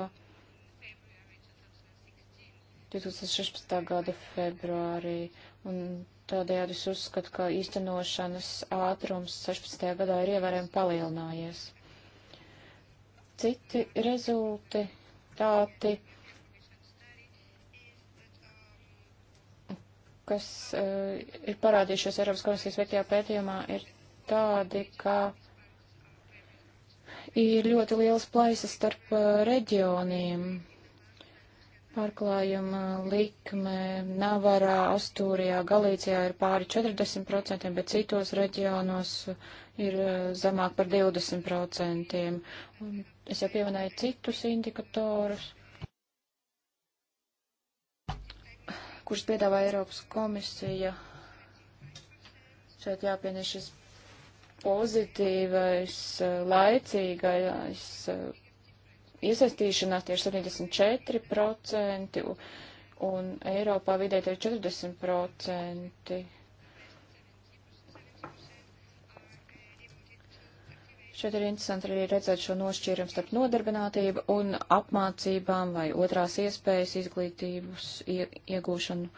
2016. gada februārī. Un Tādējādi es uzskatu, ka īstenošanas ātrums 16. gadā ir ievērēm palielinājies. Citi rezultāti, kas uh, ir parādījušies Eiropas komisijas veiktajā pētījumā, ir tādi, ka ir ļoti liels plaisas starp uh, reģioniem Pārklājuma likme Navarā, Astūrijā, Galīcijā ir pāri 40%, bet citos reģionos ir eh, zemāk par 20%. Un es jau pieminēju citus indikatorus, kurus piedāvā Eiropas komisija. Šeit jāpienieš šis pozitīvais, eh, laicīgais eh, iesaistīšanās tieši 74% un Eiropā vidē tie ir 40%. Šeit ir interesanti arī redzēt šo nošķīrumu starp nodarbinātību un apmācībām vai otrās iespējas izglītības ie, iegūšanu.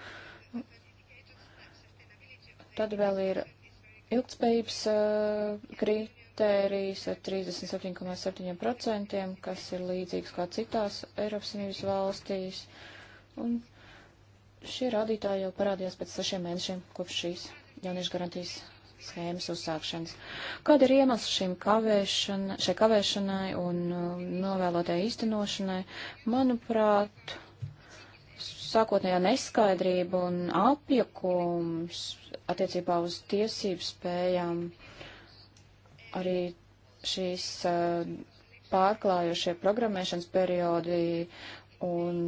Tad vēl ir ilgtspējības uh, eh, krīt, kritērijs ar 37,7%, kas ir līdzīgs kā citās Eiropas Savienības valstīs. Un šie rādītāji jau parādījās pēc sešiem mēnešiem kopš šīs jauniešu garantijas schēmas uzsākšanas. Kāda ir iemesla šim kavēšana, šai kavēšanai un um, novēlotajai īstenošanai? Manuprāt, sākotnējā neskaidrība un apjakums attiecībā uz tiesību spējām arī šīs eh, pārklājošie programmēšanas periodi un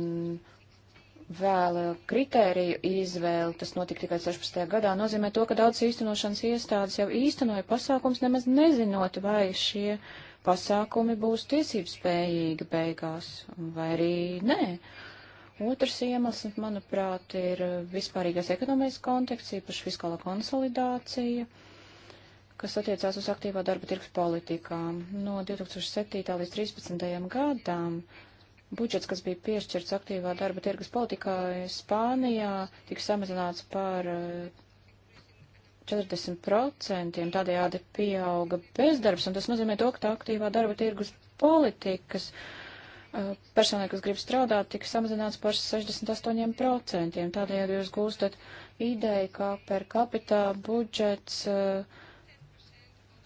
vēla kritēriju izvēle, tas notika tikai 16. gadā, nozīmē to, ka daudz īstenošanas iestādes jau īstenoja pasākums, nemaz nezinot, vai šie pasākumi būs tiesības spējīgi beigās, vai arī nē. Otrs iemesls, manuprāt, ir vispārīgais ekonomiskais konteksts, īpaši fiskāla konsolidācija. Uh, kas attiecās uz aktīvā darba tirgus politikām. No 2007. līdz 2013. gadam budžets, kas bija piešķirts aktīvā darba tirgus politikā Spānijā, tika samazināts par 40%, eh, tādējādi pieauga bezdarbs, un tas nozīmē to, ka tā aktīvā darba tirgus politikas eh, personai, kas grib strādāt, tika samazināts par 68%. Tādējādi jūs gūstat ideju, ka per capita budžets uh,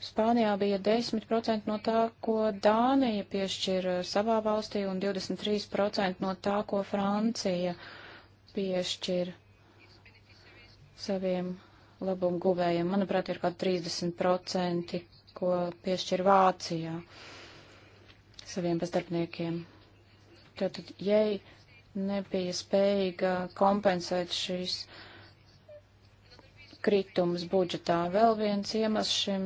Spānijā bija 10% no tā, ko Dānija piešķir uh, savā valstī un 23% no tā, ko Francija piešķir saviem labumu guvējiem. Manuprāt, ir kaut 30%, ko piešķir Vācijā saviem bezdarbniekiem. Tātad, ja nebija spējīga kompensēt šīs uh, kritums budžetā. Vēl viens iemesls šim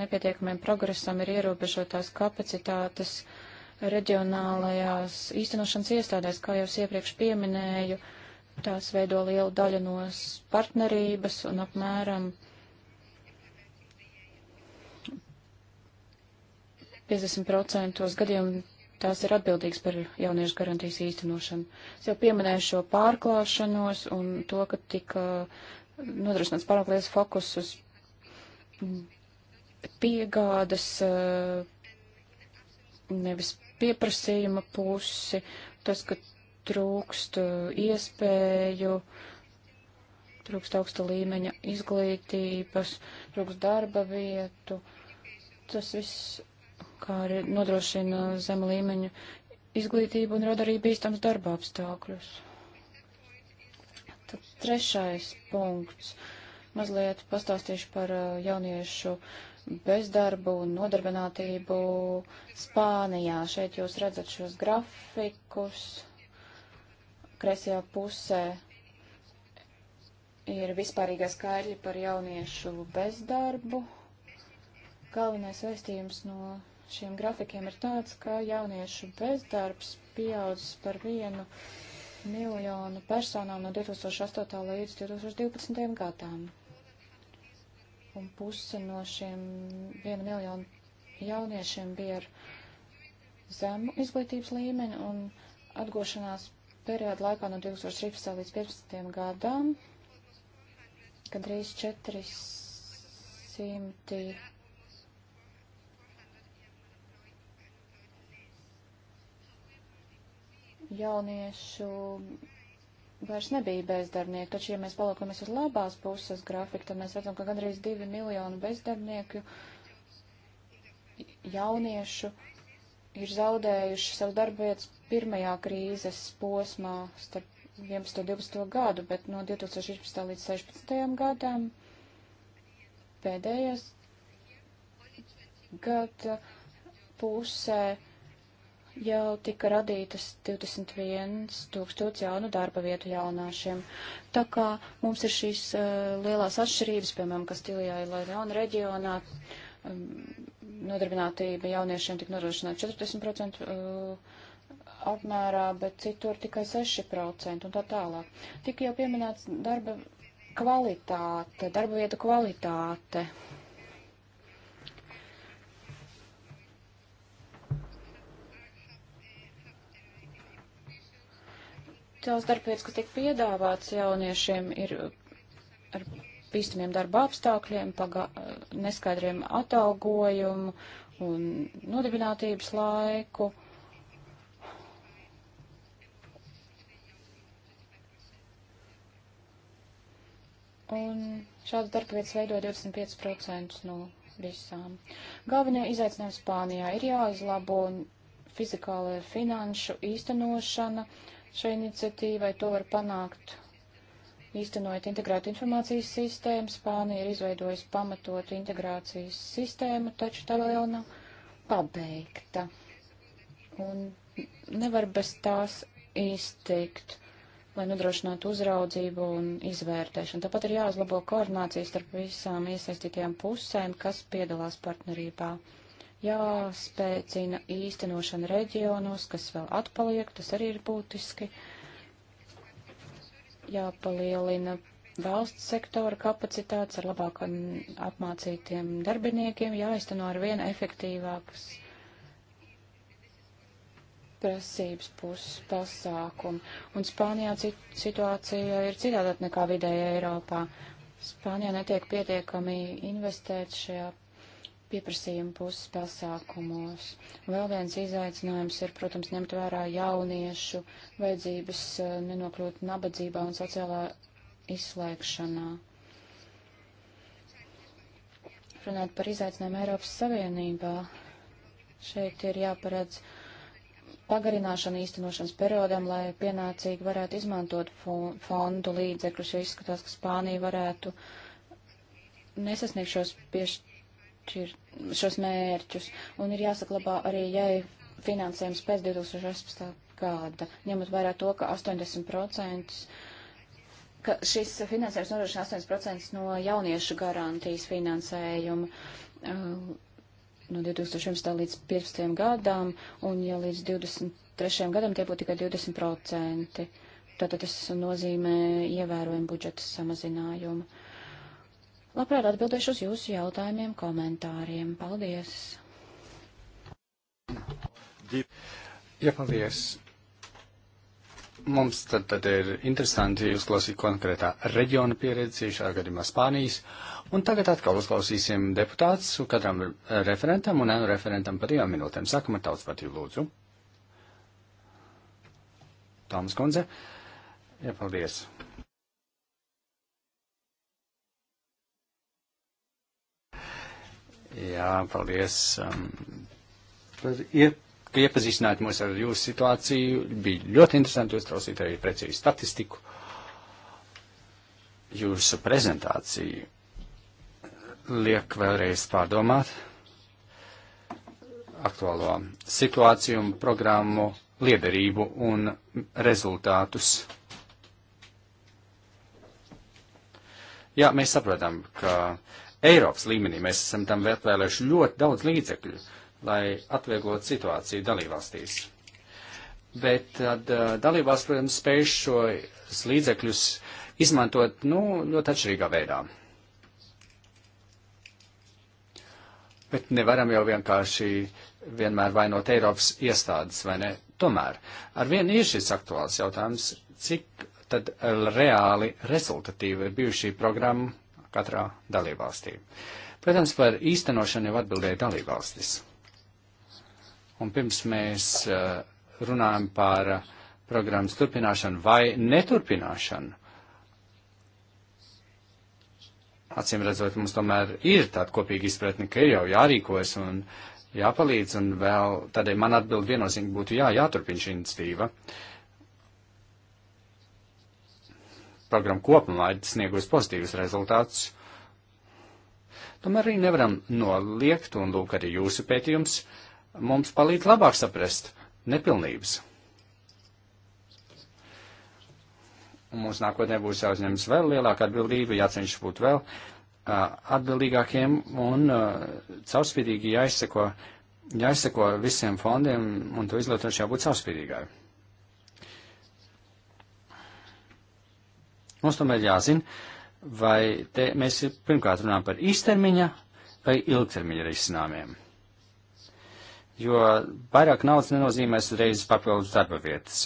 nepietiekamiem progresam ir ierobežotās kapacitātes reģionālajās īstenošanas iestādēs, kā jau iepriekš pieminēju, tās veido lielu daļu no partnerības un apmēram 50% gadījumu tās ir atbildīgas par jauniešu garantijas īstenošanu. Es jau pieminēju šo pārklāšanos un to, ka tika nodrošināts pārāk liels fokus uz piegādas, eh, nevis pieprasījuma pusi, tas, ka trūkst eh, iespēju, trūkst augsta līmeņa izglītības, trūkst darba vietu. Tas viss, kā arī nodrošina zema līmeņa izglītību un rada arī bīstams darba apstākļus. Tad trešais punkts. Mazliet pastāstīšu par uh, jauniešu bezdarbu un nodarbinātību Spānijā. Šeit jūs redzat šos grafikus. Kresajā pusē ir vispārīgā skaidri par jauniešu bezdarbu. Galvenais vēstījums no šiem grafikiem ir tāds, ka jauniešu bezdarbs pieaudzis par vienu uh, miljonu personām no 2008. līdz 2012. gadām. Un puse no šiem viena miljonu jauniešiem bija ar zemu izglītības līmeni un atgošanās periodu laikā no 2013. līdz 2015. gadām gandrīz 400 jauniešu vairs nebija bezdarbnieki, taču, ja mēs palūkamies uz labās puses grafiku, tad mēs redzam, ka gandrīz divi miljoni bezdarbnieku jauniešu ir zaudējuši savu darbu vietas pirmajā krīzes posmā starp 11. un 12. gadu, bet no 2016. līdz 16. gadam pēdējais gada pusē jau tika radītas 21 tūkstots jaunu darba vietu jaunāšiem. Tā kā mums ir šīs uh, lielās atšķirības, piemēram, Kastilijā ir Leona reģionā, um, nodarbinātība jauniešiem tik nodrošināta 40% uh, apmērā, bet citur tikai 6% un tā tālāk. Tik jau pieminēts darba kvalitāte, darba vietu kvalitāte. Uh, Tās darbvietas, kas tiek piedāvāts jauniešiem, ir ar bīstamiem darba apstākļiem, pagā, neskaidriem atalgojumu un nodibinātības laiku. Un šādas darba vietas veido 25% no visām. Galvenie izaicinājumi Spānijā ir jāizlabo fizikāla finanšu īstenošana, uh, šai iniciatīvai. To var panākt īstenojot integrētu informācijas sistēmu. Spānija ir izveidojusi pamatotu integrācijas sistēmu, taču tā vēl nav pabeigta. Un nevar bez tās izteikt, lai nodrošinātu uzraudzību un izvērtēšanu. Tāpat ir jāuzlabo koordinācijas starp visām iesaistītajām pusēm, kas piedalās partnerībā jāspēcina īstenošana reģionos, kas vēl atpaliek, tas arī ir būtiski. Jāpalielina valsts sektora kapacitātes ar labākam apmācītiem darbiniekiem, jāizteno ar vienu efektīvākas prasības puses pasākumu. Un Spānijā situācija ir citādāk nekā vidēja Eiropā. Spānijā netiek pietiekami investēt šajā pieprasījuma puses pasākumos. Vēl viens izaicinājums ir, protams, ņemt vērā jauniešu vajadzības eh, nenokļūt nabadzībā un sociālā izslēgšanā. Runāt par izaicinājumu Eiropas Savienībā. Šeit ir jāparedz pagarināšana īstenošanas periodam, lai pienācīgi varētu izmantot fondu līdzekļus, jo izskatās, ka Spānija varētu nesasniegt šos piešķirt šķir, šos mērķus, un ir jāsaklabā arī jai finansējums pēc 2018. gada, ņemot vairāk to, ka 80% ka šis finansējums nodrošina 80% no jauniešu garantijas finansējuma uh, no 2011. līdz 15. gadam, un ja līdz 23. gadam tie būtu tikai 20%. Tātad tas nozīmē ievērojumu budžeta samazinājumu. Labprāt atbildēšu uz jūsu jautājumiem, komentāriem. Paldies! Jā, paldies! Mums tad, tad ir interesanti uzklausīt konkrētā reģiona pieredzi, šā gadījumā Spānijas. Un tagad atkal uzklausīsim deputāts katram referentam un referentam par divām minūtēm. Sākam ar tautas partiju lūdzu. Tomas Konze. Jā, paldies. Jā, paldies um, par ie, ka iepazīstināt mūs ar jūsu situāciju. Bija ļoti interesanti uzklausīt arī precīzi statistiku, jūsu prezentāciju. Liek vēlreiz pārdomāt aktuālo situāciju un programmu liederību un rezultātus. Jā, mēs saprotam, ka uh, Eiropas līmenī mēs esam tam atvēlējuši ļoti daudz līdzekļu, lai atvieglotu situāciju dalībvalstīs. Bet tad uh, dalībvalsts, protams, spēj šos līdzekļus izmantot, nu, ļoti atšķirīgā veidā. Bet nevaram jau vienkārši vienmēr vainot Eiropas iestādes, vai ne? Tomēr ar vienu ir šis aktuāls jautājums, cik tad reāli rezultatīvi ir bijuši šī programma katrā dalībvalstī. Protams, par īstenošanu jau atbildēja dalībvalstis. Un pirms mēs eh, runājam par eh, programmas turpināšanu vai neturpināšanu, acīm redzot, mums tomēr ir tāda kopīga izpratne, ka ir jau jārīkojas un jāpalīdz, un vēl tādēļ man atbild viennozīmīgi būtu jā, jāturpina šī iniciatīva. Uh, programma kopumā ir sniegusi pozitīvus rezultātus. Tomēr arī nevaram noliegt, un lūk arī jūsu pētījums mums palīdz labāk saprast nepilnības. Un mums nākotnē būs jāuzņemas vēl lielāka atbildība, jāceņš būt vēl uh, atbildīgākiem un uh, caurspīdīgi jāizseko, jāizseko visiem fondiem, un to izlietošanu jābūt caurspīdīgākai. Mums tomēr jāzina, vai te mēs pirmkārt runājam par īstermiņa vai ilgtermiņa risinājumiem. Jo vairāk naudas nenozīmēs uzreiz papildus darba vietas.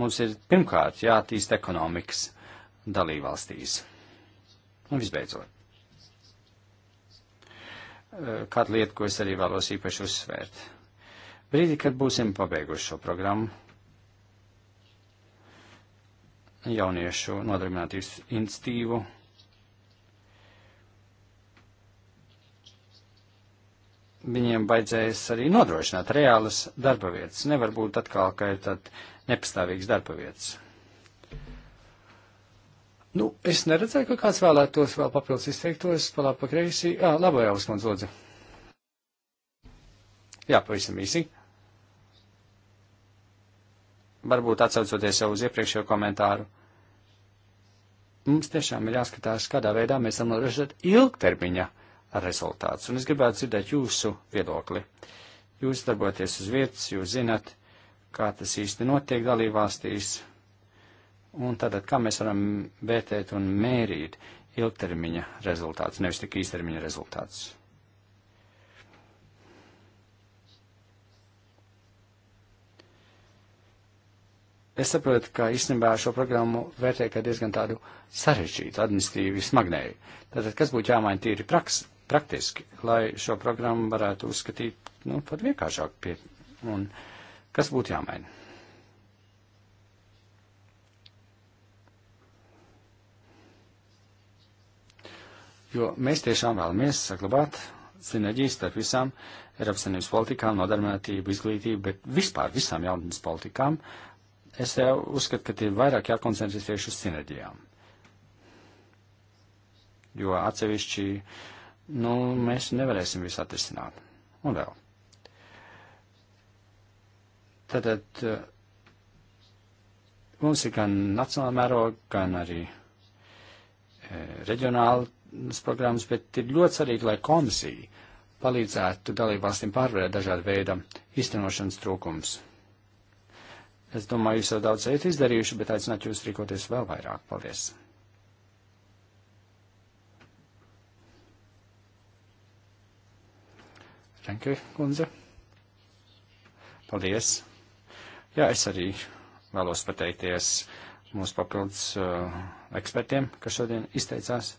Mums ir pirmkārt jātīst ekonomikas dalībvalstīs. Un visbeidzot, eh, kāda lieta, ko es arī vēlos īpaši uzsvērt. Brīdī, kad būsim pabeiguši šo programmu, jauniešu nodarbinātības institīvu. Viņiem baidzēs arī nodrošināt reālas darba vietas. Nevar būt atkal, ka ir tad nepastāvīgs darba vietas. Nu, es neredzēju, ka kāds vēlētos vēl papildus izteiktos, palāk pa kreisi. Jā, ah, labajā uzmandzodzi. Jā, pavisam īsi varbūt atsaucoties jau uz iepriekšējo komentāru, mums tiešām ir jāskatās, kādā veidā mēs varam redzēt ilgtermiņa rezultātus. Un es gribētu dzirdēt jūsu viedokli. Jūs darboties uz vietas, jūs zinat, kā tas īsti notiek dalībvalstīs. Un tātad, kā mēs varam vērtēt un mērīt ilgtermiņa rezultātus, nevis tik īstermiņa rezultātus. Es saprotu, ka īstenībā šo programmu vērtē kā diezgan tādu sarežģītu, administīvi smagnēju. Tātad, kas būtu jāmaina tīri praks, praktiski, lai šo programmu varētu uzskatīt, nu, pat vienkāršāk pie, un kas būtu jāmaina? Jo mēs tiešām vēlamies saglabāt sinerģijas starp visām Eiropas Savienības politikām, nodarbinātību, izglītību, bet vispār visām jaunatnes politikām, es jau uzskatu, ka ir vairāk jākoncentrēties tieši uz sinerģijām. Jo atsevišķi, nu, mēs nevarēsim visu atrisināt. Un vēl. Tātad eh, mums ir gan nacionāla mēroga, gan arī e, reģionālas programmas, bet ir ļoti svarīgi, lai komisija palīdzētu dalībvalstīm pārvarēt dažādu veidu īstenošanas trūkumus. Es domāju, jūs jau daudz esat izdarījuši, bet aicinātu jūs rīkoties vēl vairāk. Paldies! Renke kundze. Paldies! Jā, es arī vēlos pateikties mūsu papildus uh, ekspertiem, kas šodien izteicās.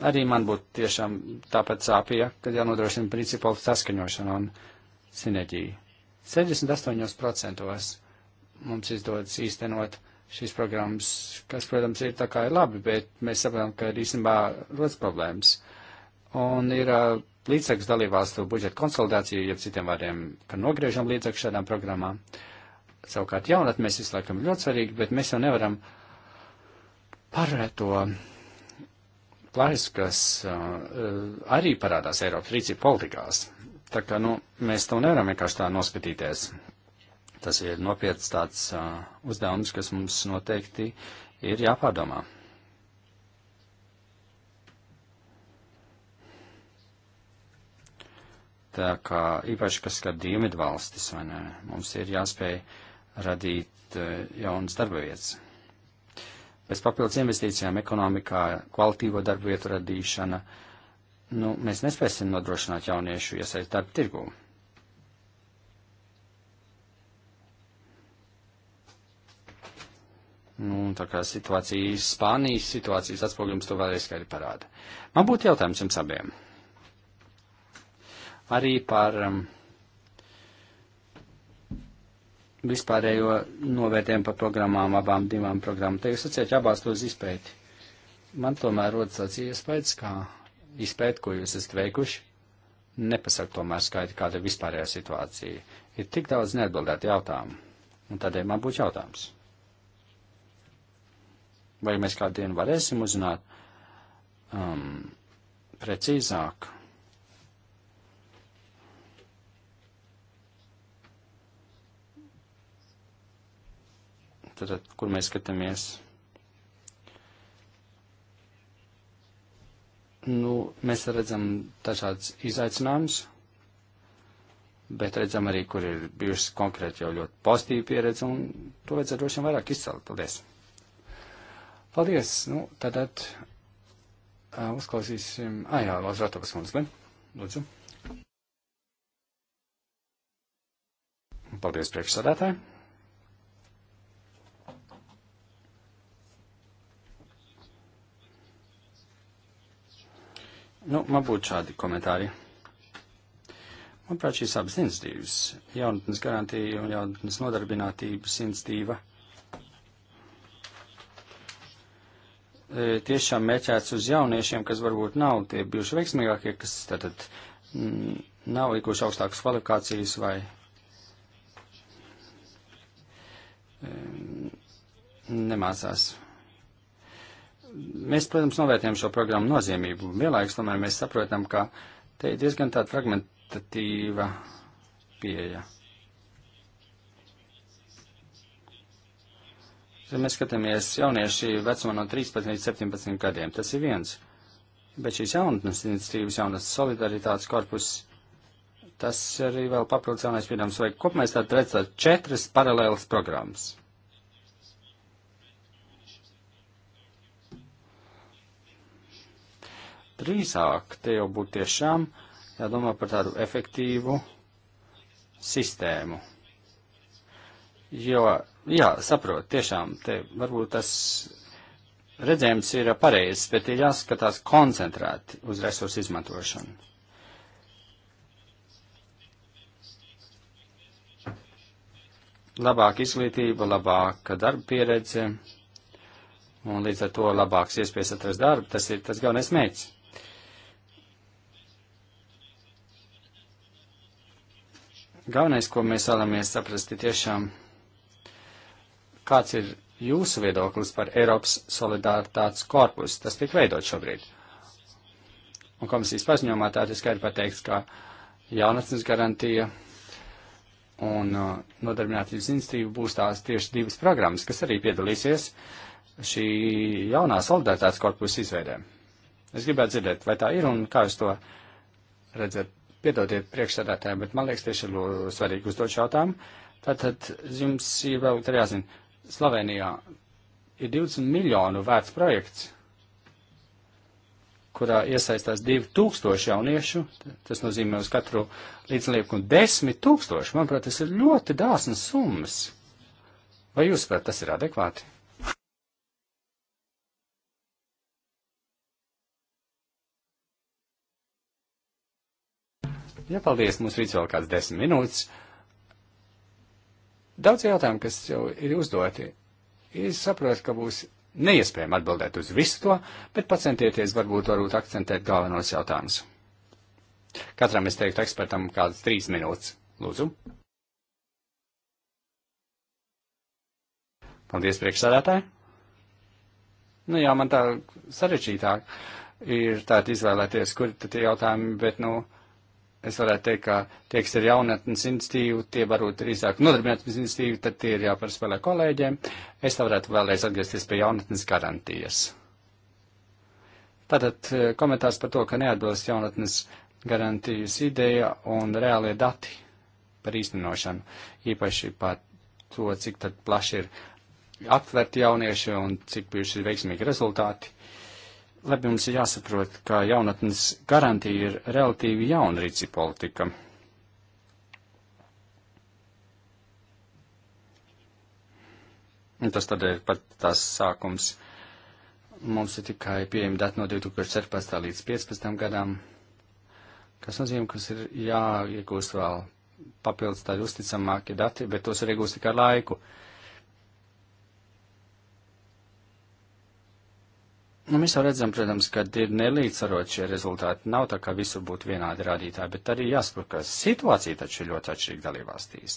arī man būtu tiešām tāpat sāpīja, kad jānodrošina principu saskaņošana un sinerģija. 78% mums izdodas īstenot šīs programmas, kas, protams, ir tā kā ir labi, bet mēs saprotam, ka ir īstenībā rodas problēmas. Un ir uh, līdzekļu dalībvalstu budžeta konsolidācija, jeb citiem vārdiem, ka nogriežam līdzekļu šādām programmām. Savukārt jaunatnē mēs visu laikam ļoti svarīgi, bet mēs jau nevaram pārēt to plājas, kas uh, arī parādās Eiropas rīcība politikās. Tā kā, nu, mēs to nevaram vienkārši tā noskatīties. Tas ir nopietns tāds uh, uzdevums, kas mums noteikti ir jāpārdomā. Tā kā īpaši, kas skar dienvidu valstis, vai ne, mums ir jāspēj radīt uh, jaunas darba vietas bez papildus investīcijām ekonomikā, kvalitīvo darbu vietu radīšana, nu, mēs nespēsim nodrošināt jauniešu iesaist darba tirgū. Nu, tā kā situācijas, Spānijas situācijas atspoguļums to vēlreiz skaidri parāda. Man būtu jautājums jums abiem. Arī par um, vispārējo novērtējumu par programmām, abām divām programmām. Te jūs sacījāt, jābāst uz izpēti. Man tomēr rodas tāds iespējas, kā izpēti, ko jūs esat veikuši, nepasaka tomēr skaidri, kāda ir vispārējā situācija. Ir tik daudz neatbildētu jautājumu, un tādēļ man būtu jautājums. Vai mēs kādu dienu varēsim uzzināt um, precīzāk? tad, kur mēs skatāmies. Nu, mēs redzam dažādas izaicinājumus, bet redzam arī, kur ir bijušas konkrēti jau ļoti pozitīva pieredze, un to vajadzētu droši vien vairāk izcelt. Paldies! Paldies! Nu, tātad uh, uzklausīsim. Ah, jā, Lāzs Ratovas kundze, lūdzu. Paldies priekšsādātāji! Nu, man būtu šādi komentāri. Manuprāt, šīs abas institīvas, jaunatnes garantija un jaunatnes nodarbinātības institīva, tiešām mērķēts uz jauniešiem, kas varbūt nav tie bijuši veiksmīgākie, kas tātad mm, nav ikuši augstākas kvalifikācijas vai mm, nemācās mēs, protams, novērtējam šo programmu nozīmību. Vienlaikus, tomēr, mēs saprotam, ka te ir diezgan tāda fragmentatīva pieeja. Tad mēs skatāmies jaunieši vecumā no 13 līdz 17 gadiem. Tas ir viens. Bet šīs jaunatnes iniciatīvas, jaunatnes solidaritātes korpus, tas arī vēl papildus jaunais piedāvājums. Vai kopumā es tādu redzētu četras paralēlas programmas? Drīzāk te jau būtu tiešām jādomā par tādu efektīvu sistēmu. Jo, jā, saprot, tiešām, te varbūt tas redzējums ir pareizs, bet ir jāskatās koncentrēti uz resursu izmantošanu. Labāka izglītība, labāka darba pieredze un līdz ar to labāks iespējas atrast darbu, tas ir tas galvenais mērķis. Galvenais, ko mēs vēlamies saprast, ir tiešām, kāds ir jūsu viedoklis par Eiropas solidaritātes korpusu. Tas tiek veidot šobrīd. Un komisijas paziņojumā tā ir skaidri pateikts, ka jaunatnes garantija un uh, nodarbinātības institīva būs tās tieši divas programmas, kas arī piedalīsies šī jaunā solidaritātes korpusa izveidē. Es gribētu dzirdēt, vai tā ir un kā jūs to redzat Piedodiet priekšsēdētājiem, bet man liekas tieši svarīgi uzdot jautājumu. Tātad jums ir vēl tā jāzina, Slovenijā ir 20 miljonu vērts projekts, kurā iesaistās 2000 jauniešu. Tas nozīmē uz katru līdzlieku 10 tūkstoši. Manuprāt, tas ir ļoti dāsnas summas. Vai jūs saprotat, tas ir adekvāti? Jā, ja, paldies, mums rīts vēl kāds desmit minūtes. Daudz jautājumu, kas jau ir uzdoti, es saprotu, ka būs neiespējami atbildēt uz visu to, bet pacentieties varbūt, varbūt akcentēt galvenos jautājumus. Katram es teiktu ekspertam kādas trīs minūtes. Lūdzu. Paldies, priekšsādātāji. Nu jā, man tā sarežģītāk ir tāda izvēlēties, kur tad tie jautājumi, bet, nu, es varētu teikt, ka tie, kas ir jaunatnes institīvi, tie varbūt drīzāk nodarbinātnes institīvi, tad tie ir jāparspēlē kolēģiem. Es tā varētu vēlreiz atgriezties pie jaunatnes garantijas. Tātad eh, komentārs par to, ka neatbilst jaunatnes garantijas ideja un reālie dati par īstenošanu, īpaši par to, cik tad plaši ir aptverti jaunieši un cik bijuši veiksmīgi rezultāti. Labi, mums ir jāsaprot, ka jaunatnes garantija ir relatīvi jauna rīcība politika. Un tas tad ir pat tās sākums. Mums ir tikai pieejami dati no 2014. līdz 2015. gadam, kas nozīmē, ka ir jāiegūst vēl papildus tādi uzticamāki dati, bet tos ir iegūst tikai ar laiku. Uh, Nu, mēs jau redzam, protams, ka ir nelīdzsvarot šie rezultāti. Nav tā, ka visur būtu vienādi rādītāji, bet arī jāsaprot, ka situācija taču ir ļoti atšķirīga dalībvalstīs.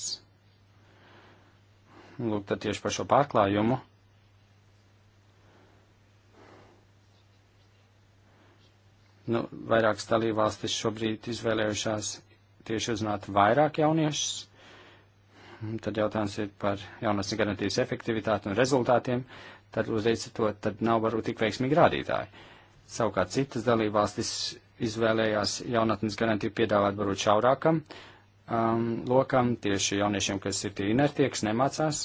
Lūk, tad tieši par šo pārklājumu. Nu, vairākas dalībvalstis šobrīd izvēlējušās tieši uzrunāt vairāk jauniešus. Tad jautājums ir par jaunatnes garantijas efektivitāti un rezultātiem. Uh, tad uzreiz to tad nav varbūt tik veiksmīgi rādītāji. Savukārt citas dalībvalstis izvēlējās jaunatnes garantiju piedāvāt varbūt šaurākam um, lokam, tieši jauniešiem, kas ir tie inertie, kas nemācās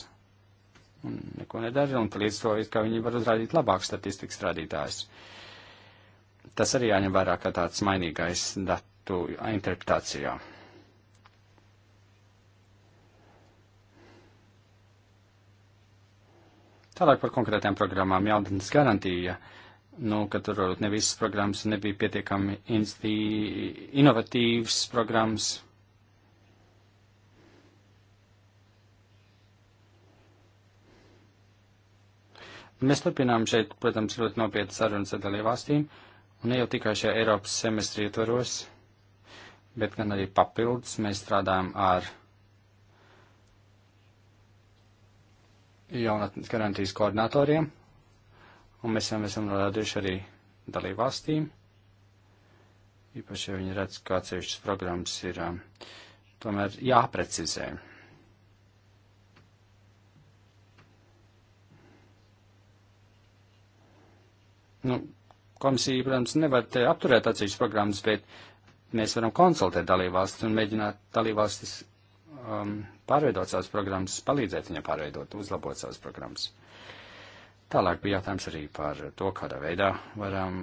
un neko nedara, un līdz to, ka viņi var uzrādīt labāk statistikas rādītājus. Tas arī jāņem vērā kā tāds mainīgais datu interpretācijā. Tālāk par konkrētām programmām jaudienas garantija. Nu, ka tur varbūt ne visas programmas nebija pietiekami inovatīvas programmas. Mēs turpinām šeit, protams, ļoti nopietnas sarunas ar dalībvalstīm, un ne jau tikai šajā Eiropas semestri ietvaros, bet gan arī papildus mēs strādājam ar jaunatnes garantijas koordinatoriem, un mēs jau esam norādījuši arī dalībvalstīm, īpaši, ja viņi redz, ka atsevišķas programmas ir um, tomēr jāprecizē. Nu, komisija, protams, nevar te apturēt atsevišķas programmas, bet mēs varam konsultēt dalībvalstis un mēģināt dalībvalstis um, pārveidot savas programmas, palīdzēt viņam pārveidot, uzlabot savas programmas. Tālāk bija jautājums arī par to, kādā veidā varam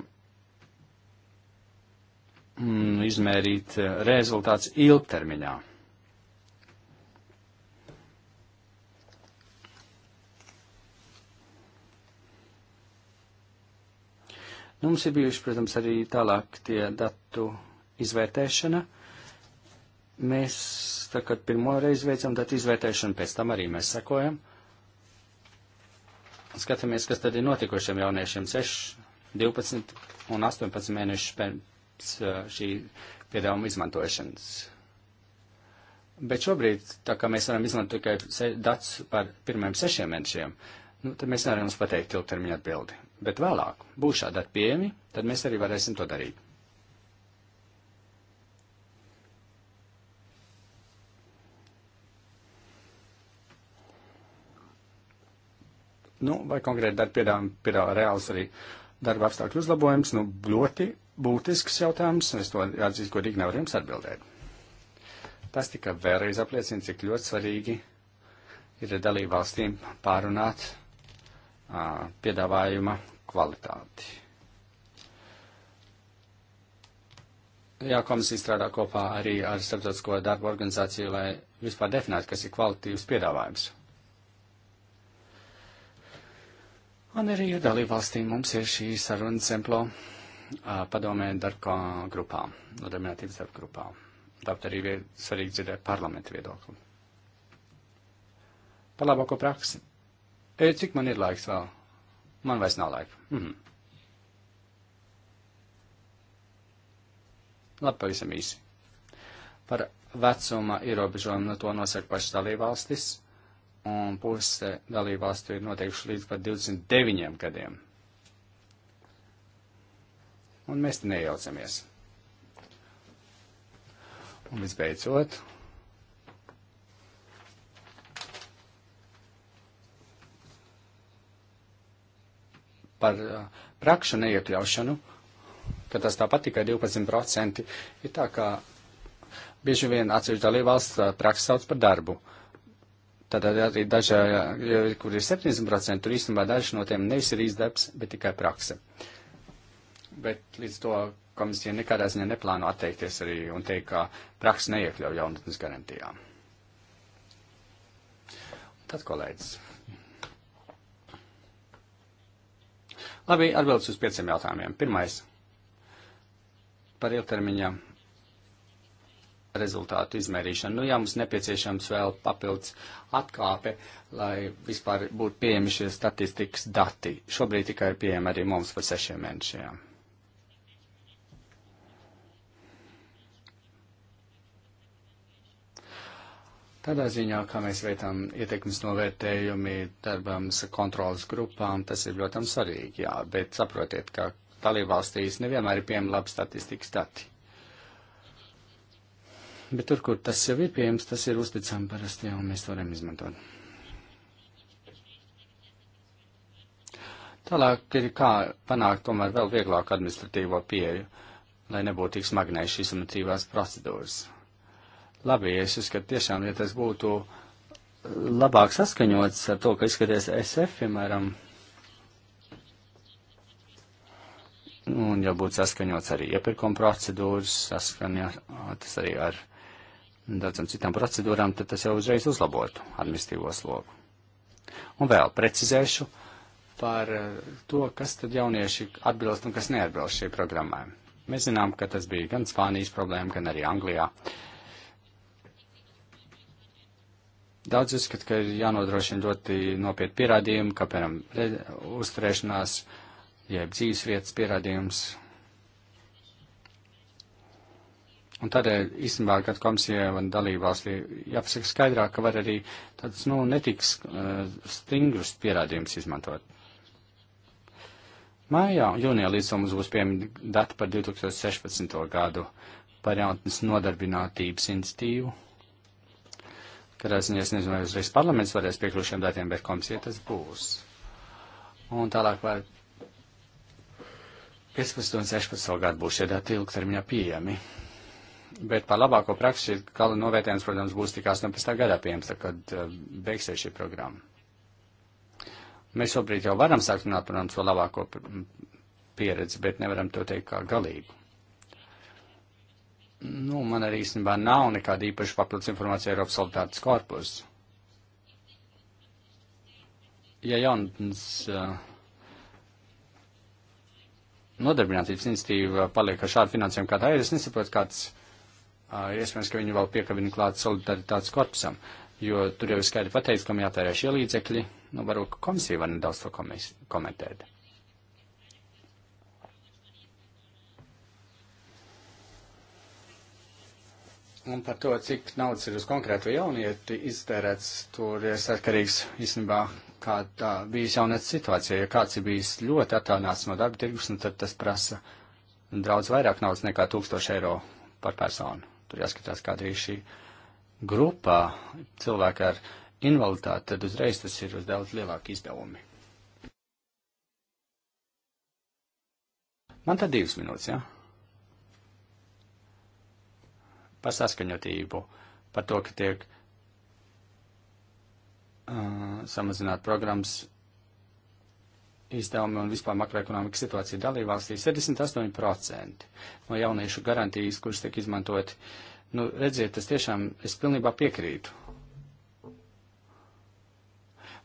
mm, izmērīt eh, rezultāts ilgtermiņā. Nu, mums ir bijuši, protams, arī tālāk tie datu izvērtēšana Mēs tā kā pirmo reizi veicam datu izvērtēšanu, pēc tam arī mēs sekojam. Skatāmies, kas tad ir notikušiem jauniešiem 6, 12 un 18 mēnešus pēc šī piedāvuma izmantošanas. Bet šobrīd, tā kā mēs varam izmantot tikai datus par pirmiem sešiem mēnešiem, nu, tad mēs nevaram jums pateikt ilgtermiņa atbildi. Bet vēlāk būs šādi dati pieejami, tad mēs arī varēsim to darīt. nu, vai konkrēti darba piedāvājumi piedāvā reāls arī darba apstākļu uzlabojums, nu, ļoti būtisks jautājums, un es to atzīstu, godīgi nevaru jums atbildēt. Tas tikai vēlreiz apliecina, cik ļoti svarīgi ir dalību valstīm pārunāt a, piedāvājuma kvalitāti. Jā, komisija strādā kopā arī ar starptautisko darbu organizāciju, lai vispār definētu, kas ir kvalitīvs piedāvājums Un arī ar dalībvalstīm mums ir šī saruna cemplo padomē darbā grupā, nodarbinātības darba grupā. Tāpēc arī svarīgi dzirdēt parlamentu viedokli. Par labāko praksi. E, cik man ir laiks vēl? Man vairs nav laika. Mm -hmm. Labi, pavisam īsi. Par vecuma ierobežojumu no to nosaka pašas dalībvalstis un puse dalībvalstu ir noteikuši līdz pat 29 gadiem. Un mēs te nejaucamies. Un visbeidzot, par uh, prakšu neiekļaušanu, ka tas tāpat tikai 12% ir tā, ka bieži vien atsevišķi dalībvalsts uh, praksa sauc par darbu. Uh, Tātad arī dažā, kur ir 70%, tur īstenībā daži no tiem nevis ir izdarbs, bet tikai prakse. Bet līdz to komisija nekādā ziņā neplāno atteikties arī un teikt, ka praksa neiekļauj jaunatnes garantijā. Un tad kolēģis. Labi, atbildes uz pieciem jautājumiem. Pirmais. Par ilgtermiņa rezultātu izmērīšanu. Nu, jā, mums nepieciešams vēl papildus atkāpe, lai vispār būtu pieejami šie statistikas dati. Šobrīd tikai ir pieejami arī mums par sešiem mēnešiem. Tādā ziņā, kā mēs veicam ietekmes novērtējumi darbam kontrolas grupām, tas ir ļoti svarīgi, jā, bet saprotiet, ka dalībvalstīs nevienmēr ir pieejami labi statistikas dati bet tur, kur tas jau ir pieejams, tas ir uzticami parasti jau un mēs to varam izmantot. Tālāk ir kā panākt tomēr vēl vieglāku administratīvo pieeju, lai nebūtu tik smagnējuši šīs administratīvās procedūras. Labi, es uzskatu tiešām, ja tas būtu labāk saskaņots ar to, ka izskaties SF, piemēram, un jau būtu saskaņots arī iepirkuma procedūras, saskaņotas arī ar daudzām citām procedūrām, tad tas jau uzreiz uzlabotu administratīvo slogu. Un vēl precizēšu par eh, to, kas tad jaunieši atbilst un kas neatbilst šī programmai. Mēs zinām, ka tas bija gan Spānijas problēma, gan arī Anglijā. Daudz uzskat, ka ir jānodrošina ļoti nopietni pierādījumi, kā, piemēram, uzturēšanās, jeb dzīvesvietas pierādījums Un tādēļ, īstenībā, kad komisija un dalībvalstī jāpasaka skaidrāk, ka var arī tāds, nu, netiks uh, stingrus pierādījums izmantot. Mājā, jūnijā līdz mums būs piemēram dati par 2016. gadu par jaunatnes nodarbinātības institīvu. Kad es, es nezinu, vai uzreiz parlaments varēs piekļūt šiem datiem, bet komisija tas būs. Un tālāk vai 15 un 16. gadu būs šie dati ilgtermiņā pieejami bet par labāko praksi gala novērtējums, protams, būs tikai 18. gadā pieejams, kad eh, beigsies šī programma. Mēs šobrīd jau varam sākt runāt, protams, par labāko pieredzi, bet nevaram to teikt kā galīgu. Nu, man arī īstenībā nav nekāda īpaša papildus informācija Eiropas solidaritātes korpusu. Ja jaunas uh, eh, nodarbinātības institīva paliek ar šādu finansējumu kā tā ir, es nesaprotu, kāds. Uh, iespējams, ka viņi vēl piekabina klāt solidaritātes korpusam, jo tur jau ir skaidri pateikts, kam jātērē šie līdzekļi. Nu, varbūt komisija var nedaudz to komis, komentēt. Un par to, cik naudas ir uz konkrēto jaunieti iztērēts, tur ir atkarīgs īstenībā, kā tā bijis jaunietis situācija. Ja kāds ir bijis ļoti attālināts no darba tirgus, nu, tad tas prasa daudz vairāk naudas nekā 1000 eiro par personu tur jāskatās, kāda ir šī grupā cilvēki ar invaliditāti, tad uzreiz tas ir uz daudz lielāki izdevumi. Man tad divas minūtes, jā? Ja? Par saskaņotību, par to, ka tiek uh, samazināt programmas izdevumi un vispār makroekonomika situācija dalībvalstīs 78% no jauniešu garantijas, kuras tiek izmantot. Nu, redziet, tas tiešām es pilnībā piekrītu.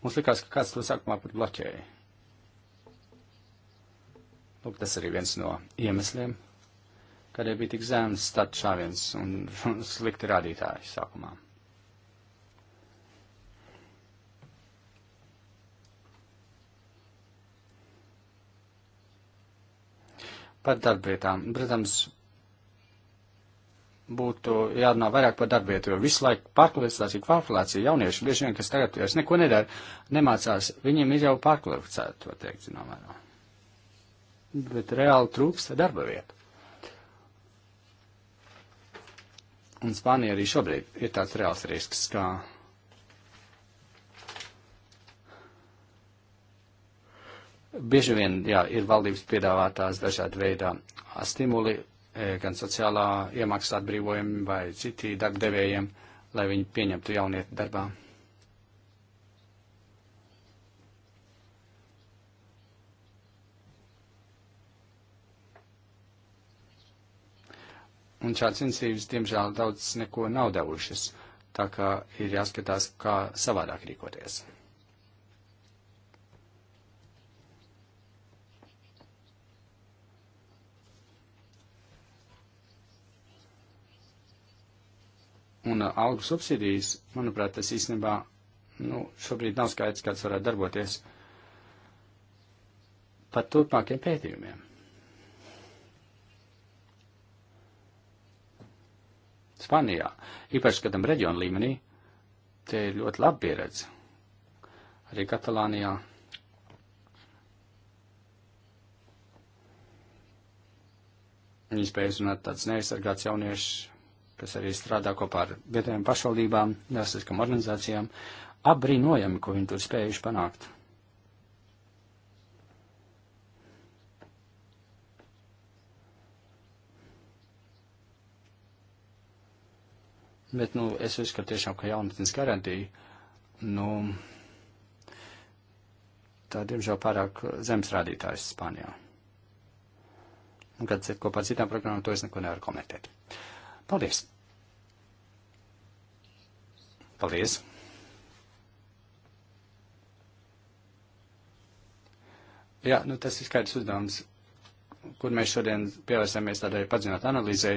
Mums likās, ka kāds to sākumā pat bloķēja. Lūk, tas arī viens no iemesliem, kādēļ bija tik zems stats šāviens un, un slikti rādītāji sākumā. Par darbvietām. Protams, būtu jārunā vairāk par darbvietu, jo visu laiku pārkvalifikācija, pārkvalifikācija jaunieši, bieži vien, kas tagad vairs neko nedara, nemācās, viņiem ir jau pārkvalificēta, to teikt, zināmā mērā. Bet reāli trūkst darba vietu. Un Spānija arī šobrīd ir tāds reāls risks, kā Bieži vien, jā, ir valdības piedāvātās dažādi veidā stimuli, e, gan sociālā iemaksa atbrīvojumi vai citi darbdevējiem, lai viņi pieņemtu jaunieti darbā. Un šāds iniciatīvas, diemžēl, daudz neko nav devušas, tā kā ir jāskatās, kā savādāk rīkoties. un uh, algu subsīdijas, manuprāt, tas īstenībā nu, šobrīd nav skaidrs, kāds varētu darboties pat turpmākiem pētījumiem. Spanijā, īpaši kādam reģionu līmenī, te ir ļoti laba pieredze. Arī Katalānijā. Viņi spēja uzrunāt tāds neaizsargāts jauniešus kas arī strādā kopā ar vietējām pašvaldībām, nevalstiskām organizācijām, apbrīnojami, ko viņi tur spējuši panākt. Bet, nu, es uzskatu tiešām, ka jaunatnes garantija, nu, tā, diemžēl, pārāk zemes rādītājs Spānijā. Un, kad ir kopā ar citām programmām, to es neko nevaru komentēt. Paldies! Paldies! Jā, nu tas ir skaidrs uzdevums, kur mēs šodien pievērsāmies tādai padziļinātai analīzei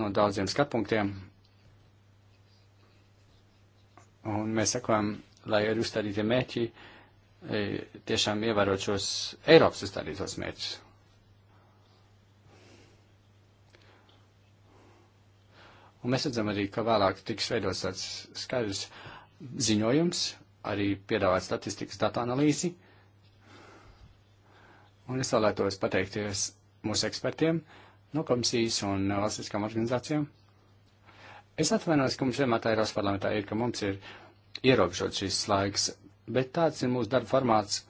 no daudziem skatpunktiem. Un mēs sakām, lai ir uzstādītie mērķi, e, tiešām ievērot šos Eiropas uzstādītos mērķus. Un mēs redzam arī, ka vēlāk tiks veidots tāds skaidrs ziņojums, arī piedāvāt statistikas datu analīzi. Un es vēlētos pateikties mūsu ekspertiem no komisijas un valstiskām organizācijām. Es atvainos, ka mums vienmēr tā Eiropas parlamentā ir, ka mums ir ierobežots šis laiks, bet tāds ir mūsu darba formāts.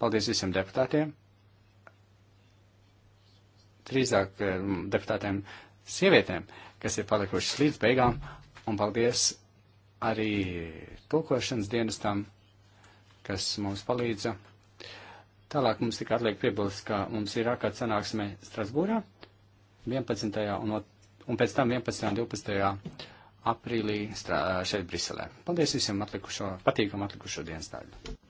Paldies visiem deputātiem! drīzāk eh, deputātēm sievietēm, kas ir palikušas līdz beigām, un paldies arī tulkošanas dienestam, kas mums palīdza. Tālāk mums tikai atliek piebilst, ka mums ir ārkārt sanāksme Strasbūrā 11. un, un pēc tam 11. un 12. aprīlī strā, šeit Briselē. Paldies visiem atlikušo, patīkam atlikušo dienas daļu.